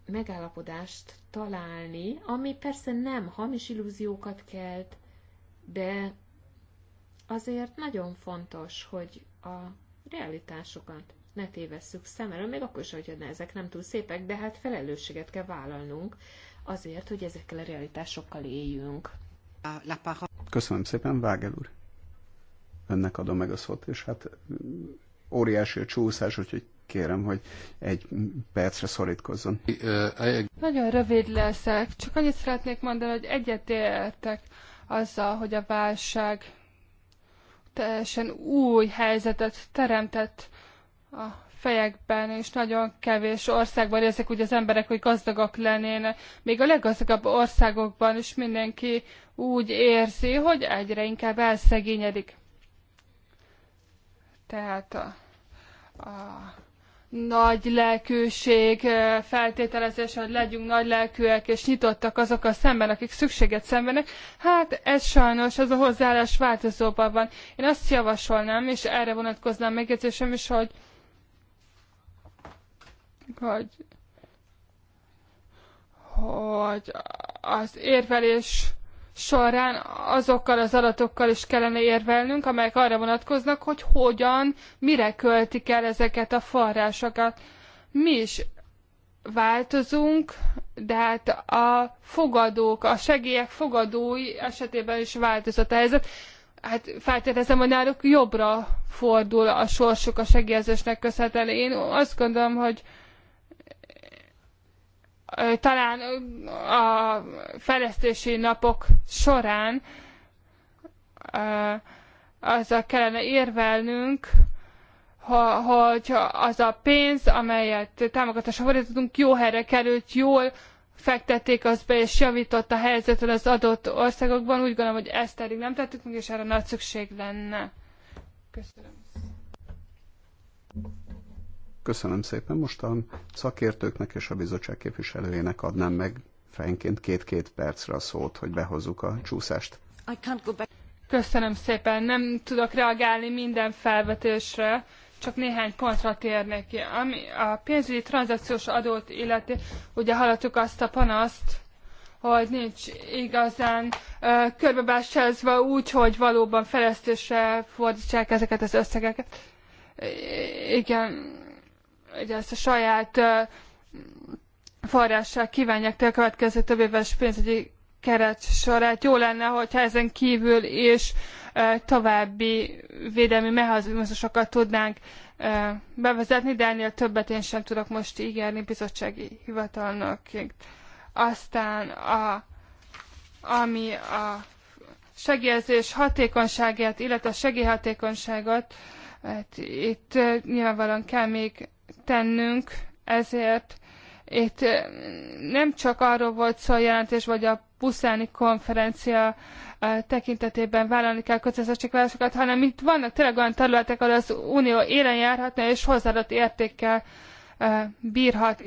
megállapodást találni, ami persze nem hamis illúziókat kelt, de azért nagyon fontos, hogy a realitásokat ne tévesszük szem elől, még akkor is, hogy ne, ezek nem túl szépek, de hát felelősséget kell vállalnunk azért, hogy ezekkel a realitásokkal éljünk. Köszönöm szépen, Vágel úr. Önnek adom meg a szót, és hát mm, óriási a csúszás, úgyhogy kérem, hogy egy percre szorítkozzon. Nagyon rövid leszek, csak annyit szeretnék mondani, hogy egyetértek azzal, hogy a válság teljesen új helyzetet teremtett a fejekben, és nagyon kevés országban érzik úgy az emberek, hogy gazdagak lennének. Még a leggazdagabb országokban is mindenki úgy érzi, hogy egyre inkább elszegényedik. Tehát a, a nagy lelkűség feltételezés, hogy legyünk nagy lelkűek és nyitottak azok a szemben, akik szükséget szenvednek, hát ez sajnos, ez a hozzáállás változóban van. Én azt javasolnám, és erre vonatkoznám megjegyzésem is, hogy hogy, hogy az érvelés során azokkal az adatokkal is kellene érvelnünk, amelyek arra vonatkoznak, hogy hogyan, mire költik el ezeket a forrásokat. Mi is változunk, de hát a fogadók, a segélyek fogadói esetében is változott a helyzet. Hát feltételezem, hogy náluk jobbra fordul a sorsuk a segélyezésnek köszönhetően. Én azt gondolom, hogy, talán a fejlesztési napok során azzal kellene érvelnünk, hogy az a pénz, amelyet támogatásra fordítottunk, jó helyre került, jól fektették az be, és javított a helyzetet az adott országokban. Úgy gondolom, hogy ezt eddig nem tettük meg, és erre nagy szükség lenne. Köszönöm. Köszönöm szépen. Most a szakértőknek és a bizottság képviselőjének adnám meg fejenként két-két percre a szót, hogy behozzuk a csúszást. Köszönöm szépen. Nem tudok reagálni minden felvetésre, csak néhány pontra térnék ki. Ami a pénzügyi tranzakciós adót illeti, ugye hallottuk azt a panaszt, hogy nincs igazán ö, körbebásázva úgy, hogy valóban fejlesztésre fordítsák ezeket az összegeket. igen, ugye ezt a saját forrással kívánják a következő több éves pénzügyi keret sorát. Jó lenne, hogyha ezen kívül is további védelmi mechanizmusokat tudnánk bevezetni, de ennél többet én sem tudok most ígérni bizottsági hivatalnokként. Aztán a, ami a segélyezés hatékonyságát, illetve a segélyhatékonyságot, hát itt nyilvánvalóan kell még tennünk, ezért itt eh, nem csak arról volt szó a jelentés, vagy a puszáni konferencia eh, tekintetében vállalni kell kötelezettségvállalásokat, hanem itt vannak tényleg olyan területek, ahol az Unió élen járhatna, és hozzáadott értékkel eh, bírhat.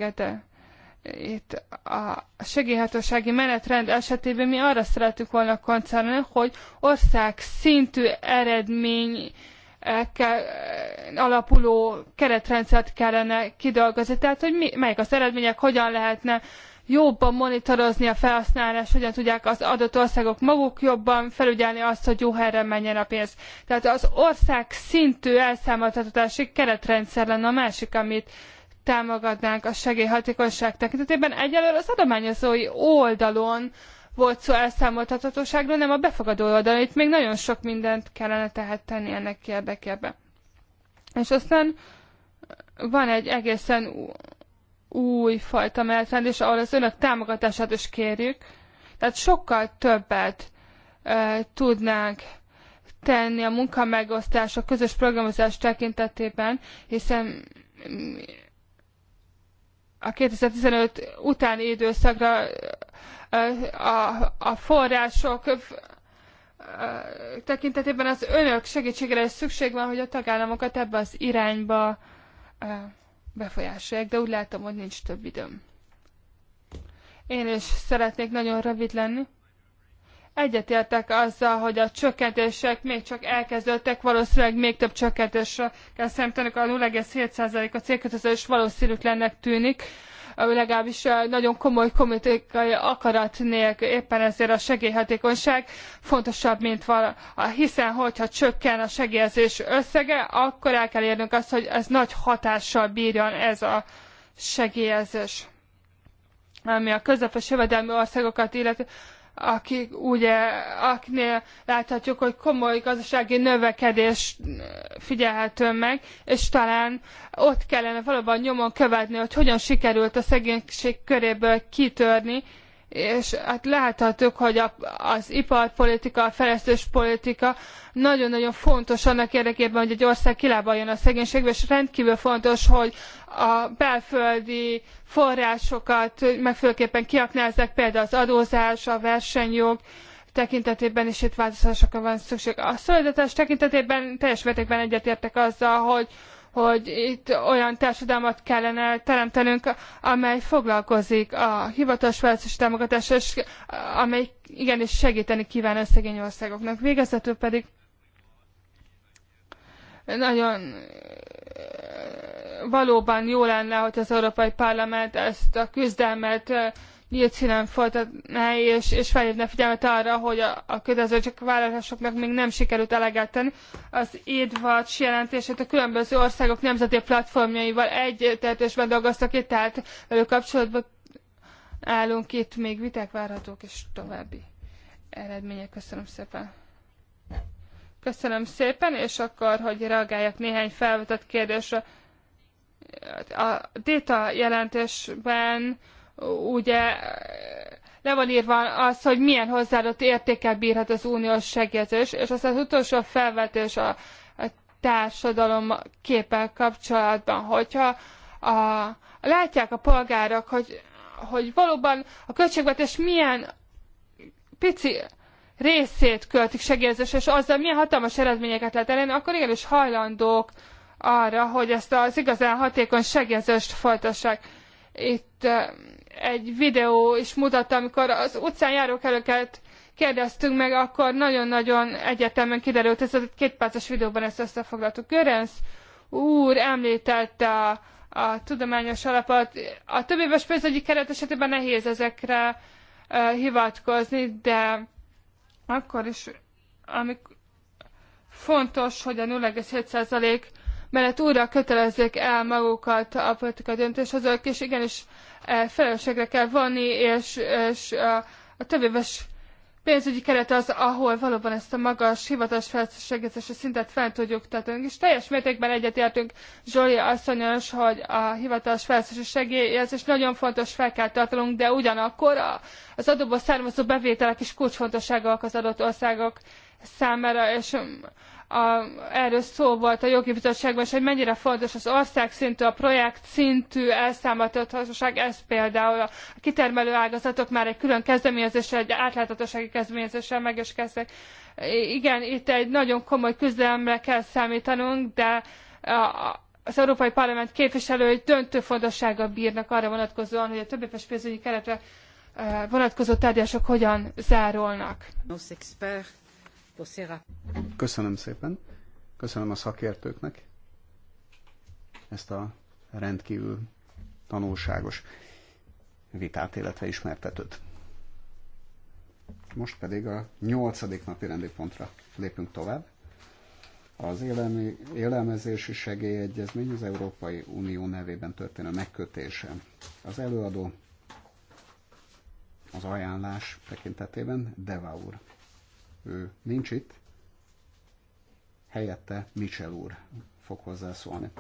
Itt a segélyhatósági menetrend esetében mi arra szeretünk volna koncentrálni, hogy ország szintű eredmény alapuló keretrendszert kellene kidolgozni. Tehát, hogy mi, melyik az eredmények, hogyan lehetne jobban monitorozni a felhasználást, hogyan tudják az adott országok maguk jobban felügyelni azt, hogy jó helyre menjen a pénz. Tehát az ország szintű elszámoltatási keretrendszer lenne a másik, amit támogatnánk a segélyhatékonyság tekintetében. Egyelőre az adományozói oldalon volt szó elszámoltathatóságról, nem a befogadó oldalon. Itt még nagyon sok mindent kellene tehát tenni ennek érdekében. És aztán van egy egészen új fajta mellett, és ahol az önök támogatását is kérjük. Tehát sokkal többet e, tudnánk tenni a munkamegosztás, a közös programozás tekintetében, hiszen a 2015 utáni időszakra a, a források tekintetében az önök segítségére is szükség van, hogy a tagállamokat ebbe az irányba befolyásolják, de úgy látom, hogy nincs több időm. Én is szeretnék nagyon rövid lenni. Egyetértek azzal, hogy a csökkentések még csak elkezdődtek, valószínűleg még több csökkentésre kell számítani, a 0,7% a célkötöző is valószínűtlennek tűnik legalábbis nagyon komoly komitékai akarat nélkül. Éppen ezért a segélyhatékonyság fontosabb, mint vala, hiszen hogyha csökken a segélyezés összege, akkor el kell érnünk azt, hogy ez nagy hatással bírjon ez a segélyezés ami a közepes jövedelmi országokat illeti, akik ugye, aknél láthatjuk, hogy komoly gazdasági növekedés figyelhető meg, és talán ott kellene valóban nyomon követni, hogy hogyan sikerült a szegénység köréből kitörni, és hát láthatjuk, hogy a, az iparpolitika, a politika nagyon-nagyon fontos annak érdekében, hogy egy ország kilábaljon a szegénységből, és rendkívül fontos, hogy a belföldi forrásokat főképpen kiaknázzák, például az adózás, a versenyjog tekintetében is itt változásokra van szükség. A szolidatás tekintetében teljes mértékben egyetértek azzal, hogy hogy itt olyan társadalmat kellene teremtenünk, amely foglalkozik a hivatalos választási támogatással, és amely igenis segíteni kíván a szegény országoknak. Végezetül pedig nagyon valóban jó lenne, hogy az Európai Parlament ezt a küzdelmet nyílt színen folytatná, és, és felhívna figyelmet arra, hogy a, a kötelezettségvállalásoknak még nem sikerült eleget tenni. Az EDVACS jelentését a különböző országok nemzeti platformjaival egyetértésben dolgoztak itt, tehát velük kapcsolatban állunk itt, még viták várhatók, és további eredmények. Köszönöm szépen. Köszönöm szépen, és akkor, hogy reagáljak néhány felvetett kérdésre, a DETA jelentésben ugye le van írva az, hogy milyen hozzáadott értékkel bírhat az uniós segélyezés, és aztán az utolsó felvetés a, a társadalom képpel kapcsolatban, hogyha a, a, látják a polgárok, hogy, hogy valóban a költségvetés milyen pici részét költik segélyezésre, és azzal milyen hatalmas eredményeket lehet elérni, akkor igenis hajlandók arra, hogy ezt az igazán hatékony segélyezést folytassák. Itt egy videó is mutatta, amikor az utcán járók előket kérdeztünk meg, akkor nagyon-nagyon egyetemen kiderült, ez a két perces videóban ezt összefoglaltuk. Görensz úr említette a, a tudományos alapot. A több éves pénzügyi keret esetében nehéz ezekre e, hivatkozni, de akkor is amik fontos, hogy a 0,7% mellett újra kötelezzék el magukat a politikai döntéshozók, és igenis eh, felelősségre kell vonni, és, és a, a több pénzügyi keret az, ahol valóban ezt a magas hivatalos felelősségérzési szintet fel tudjuk tetünk. És teljes mértékben egyetértünk Zsoli asszonyos, hogy a hivatalos felelősségi segélyezés nagyon fontos, fel kell tartanunk, de ugyanakkor az adóból származó bevételek is kulcsfontosságúak az adott országok számára, és a, erről szó volt a jogi bizottságban, és hogy mennyire fontos az ország szintű, a projekt szintű elszámoltathatóság, ez például a kitermelő ágazatok már egy külön kezdeményezéssel, egy átláthatósági kezdeményezéssel meg is kezdtek. Igen, itt egy nagyon komoly küzdelemre kell számítanunk, de a, az Európai Parlament képviselői döntő fontossággal bírnak arra vonatkozóan, hogy a többéves pénzügyi keretre eh, vonatkozó tárgyások hogyan zárolnak. Nos, expert. Köszönöm szépen. Köszönöm a szakértőknek ezt a rendkívül tanulságos vitát, illetve ismertetőt. Most pedig a nyolcadik napi rendi pontra lépünk tovább. Az élelmi, élelmezési segélyegyezmény az Európai Unió nevében történő megkötése. Az előadó az ajánlás tekintetében Deva úr ő nincs itt, helyette Michel úr fog hozzászólni.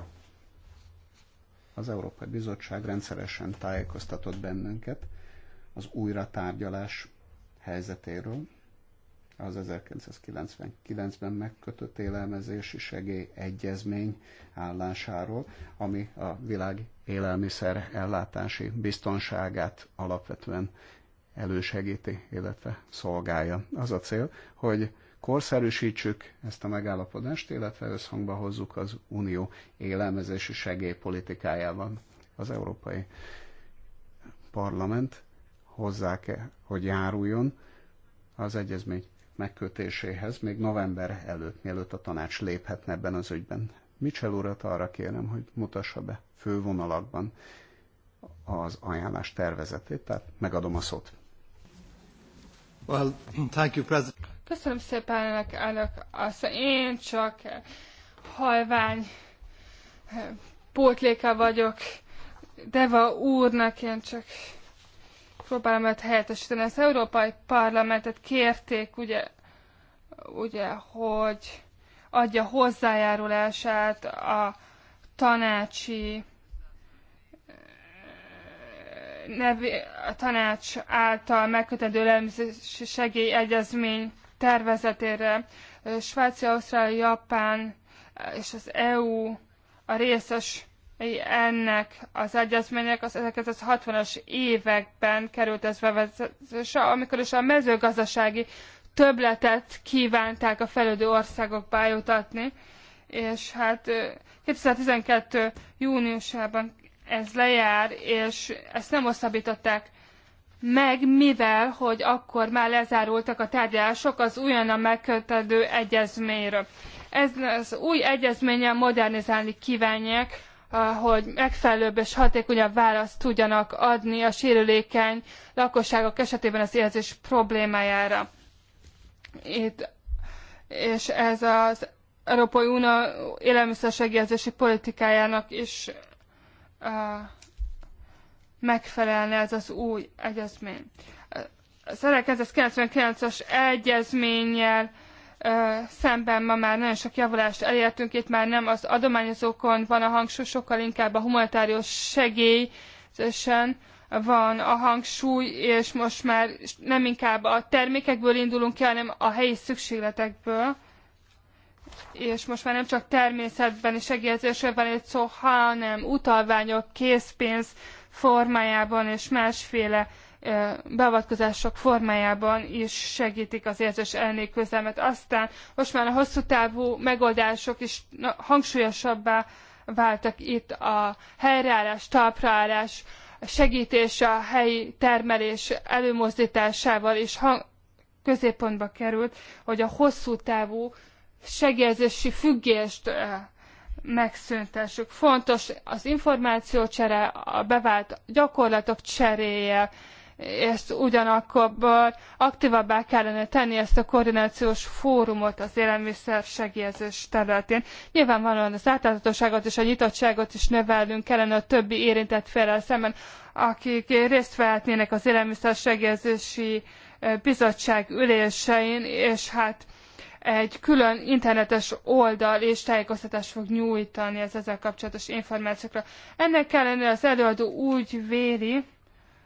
Az Európai Bizottság rendszeresen tájékoztatott bennünket az újratárgyalás helyzetéről, az 1999-ben megkötött élelmezési segély egyezmény állásáról, ami a világ élelmiszer ellátási biztonságát alapvetően elősegíti, illetve szolgálja. Az a cél, hogy korszerűsítsük ezt a megállapodást, illetve összhangba hozzuk az unió élelmezési segélypolitikájával. Az Európai Parlament hozzá kell, hogy járuljon az egyezmény megkötéséhez még november előtt, mielőtt a tanács léphetne ebben az ügyben. Michel urat arra kérem, hogy mutassa be fővonalakban az ajánlás tervezetét, tehát megadom a szót. Well, thank you, President. Köszönöm szépen ennek, elnök azt én csak halvány eh, pótléka vagyok. Deva úrnak én csak próbálom őt helyettesíteni. Az Európai Parlamentet kérték, ugye, ugye, hogy adja hozzájárulását a tanácsi nevi, a tanács által megkötendő elemzési segélyegyezmény tervezetére Svájcia, Ausztrália, Japán és az EU a részes ennek az egyezménynek az 1960-as években került ez bevezetésre, amikor is a mezőgazdasági többletet kívánták a felődő országokba bájutatni, és hát 2012. júniusában ez lejár, és ezt nem hosszabbították meg, mivel, hogy akkor már lezárultak a tárgyalások az újonnan megkötődő egyezményről. Ez az új egyezménnyel modernizálni kívánják, hogy megfelelőbb és hatékonyabb választ tudjanak adni a sérülékeny lakosságok esetében az érzés problémájára. Itt, és ez az Európai Unió élelmiszersegélyezési politikájának is megfelelne ez az új egyezmény. Az 1999-as egyezménnyel szemben ma már nagyon sok javulást elértünk, itt már nem az adományozókon van a hangsúly, sokkal inkább a humanitárius segély, van a hangsúly, és most már nem inkább a termékekből indulunk ki, hanem a helyi szükségletekből és most már nem csak természetben és segélyezésről van egy szó, hanem utalványok, készpénz formájában és másféle beavatkozások formájában is segítik az érzés ellené Aztán most már a hosszú távú megoldások is hangsúlyosabbá váltak itt a helyreállás, talpraállás, segítés a helyi termelés előmozdításával is hang- középpontba került, hogy a hosszú távú segélyezési függést megszüntessük. Fontos az információcsere, a bevált gyakorlatok cseréje, ezt ugyanakkor aktívabbá kellene tenni ezt a koordinációs fórumot az élelmiszer segélyezés területén. Nyilvánvalóan az átláthatóságot és a nyitottságot is növelnünk kellene a többi érintett felel szemben, akik részt vehetnének az élelmiszer segélyezési bizottság ülésein, és hát egy külön internetes oldal és tájékoztatást fog nyújtani az ezzel kapcsolatos információkra. Ennek ellenére az előadó úgy véli,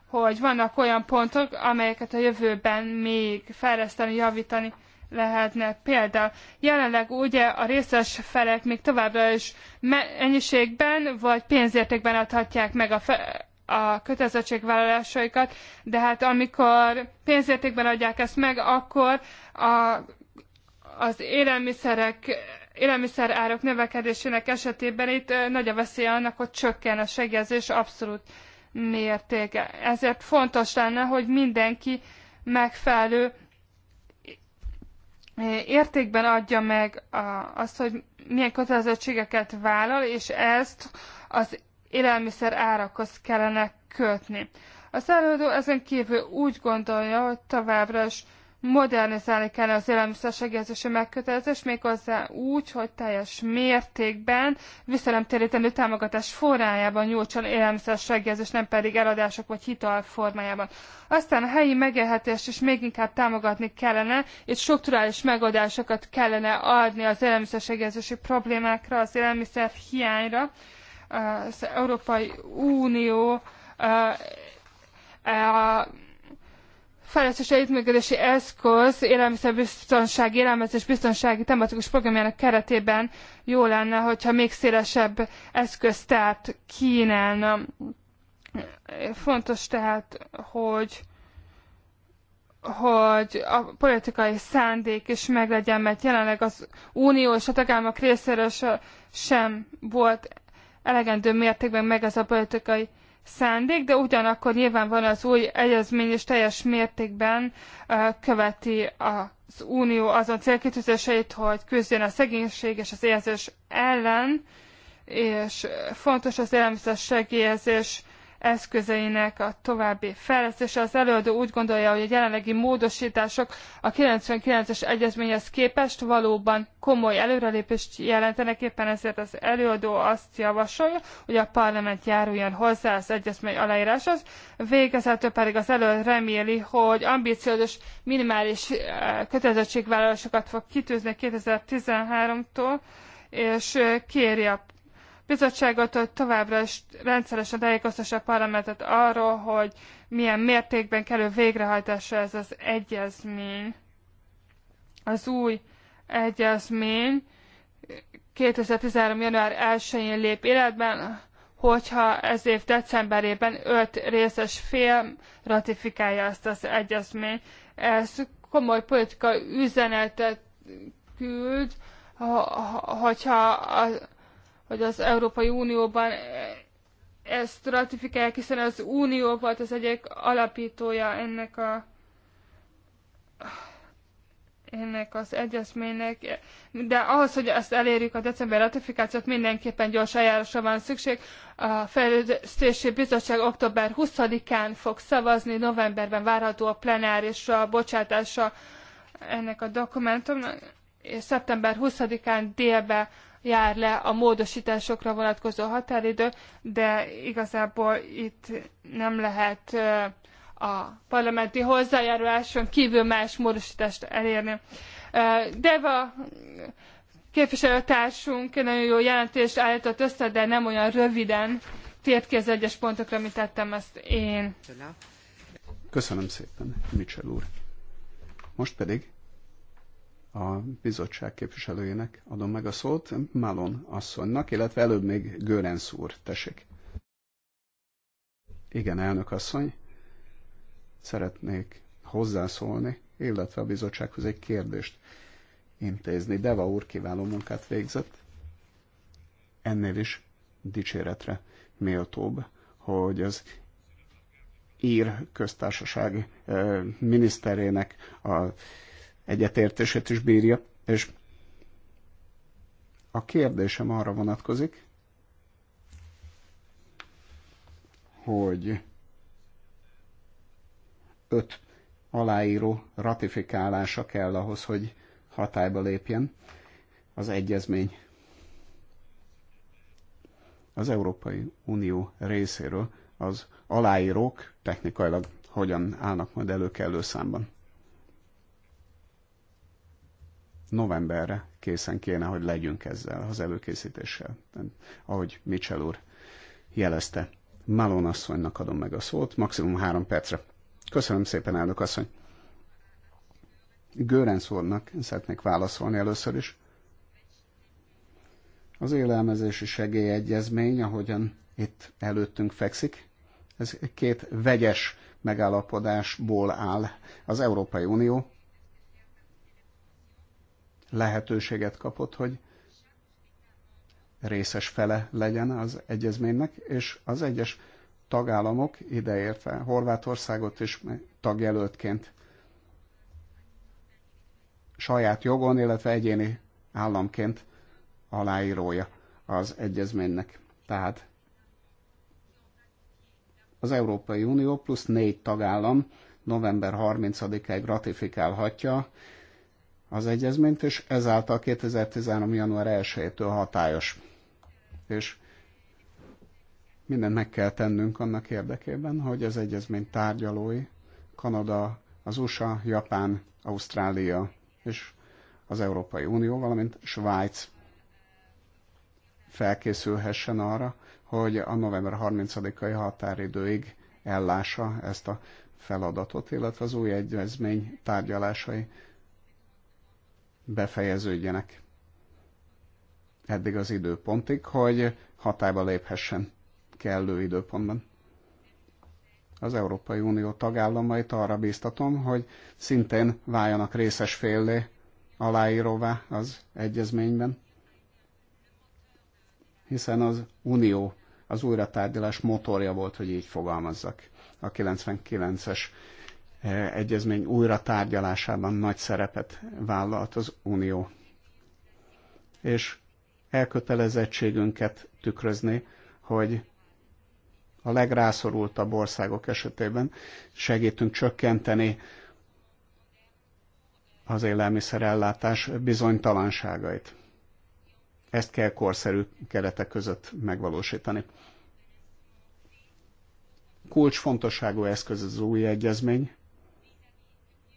hogy vannak olyan pontok, amelyeket a jövőben még fejleszteni, javítani lehetne. Például jelenleg ugye a részes felek még továbbra is mennyiségben vagy pénzértékben adhatják meg a, a kötelezettségvállalásaikat, de hát amikor pénzértékben adják ezt meg, akkor a az élelmiszerek élelmiszer árak növekedésének esetében itt nagy a veszély annak, hogy csökken a segélyezés abszolút mértéke. Ezért fontos lenne, hogy mindenki megfelelő értékben adja meg azt, hogy milyen kötelezettségeket vállal, és ezt az élelmiszer árakhoz kellene kötni. Az előadó ezen kívül úgy gondolja, hogy továbbra is modernizálni kell az élelmiszersegélyezési megkötelezést, méghozzá úgy, hogy teljes mértékben visszanemtérítendő támogatás forrájában nyújtson élelmiszersegélyezés, nem pedig eladások vagy hital formájában. Aztán a helyi megélhetést is még inkább támogatni kellene, és strukturális megoldásokat kellene adni az élelmiszersegélyezési problémákra, az élelmiszer hiányra. Az Európai Unió a, a, fejlesztés együttműködési eszköz élelmiszerbiztonsági, élelmezés biztonsági tematikus programjának keretében jó lenne, hogyha még szélesebb eszköztárt kínálna. Fontos tehát, hogy hogy a politikai szándék is meglegyen, mert jelenleg az unió és a tagállamok részéről sem volt elegendő mértékben meg ez a politikai szándék, de ugyanakkor nyilvánvalóan az új egyezmény is teljes mértékben követi az Unió azon célkitűzéseit, hogy küzdjön a szegénység és az érzés ellen, és fontos az élelmiszer segélyezés eszközeinek a további fejlesztése. Az előadó úgy gondolja, hogy a jelenlegi módosítások a 99-es egyezményhez képest valóban komoly előrelépést jelentenek, éppen ezért az előadó azt javasolja, hogy a parlament járuljon hozzá az egyezmény aláíráshoz, végezetül pedig az előadó reméli, hogy ambiciózus minimális eh, kötelezettségvállalásokat fog kitűzni 2013-tól, és eh, kéri a bizottságot, hogy továbbra is rendszeresen tájékoztassa a parlamentet arról, hogy milyen mértékben kerül végrehajtásra ez az egyezmény. Az új egyezmény 2013. január 1-én lép életben, hogyha ez év decemberében öt részes fél ratifikálja ezt az egyezményt. Ez komoly politikai üzenetet küld, hogyha a hogy az Európai Unióban eh, ezt ratifikálják, hiszen az Unió volt az egyik alapítója ennek a ennek az egyezménynek, de ahhoz, hogy ezt elérjük a december ratifikációt, mindenképpen gyors eljárásra van szükség. A Fejlesztési Bizottság október 20-án fog szavazni, novemberben várható a plenárisra, a bocsátása ennek a dokumentumnak, és szeptember 20-án délben jár le a módosításokra vonatkozó határidő, de igazából itt nem lehet a parlamenti hozzájáruláson kívül más módosítást elérni. Deva képviselőtársunk nagyon jó jelentést állított össze, de nem olyan röviden tért ki az egyes pontokra, amit tettem ezt én. Köszönöm szépen, Mitchell úr. Most pedig a bizottság képviselőjének adom meg a szót, Malon asszonynak, illetve előbb még Görenc úr, tessék. Igen, elnök asszony, szeretnék hozzászólni, illetve a bizottsághoz egy kérdést intézni. Deva úr kiváló munkát végzett, ennél is dicséretre méltóbb, hogy az ír köztársaság eh, miniszterének a egyetértését is bírja, és a kérdésem arra vonatkozik, hogy öt aláíró ratifikálása kell ahhoz, hogy hatályba lépjen az egyezmény. Az Európai Unió részéről az aláírók technikailag hogyan állnak majd előkelő számban. novemberre készen kéne, hogy legyünk ezzel az előkészítéssel, ahogy Mitchell úr jelezte. Malon asszonynak adom meg a szót, maximum három percre. Köszönöm szépen, elnök asszony. Görenc úrnak szeretnék válaszolni először is. Az élelmezési segélyegyezmény, ahogyan itt előttünk fekszik, ez két vegyes megállapodásból áll. Az Európai Unió lehetőséget kapott, hogy részes fele legyen az egyezménynek, és az egyes tagállamok ideértve Horvátországot is tagjelöltként saját jogon, illetve egyéni államként aláírója az egyezménynek. Tehát az Európai Unió plusz négy tagállam november 30-ig ratifikálhatja az egyezményt, és ezáltal 2013. január 1-től hatályos. És mindent meg kell tennünk annak érdekében, hogy az egyezmény tárgyalói Kanada, az USA, Japán, Ausztrália és az Európai Unió, valamint Svájc felkészülhessen arra, hogy a november 30-ai határidőig ellássa ezt a feladatot, illetve az új egyezmény tárgyalásai befejeződjenek eddig az időpontig, hogy hatályba léphessen kellő időpontban. Az Európai Unió tagállamait arra bíztatom, hogy szintén váljanak részes féllé aláíróvá az egyezményben, hiszen az Unió az újratárgyalás motorja volt, hogy így fogalmazzak a 99-es E, egyezmény újra tárgyalásában nagy szerepet vállalt az Unió. És elkötelezettségünket tükrözni, hogy a legrászorultabb országok esetében segítünk csökkenteni az élelmiszerellátás bizonytalanságait. Ezt kell korszerű keretek között megvalósítani. Kulcsfontosságú eszköz az új egyezmény,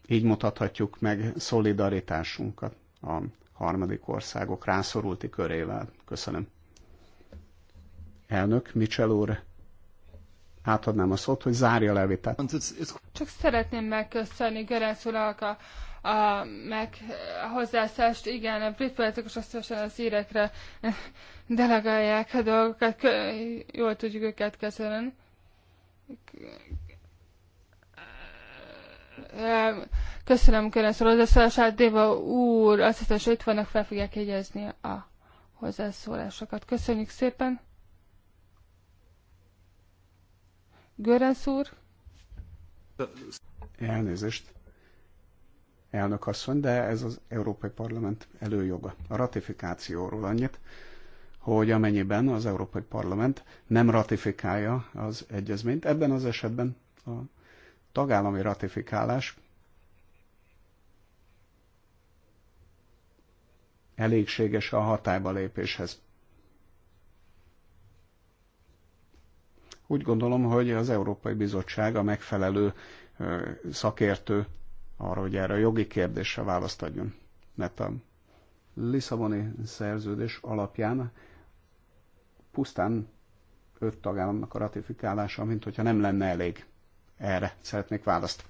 így mutathatjuk meg szolidaritásunkat a harmadik országok rászorulti körével. Köszönöm. Elnök Michel úr, átadnám a szót, hogy zárja le vitát. Csak szeretném megköszönni Gerenc a, a meg hozzászást, igen, a brit politikus aztán az írekre delegálják a dolgokat, jól tudjuk őket kezelni. Köszönöm külön hozzászólását, Déva úr, azt hiszem, hogy itt vannak, fel fogják jegyezni a hozzászólásokat. Köszönjük szépen. Görensz úr. Elnézést. Elnök asszony, de ez az Európai Parlament előjoga. A ratifikációról annyit, hogy amennyiben az Európai Parlament nem ratifikálja az egyezményt, ebben az esetben a tagállami ratifikálás elégséges a hatályba lépéshez. Úgy gondolom, hogy az Európai Bizottság a megfelelő szakértő arra, hogy erre a jogi kérdésre választ adjon. Mert a Lisszaboni szerződés alapján pusztán öt tagállamnak a ratifikálása, mint hogyha nem lenne elég. Erre szeretnék választ.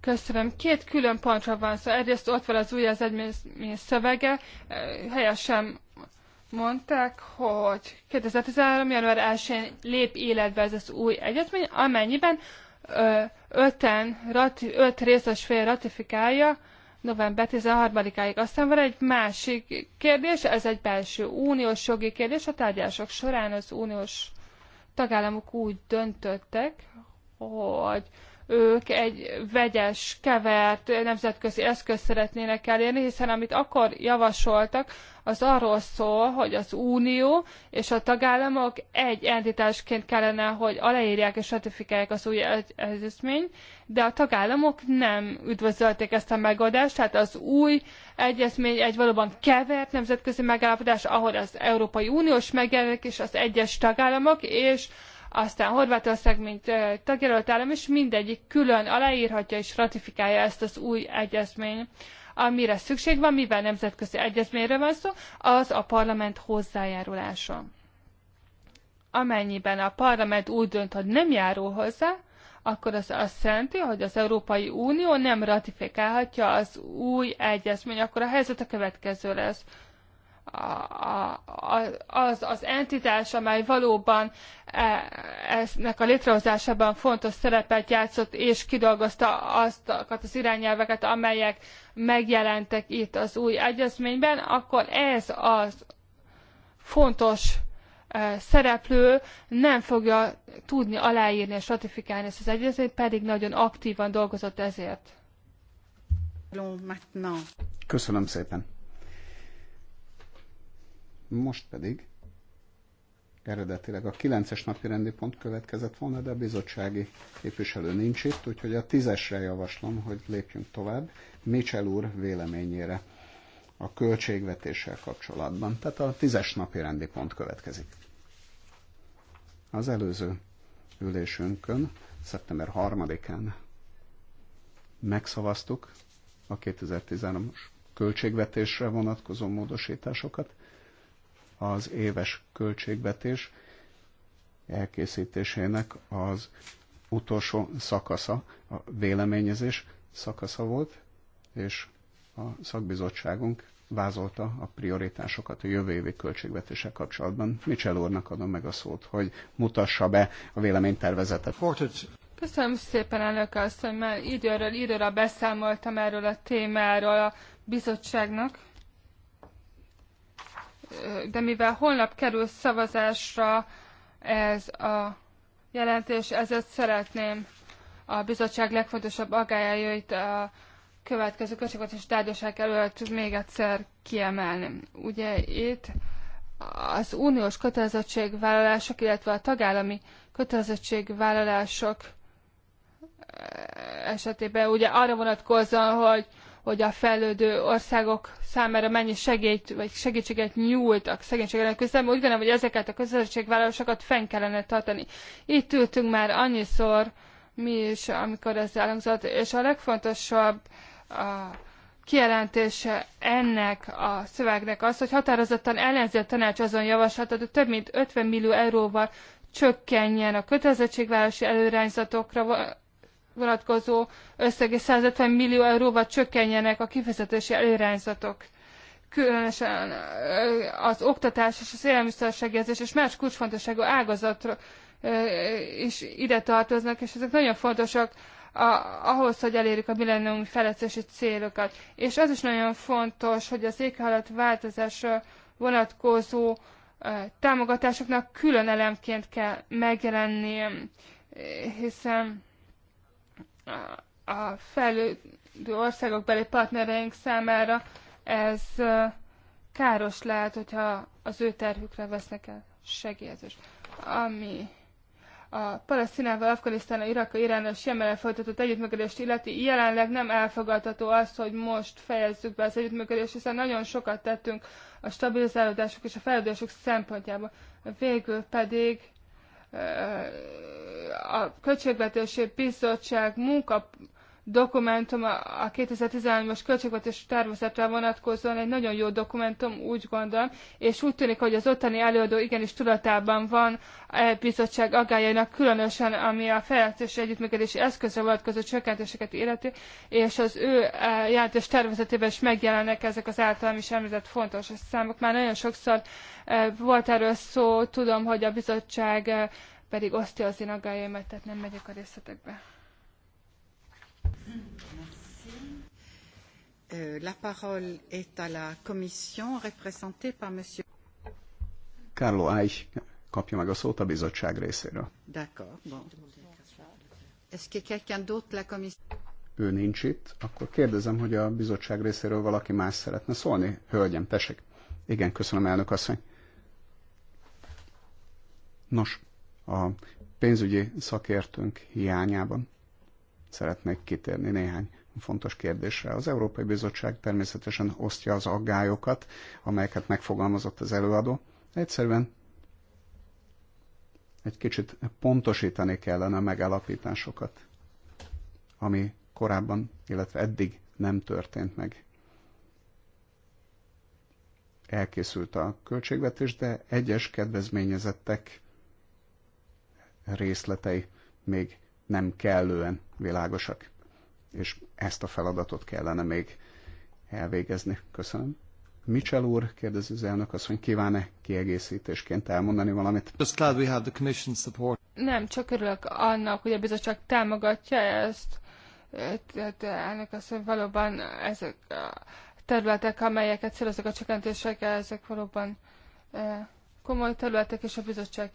Köszönöm. Két külön pontra van szó. Egyrészt ott van az új az egymény szövege. Eh, helyesen mondták, hogy 2013. január 1-én lép életbe ez az új egyetmény, amennyiben eh, öten, rati, öt részes fél ratifikálja november 13-áig. Aztán van egy másik kérdés, ez egy belső uniós jogi kérdés, a tárgyások során az uniós tagállamok úgy döntöttek, hogy ők egy vegyes, kevert nemzetközi eszközt szeretnének elérni, hiszen amit akkor javasoltak, az arról szól, hogy az Unió és a tagállamok egy entitásként kellene, hogy aláírják és ratifikálják az új egyezményt, de a tagállamok nem üdvözölték ezt a megoldást, tehát az új egyezmény egy valóban kevert nemzetközi megállapodás, ahol az Európai Uniós megjelenik és az egyes tagállamok, és aztán Horvátország, mint tagjelölt állam, és mindegyik külön aláírhatja és ratifikálja ezt az új egyezményt. Amire szükség van, mivel nemzetközi egyezményről van szó, az a parlament hozzájárulása. Amennyiben a parlament úgy dönt, hogy nem járul hozzá, akkor az azt jelenti, hogy az Európai Unió nem ratifikálhatja az új egyezmény, akkor a helyzet a következő lesz az az entitás, amely valóban e, eznek a létrehozásában fontos szerepet játszott, és kidolgozta azokat az irányelveket, amelyek megjelentek itt az új egyezményben, akkor ez az fontos e, szereplő nem fogja tudni aláírni és ratifikálni ezt az egyezményt, pedig nagyon aktívan dolgozott ezért. Köszönöm szépen. Most pedig eredetileg a 9-es napi rendi pont következett volna, de a bizottsági képviselő nincs itt, úgyhogy a 10-esre javaslom, hogy lépjünk tovább Mitchell úr véleményére a költségvetéssel kapcsolatban. Tehát a 10-es napi rendi pont következik. Az előző ülésünkön, szeptember 3-án megszavaztuk a 2013-as költségvetésre vonatkozó módosításokat, az éves költségvetés elkészítésének az utolsó szakasza, a véleményezés szakasza volt, és a szakbizottságunk vázolta a prioritásokat a jövő évi költségvetése kapcsolatban. Michel úrnak adom meg a szót, hogy mutassa be a véleménytervezetet. Köszönöm szépen, elnök asszony, mert időről időre beszámoltam erről a témáról a bizottságnak de mivel holnap kerül szavazásra ez a jelentés, ezért szeretném a bizottság legfontosabb agályait a következő költségvetési tárgyaság előtt még egyszer kiemelni. Ugye itt az uniós kötelezettségvállalások, illetve a tagállami kötelezettségvállalások esetében ugye arra vonatkozóan, hogy hogy a fejlődő országok számára mennyi segélyt vagy segítséget nyújtak szegénység ellen küzdelemben. Úgy gondolom, hogy ezeket a közösségvállalásokat fenn kellene tartani. Itt ültünk már annyiszor, mi is, amikor ez elhangzott, és a legfontosabb a kijelentése ennek a szövegnek az, hogy határozottan ellenzi a tanács azon javaslatot, hogy több mint 50 millió euróval csökkenjen a kötelezettségvállalási előirányzatokra vonatkozó összegi 150 millió euróval csökkenjenek a kifizetési előirányzatok. Különösen az oktatás és az élelmiszersegélyezés és más kulcsfontosságú ágazatra is ide tartoznak, és ezek nagyon fontosak a, ahhoz, hogy elérjük a millenniumi fejlesztési célokat. És az is nagyon fontos, hogy az éghajlat változásra vonatkozó támogatásoknak külön elemként kell megjelenni, hiszen a fejlődő országok beli partnereink számára ez káros lehet, hogyha az ő terhükre vesznek el segélyezést. Ami a Palesztinával, Afganisztán, Irak, Irán és Jemennel folytatott együttműködést illeti, jelenleg nem elfogadható az, hogy most fejezzük be az együttműködést, hiszen nagyon sokat tettünk a stabilizálódások és a fejlődések szempontjából. Végül pedig a Költségvetési Bizottság munka dokumentum, a 2013-as költségvetés tervezetre vonatkozóan egy nagyon jó dokumentum, úgy gondolom, és úgy tűnik, hogy az ottani előadó igenis tudatában van a bizottság agájainak, különösen ami a fejlesztés együttműködési eszközre vonatkozó csökkentéseket illeti, és az ő e, jelentős tervezetében is megjelennek ezek az általam is említett fontos számok. Már nagyon sokszor e, volt erről szó, tudom, hogy a bizottság e, pedig osztja az én aggájaimat, tehát nem megyek a részletekbe. Euh, la parole est à la commission, représentée par monsieur... Carlo Aich, kapja meg a szót a bizottság részéről. D'accord. Bon. Est-ce que quelqu'un d'autre la commission... Ő nincs itt, akkor kérdezem, hogy a bizottság részéről valaki más szeretne szólni. Hölgyem, tessék. Igen, köszönöm, elnök asszony. Nos, a pénzügyi szakértőnk hiányában szeretnék kitérni néhány fontos kérdésre. Az Európai Bizottság természetesen osztja az aggályokat, amelyeket megfogalmazott az előadó. Egyszerűen egy kicsit pontosítani kellene a megállapításokat, ami korábban, illetve eddig nem történt meg. Elkészült a költségvetés, de egyes kedvezményezettek részletei még nem kellően világosak. És ezt a feladatot kellene még elvégezni. Köszönöm. Mitchell úr, kérdezi az elnök asszony, kíván-e kiegészítésként elmondani valamit? Just glad we have the commission support. Nem, csak örülök annak, hogy a bizottság támogatja ezt. Tehát elnök asszony, valóban ezek a területek, amelyeket szerezek a csökkentések, ezek valóban eh, komoly területek, és a bizottság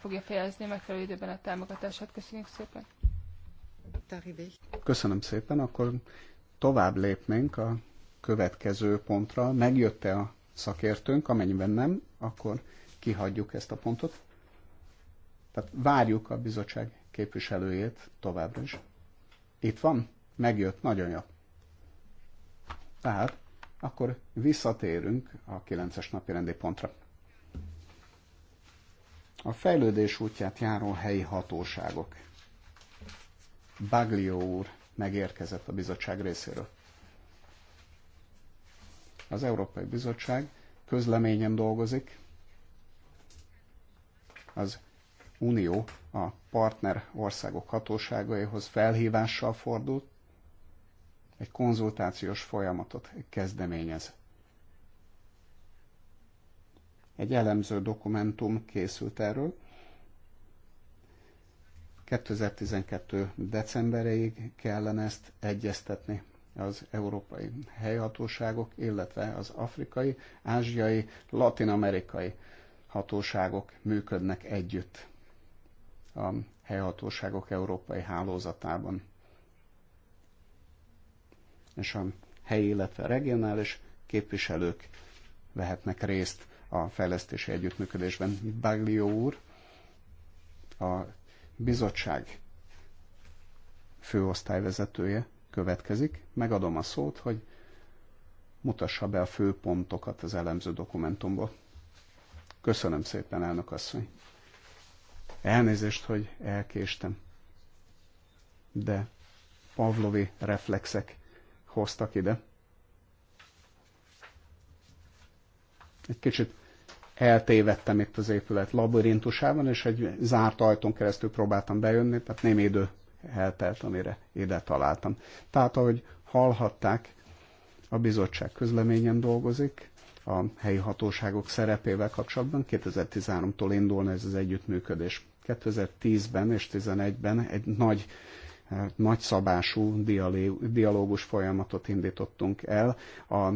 fogja fejezni megfelelő időben a támogatását. Köszönjük szépen! Köszönöm szépen, akkor tovább lépnénk a következő pontra. Megjött-e a szakértőnk, amennyiben nem, akkor kihagyjuk ezt a pontot. Tehát várjuk a bizottság képviselőjét továbbra is. Itt van? Megjött, nagyon jó. Tehát akkor visszatérünk a 9-es napi rendi pontra a fejlődés útját járó helyi hatóságok. Baglio úr megérkezett a bizottság részéről. Az Európai Bizottság közleményen dolgozik. Az Unió a partner országok hatóságaihoz felhívással fordult, egy konzultációs folyamatot kezdeményez egy elemző dokumentum készült erről. 2012. decemberéig kellene ezt egyeztetni az európai helyhatóságok, illetve az afrikai, ázsiai, latinamerikai hatóságok működnek együtt a helyhatóságok európai hálózatában. És a helyi, illetve regionális képviselők vehetnek részt a fejlesztési együttműködésben. Baglió úr, a bizottság főosztályvezetője következik. Megadom a szót, hogy mutassa be a főpontokat az elemző dokumentumból. Köszönöm szépen, elnök asszony. Elnézést, hogy elkéstem. De Pavlovi reflexek hoztak ide. Egy kicsit eltévedtem itt az épület labirintusában, és egy zárt ajtón keresztül próbáltam bejönni, tehát nem idő eltelt, amire ide találtam. Tehát, ahogy hallhatták, a bizottság közleményen dolgozik, a helyi hatóságok szerepével kapcsolatban. 2013-tól indulna ez az együttműködés. 2010-ben és 2011-ben egy nagy eh, nagyszabású dialógus folyamatot indítottunk el a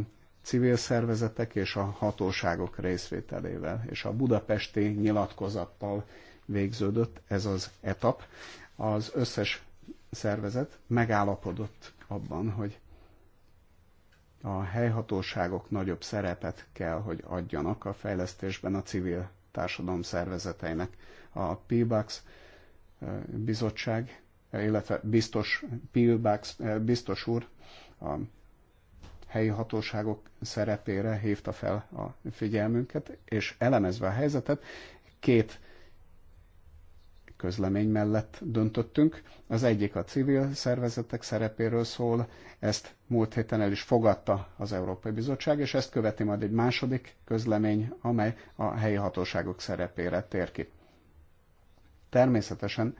civil szervezetek és a hatóságok részvételével, és a budapesti nyilatkozattal végződött ez az etap. Az összes szervezet megállapodott abban, hogy a helyhatóságok nagyobb szerepet kell, hogy adjanak a fejlesztésben a civil társadalom szervezeteinek. A PIBAX eh, bizottság, eh, illetve biztos, PIBAX eh, biztos úr a helyi hatóságok szerepére hívta fel a figyelmünket, és elemezve a helyzetet, két közlemény mellett döntöttünk. Az egyik a civil szervezetek szerepéről szól, ezt múlt héten el is fogadta az Európai Bizottság, és ezt követi majd egy második közlemény, amely a helyi hatóságok szerepére tér ki. Természetesen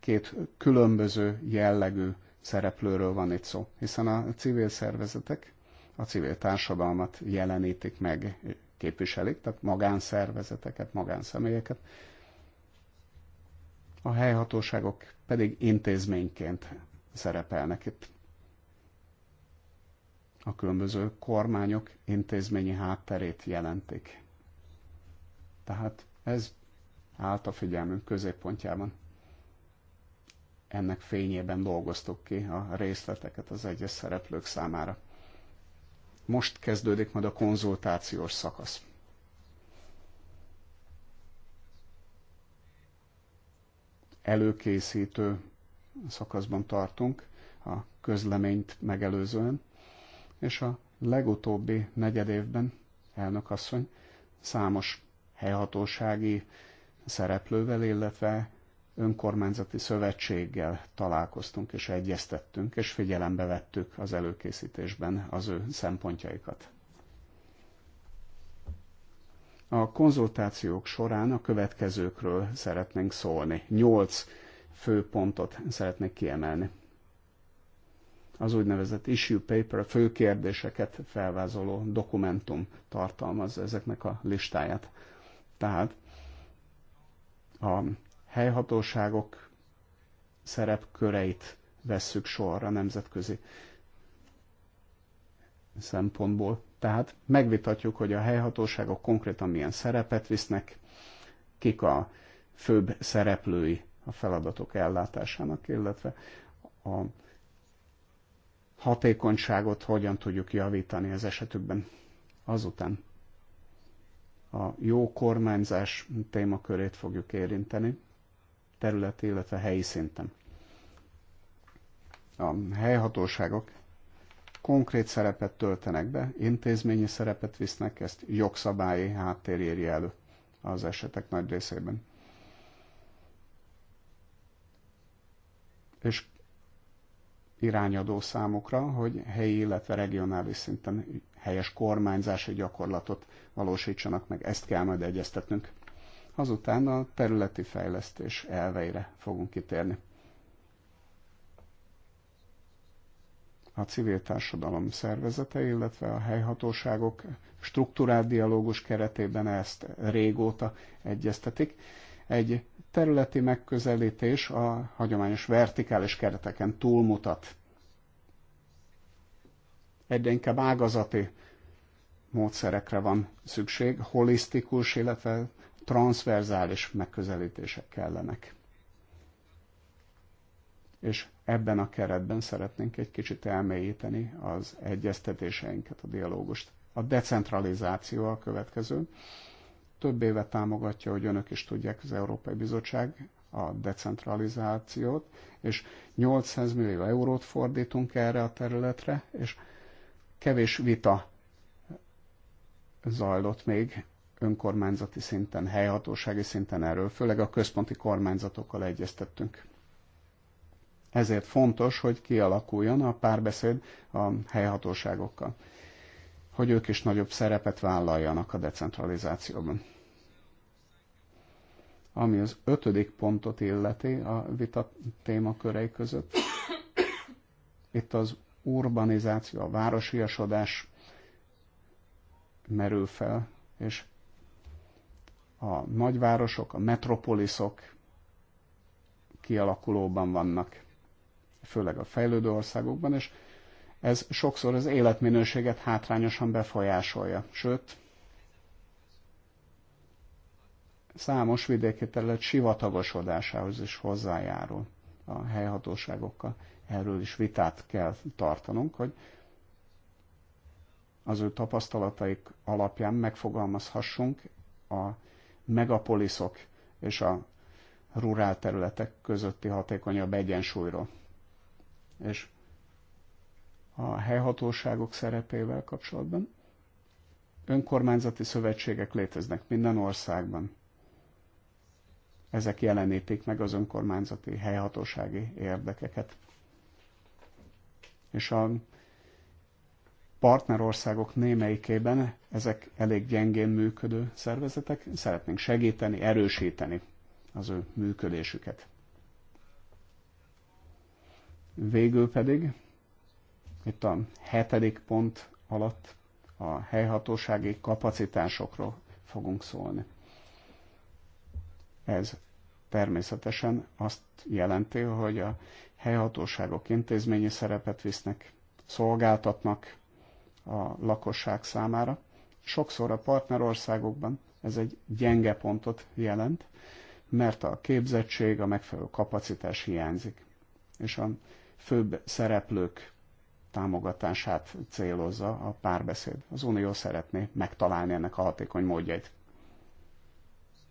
két különböző jellegű szereplőről van itt szó, hiszen a civil szervezetek a civil társadalmat jelenítik meg, képviselik, tehát magánszervezeteket, magánszemélyeket. A helyhatóságok pedig intézményként szerepelnek itt. A különböző kormányok intézményi hátterét jelentik. Tehát ez állt a figyelmünk középpontjában. Ennek fényében dolgoztuk ki a részleteket az egyes szereplők számára. Most kezdődik majd a konzultációs szakasz. Előkészítő szakaszban tartunk a közleményt megelőzően, és a legutóbbi negyed évben asszony számos helyhatósági szereplővel, illetve önkormányzati szövetséggel találkoztunk és egyeztettünk, és figyelembe vettük az előkészítésben az ő szempontjaikat. A konzultációk során a következőkről szeretnénk szólni. Nyolc fő pontot szeretnék kiemelni. Az úgynevezett issue paper, fő kérdéseket felvázoló dokumentum tartalmaz ezeknek a listáját. Tehát a helyhatóságok szerepköreit vesszük sorra nemzetközi szempontból. Tehát megvitatjuk, hogy a helyhatóságok konkrétan milyen szerepet visznek, kik a főbb szereplői a feladatok ellátásának, illetve a hatékonyságot hogyan tudjuk javítani az esetükben. Azután a jó kormányzás témakörét fogjuk érinteni, területi, illetve helyi szinten. A helyhatóságok konkrét szerepet töltenek be, intézményi szerepet visznek, ezt jogszabályi háttér éri elő az esetek nagy részében. És irányadó számukra, hogy helyi, illetve regionális szinten helyes kormányzási gyakorlatot valósítsanak meg. Ezt kell majd egyeztetnünk azután a területi fejlesztés elveire fogunk kitérni. A civil társadalom szervezete, illetve a helyhatóságok struktúrált dialógus keretében ezt régóta egyeztetik. Egy területi megközelítés a hagyományos vertikális kereteken túlmutat. Egyre inkább ágazati módszerekre van szükség, holisztikus, illetve transzverzális megközelítések kellenek. És ebben a keretben szeretnénk egy kicsit elmélyíteni az egyeztetéseinket, a dialógust. A decentralizáció a következő. Több éve támogatja, hogy önök is tudják, az Európai Bizottság a decentralizációt, és 800 millió eurót fordítunk erre a területre, és kevés vita zajlott még önkormányzati szinten, helyhatósági szinten erről, főleg a központi kormányzatokkal egyeztettünk. Ezért fontos, hogy kialakuljon a párbeszéd a helyhatóságokkal, hogy ők is nagyobb szerepet vállaljanak a decentralizációban. Ami az ötödik pontot illeti a vita témakörei között, itt az urbanizáció, a városiasodás merül fel, és a nagyvárosok, a metropoliszok kialakulóban vannak, főleg a fejlődő országokban, és ez sokszor az életminőséget hátrányosan befolyásolja. Sőt, számos vidéki terület sivatagosodásához is hozzájárul a helyhatóságokkal. Erről is vitát kell tartanunk, hogy az ő tapasztalataik alapján megfogalmazhassunk a megapoliszok és a rurál területek közötti hatékonyabb egyensúlyról. És a helyhatóságok szerepével kapcsolatban önkormányzati szövetségek léteznek minden országban. Ezek jelenítik meg az önkormányzati helyhatósági érdekeket. És a partnerországok némelyikében ezek elég gyengén működő szervezetek, szeretnénk segíteni, erősíteni az ő működésüket. Végül pedig itt a hetedik pont alatt a helyhatósági kapacitásokról fogunk szólni. Ez természetesen azt jelenti, hogy a helyhatóságok intézményi szerepet visznek, szolgáltatnak, a lakosság számára. Sokszor a partnerországokban ez egy gyenge pontot jelent, mert a képzettség, a megfelelő kapacitás hiányzik, és a főbb szereplők támogatását célozza a párbeszéd. Az Unió szeretné megtalálni ennek a hatékony módjait.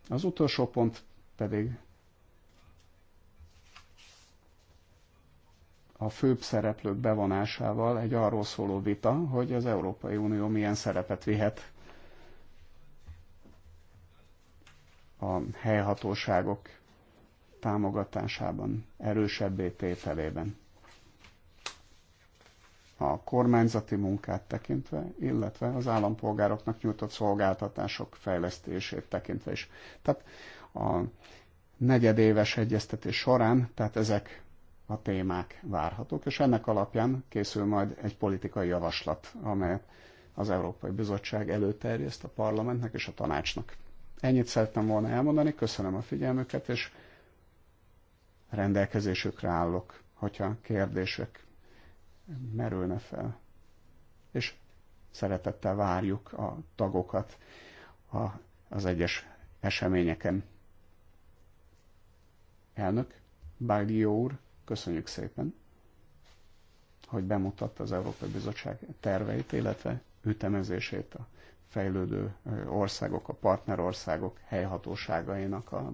Az utolsó pont pedig a főbb szereplők bevonásával egy arról szóló vita, hogy az Európai Unió milyen szerepet vihet a helyhatóságok támogatásában, erősebbé tételében. A kormányzati munkát tekintve, illetve az állampolgároknak nyújtott szolgáltatások fejlesztését tekintve is. Tehát a negyedéves egyeztetés során, tehát ezek a témák várhatók, és ennek alapján készül majd egy politikai javaslat, amelyet az Európai Bizottság előterjeszt a parlamentnek és a tanácsnak. Ennyit szerettem volna elmondani, köszönöm a figyelmüket, és rendelkezésükre állok, hogyha kérdések merülne fel. És szeretettel várjuk a tagokat a, az egyes eseményeken. Elnök, Bágyi úr, Köszönjük szépen, hogy bemutatta az Európai Bizottság terveit, illetve ütemezését a fejlődő országok, a partnerországok helyhatóságainak a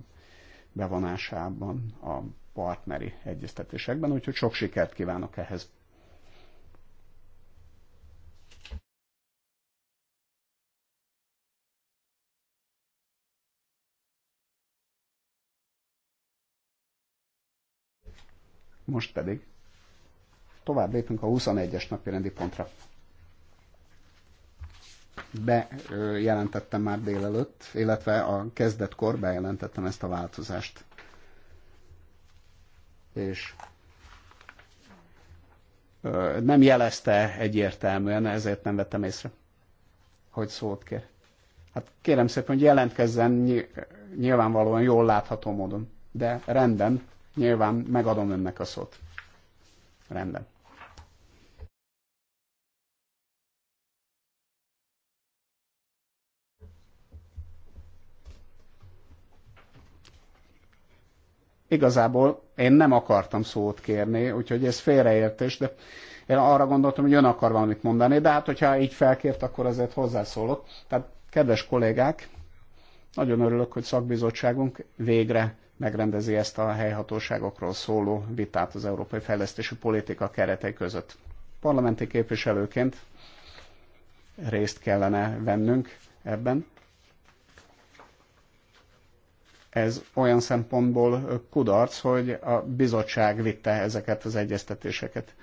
bevonásában, a partneri egyeztetésekben, úgyhogy sok sikert kívánok ehhez. Most pedig tovább lépünk a 21-es napi rendi pontra. Bejelentettem már délelőtt, illetve a kezdetkor bejelentettem ezt a változást. És nem jelezte egyértelműen, ezért nem vettem észre, hogy szót kér. Hát kérem szépen, hogy jelentkezzen nyilvánvalóan jól látható módon. De rendben, Nyilván megadom önnek a szót. Rendben. Igazából én nem akartam szót kérni, úgyhogy ez félreértés, de én arra gondoltam, hogy ön akar valamit mondani, de hát hogyha így felkért, akkor azért hozzászólok. Tehát kedves kollégák, nagyon örülök, hogy szakbizottságunk végre megrendezi ezt a helyhatóságokról szóló vitát az európai fejlesztési politika keretei között. Parlamenti képviselőként részt kellene vennünk ebben. Ez olyan szempontból kudarc, hogy a bizottság vitte ezeket az egyeztetéseket.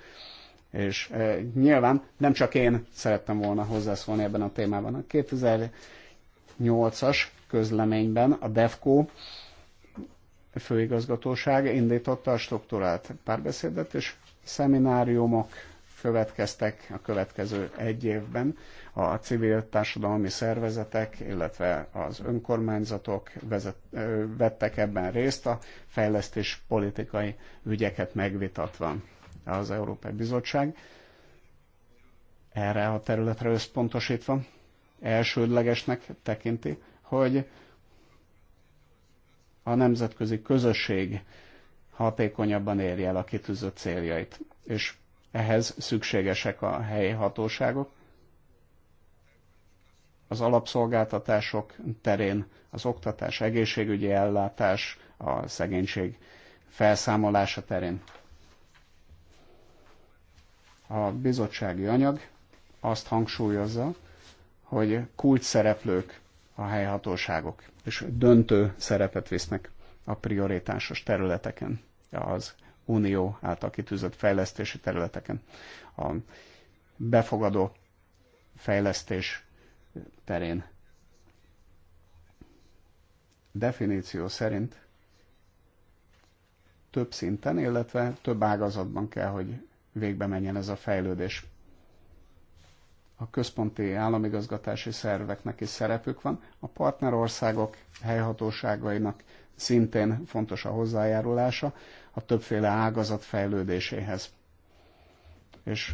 És e, nyilván nem csak én szerettem volna hozzászólni ebben a témában. A 2008-as közleményben a DEFCO főigazgatóság indította a struktúrált párbeszédet, és szemináriumok következtek a következő egy évben a civil társadalmi szervezetek, illetve az önkormányzatok vezet, vettek ebben részt a fejlesztés politikai ügyeket megvitatva. Az Európai Bizottság erre a területre összpontosítva elsődlegesnek tekinti, hogy a nemzetközi közösség hatékonyabban érje el a kitűzött céljait. És ehhez szükségesek a helyi hatóságok, az alapszolgáltatások terén, az oktatás, egészségügyi ellátás, a szegénység felszámolása terén. A bizottsági anyag azt hangsúlyozza, hogy kulcs szereplők a helyhatóságok, és döntő szerepet visznek a prioritásos területeken, az unió által kitűzött fejlesztési területeken. A befogadó fejlesztés terén. Definíció szerint több szinten, illetve több ágazatban kell, hogy végbe menjen ez a fejlődés a központi államigazgatási szerveknek is szerepük van, a partnerországok helyhatóságainak szintén fontos a hozzájárulása a többféle ágazat fejlődéséhez. És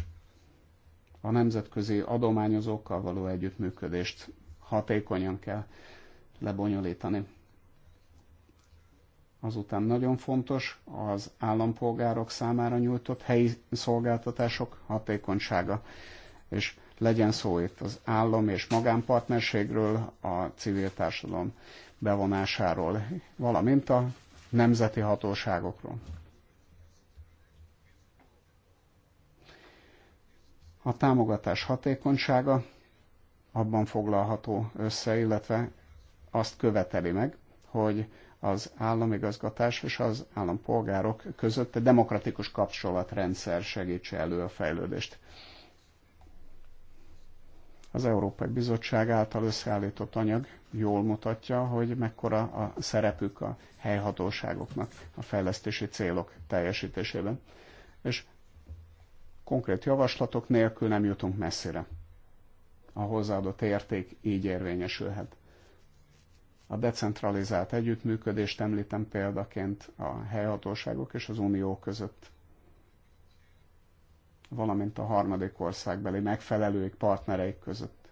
a nemzetközi adományozókkal való együttműködést hatékonyan kell lebonyolítani. Azután nagyon fontos az állampolgárok számára nyújtott helyi szolgáltatások hatékonysága. És legyen szó itt az állam és magánpartnerségről, a civil társadalom bevonásáról, valamint a nemzeti hatóságokról. A támogatás hatékonysága abban foglalható össze, illetve azt követeli meg, hogy az államigazgatás és az állampolgárok között egy demokratikus kapcsolatrendszer segítse elő a fejlődést. Az Európai Bizottság által összeállított anyag jól mutatja, hogy mekkora a szerepük a helyhatóságoknak a fejlesztési célok teljesítésében. És konkrét javaslatok nélkül nem jutunk messzire. A hozzáadott érték így érvényesülhet. A decentralizált együttműködést említem példaként a helyhatóságok és az unió között valamint a harmadik országbeli megfelelőik, partnereik között.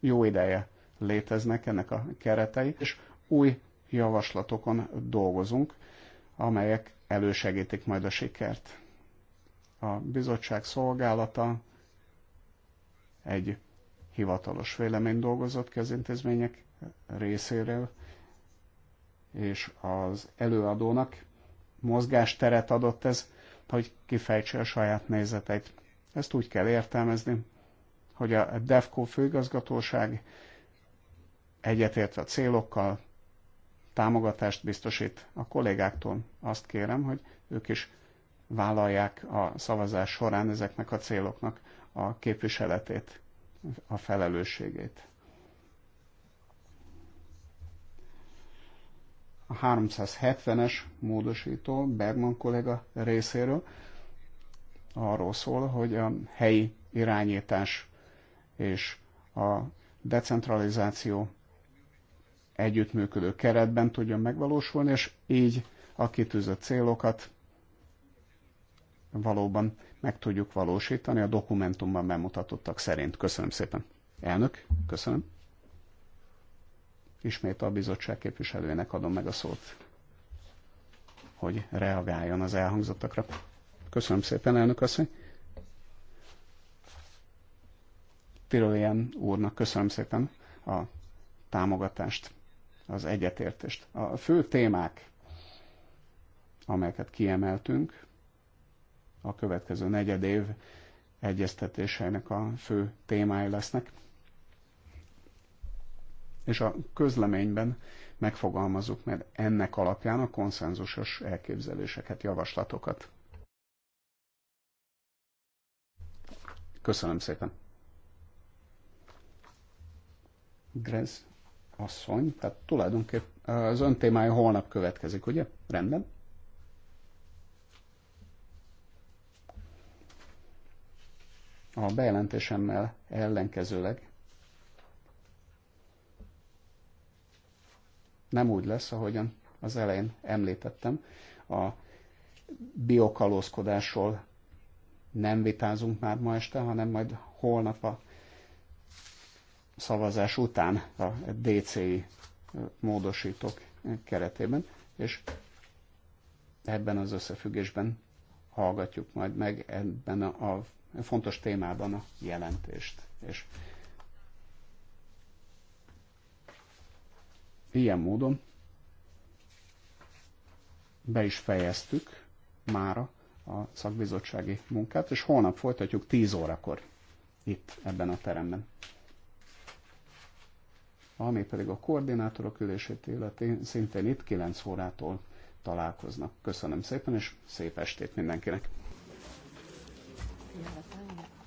Jó ideje léteznek ennek a keretei, és új javaslatokon dolgozunk, amelyek elősegítik majd a sikert. A bizottság szolgálata egy hivatalos vélemény dolgozott ki az intézmények részéről, és az előadónak mozgásteret adott ez hogy kifejtse a saját nézeteit. Ezt úgy kell értelmezni, hogy a DEFCO főigazgatóság egyetértve a célokkal támogatást biztosít a kollégáktól. Azt kérem, hogy ők is vállalják a szavazás során ezeknek a céloknak a képviseletét, a felelősségét. a 370-es módosító Bergman kollega részéről arról szól, hogy a helyi irányítás és a decentralizáció együttműködő keretben tudjon megvalósulni, és így a kitűzött célokat valóban meg tudjuk valósítani a dokumentumban bemutatottak szerint. Köszönöm szépen. Elnök, köszönöm. Ismét a bizottság képviselőjének adom meg a szót, hogy reagáljon az elhangzottakra. Köszönöm szépen, elnök asszony. Tirolien úrnak köszönöm szépen a támogatást, az egyetértést. A fő témák, amelyeket kiemeltünk, a következő negyed év egyeztetéseinek a fő témái lesznek és a közleményben megfogalmazunk mert ennek alapján a konszenzusos elképzeléseket, javaslatokat. Köszönöm szépen. Grez asszony, tehát tulajdonképpen az ön témája holnap következik, ugye? Rendben? A bejelentésemmel ellenkezőleg nem úgy lesz, ahogyan az elején említettem. A biokalózkodásról nem vitázunk már ma este, hanem majd holnap a szavazás után a DCI módosítók keretében, és ebben az összefüggésben hallgatjuk majd meg ebben a, a fontos témában a jelentést, és Ilyen módon be is fejeztük mára a szakbizottsági munkát, és holnap folytatjuk 10 órakor itt ebben a teremben. Ami pedig a koordinátorok ülését illeti, szintén itt 9 órától találkoznak. Köszönöm szépen, és szép estét mindenkinek! Hát yeah,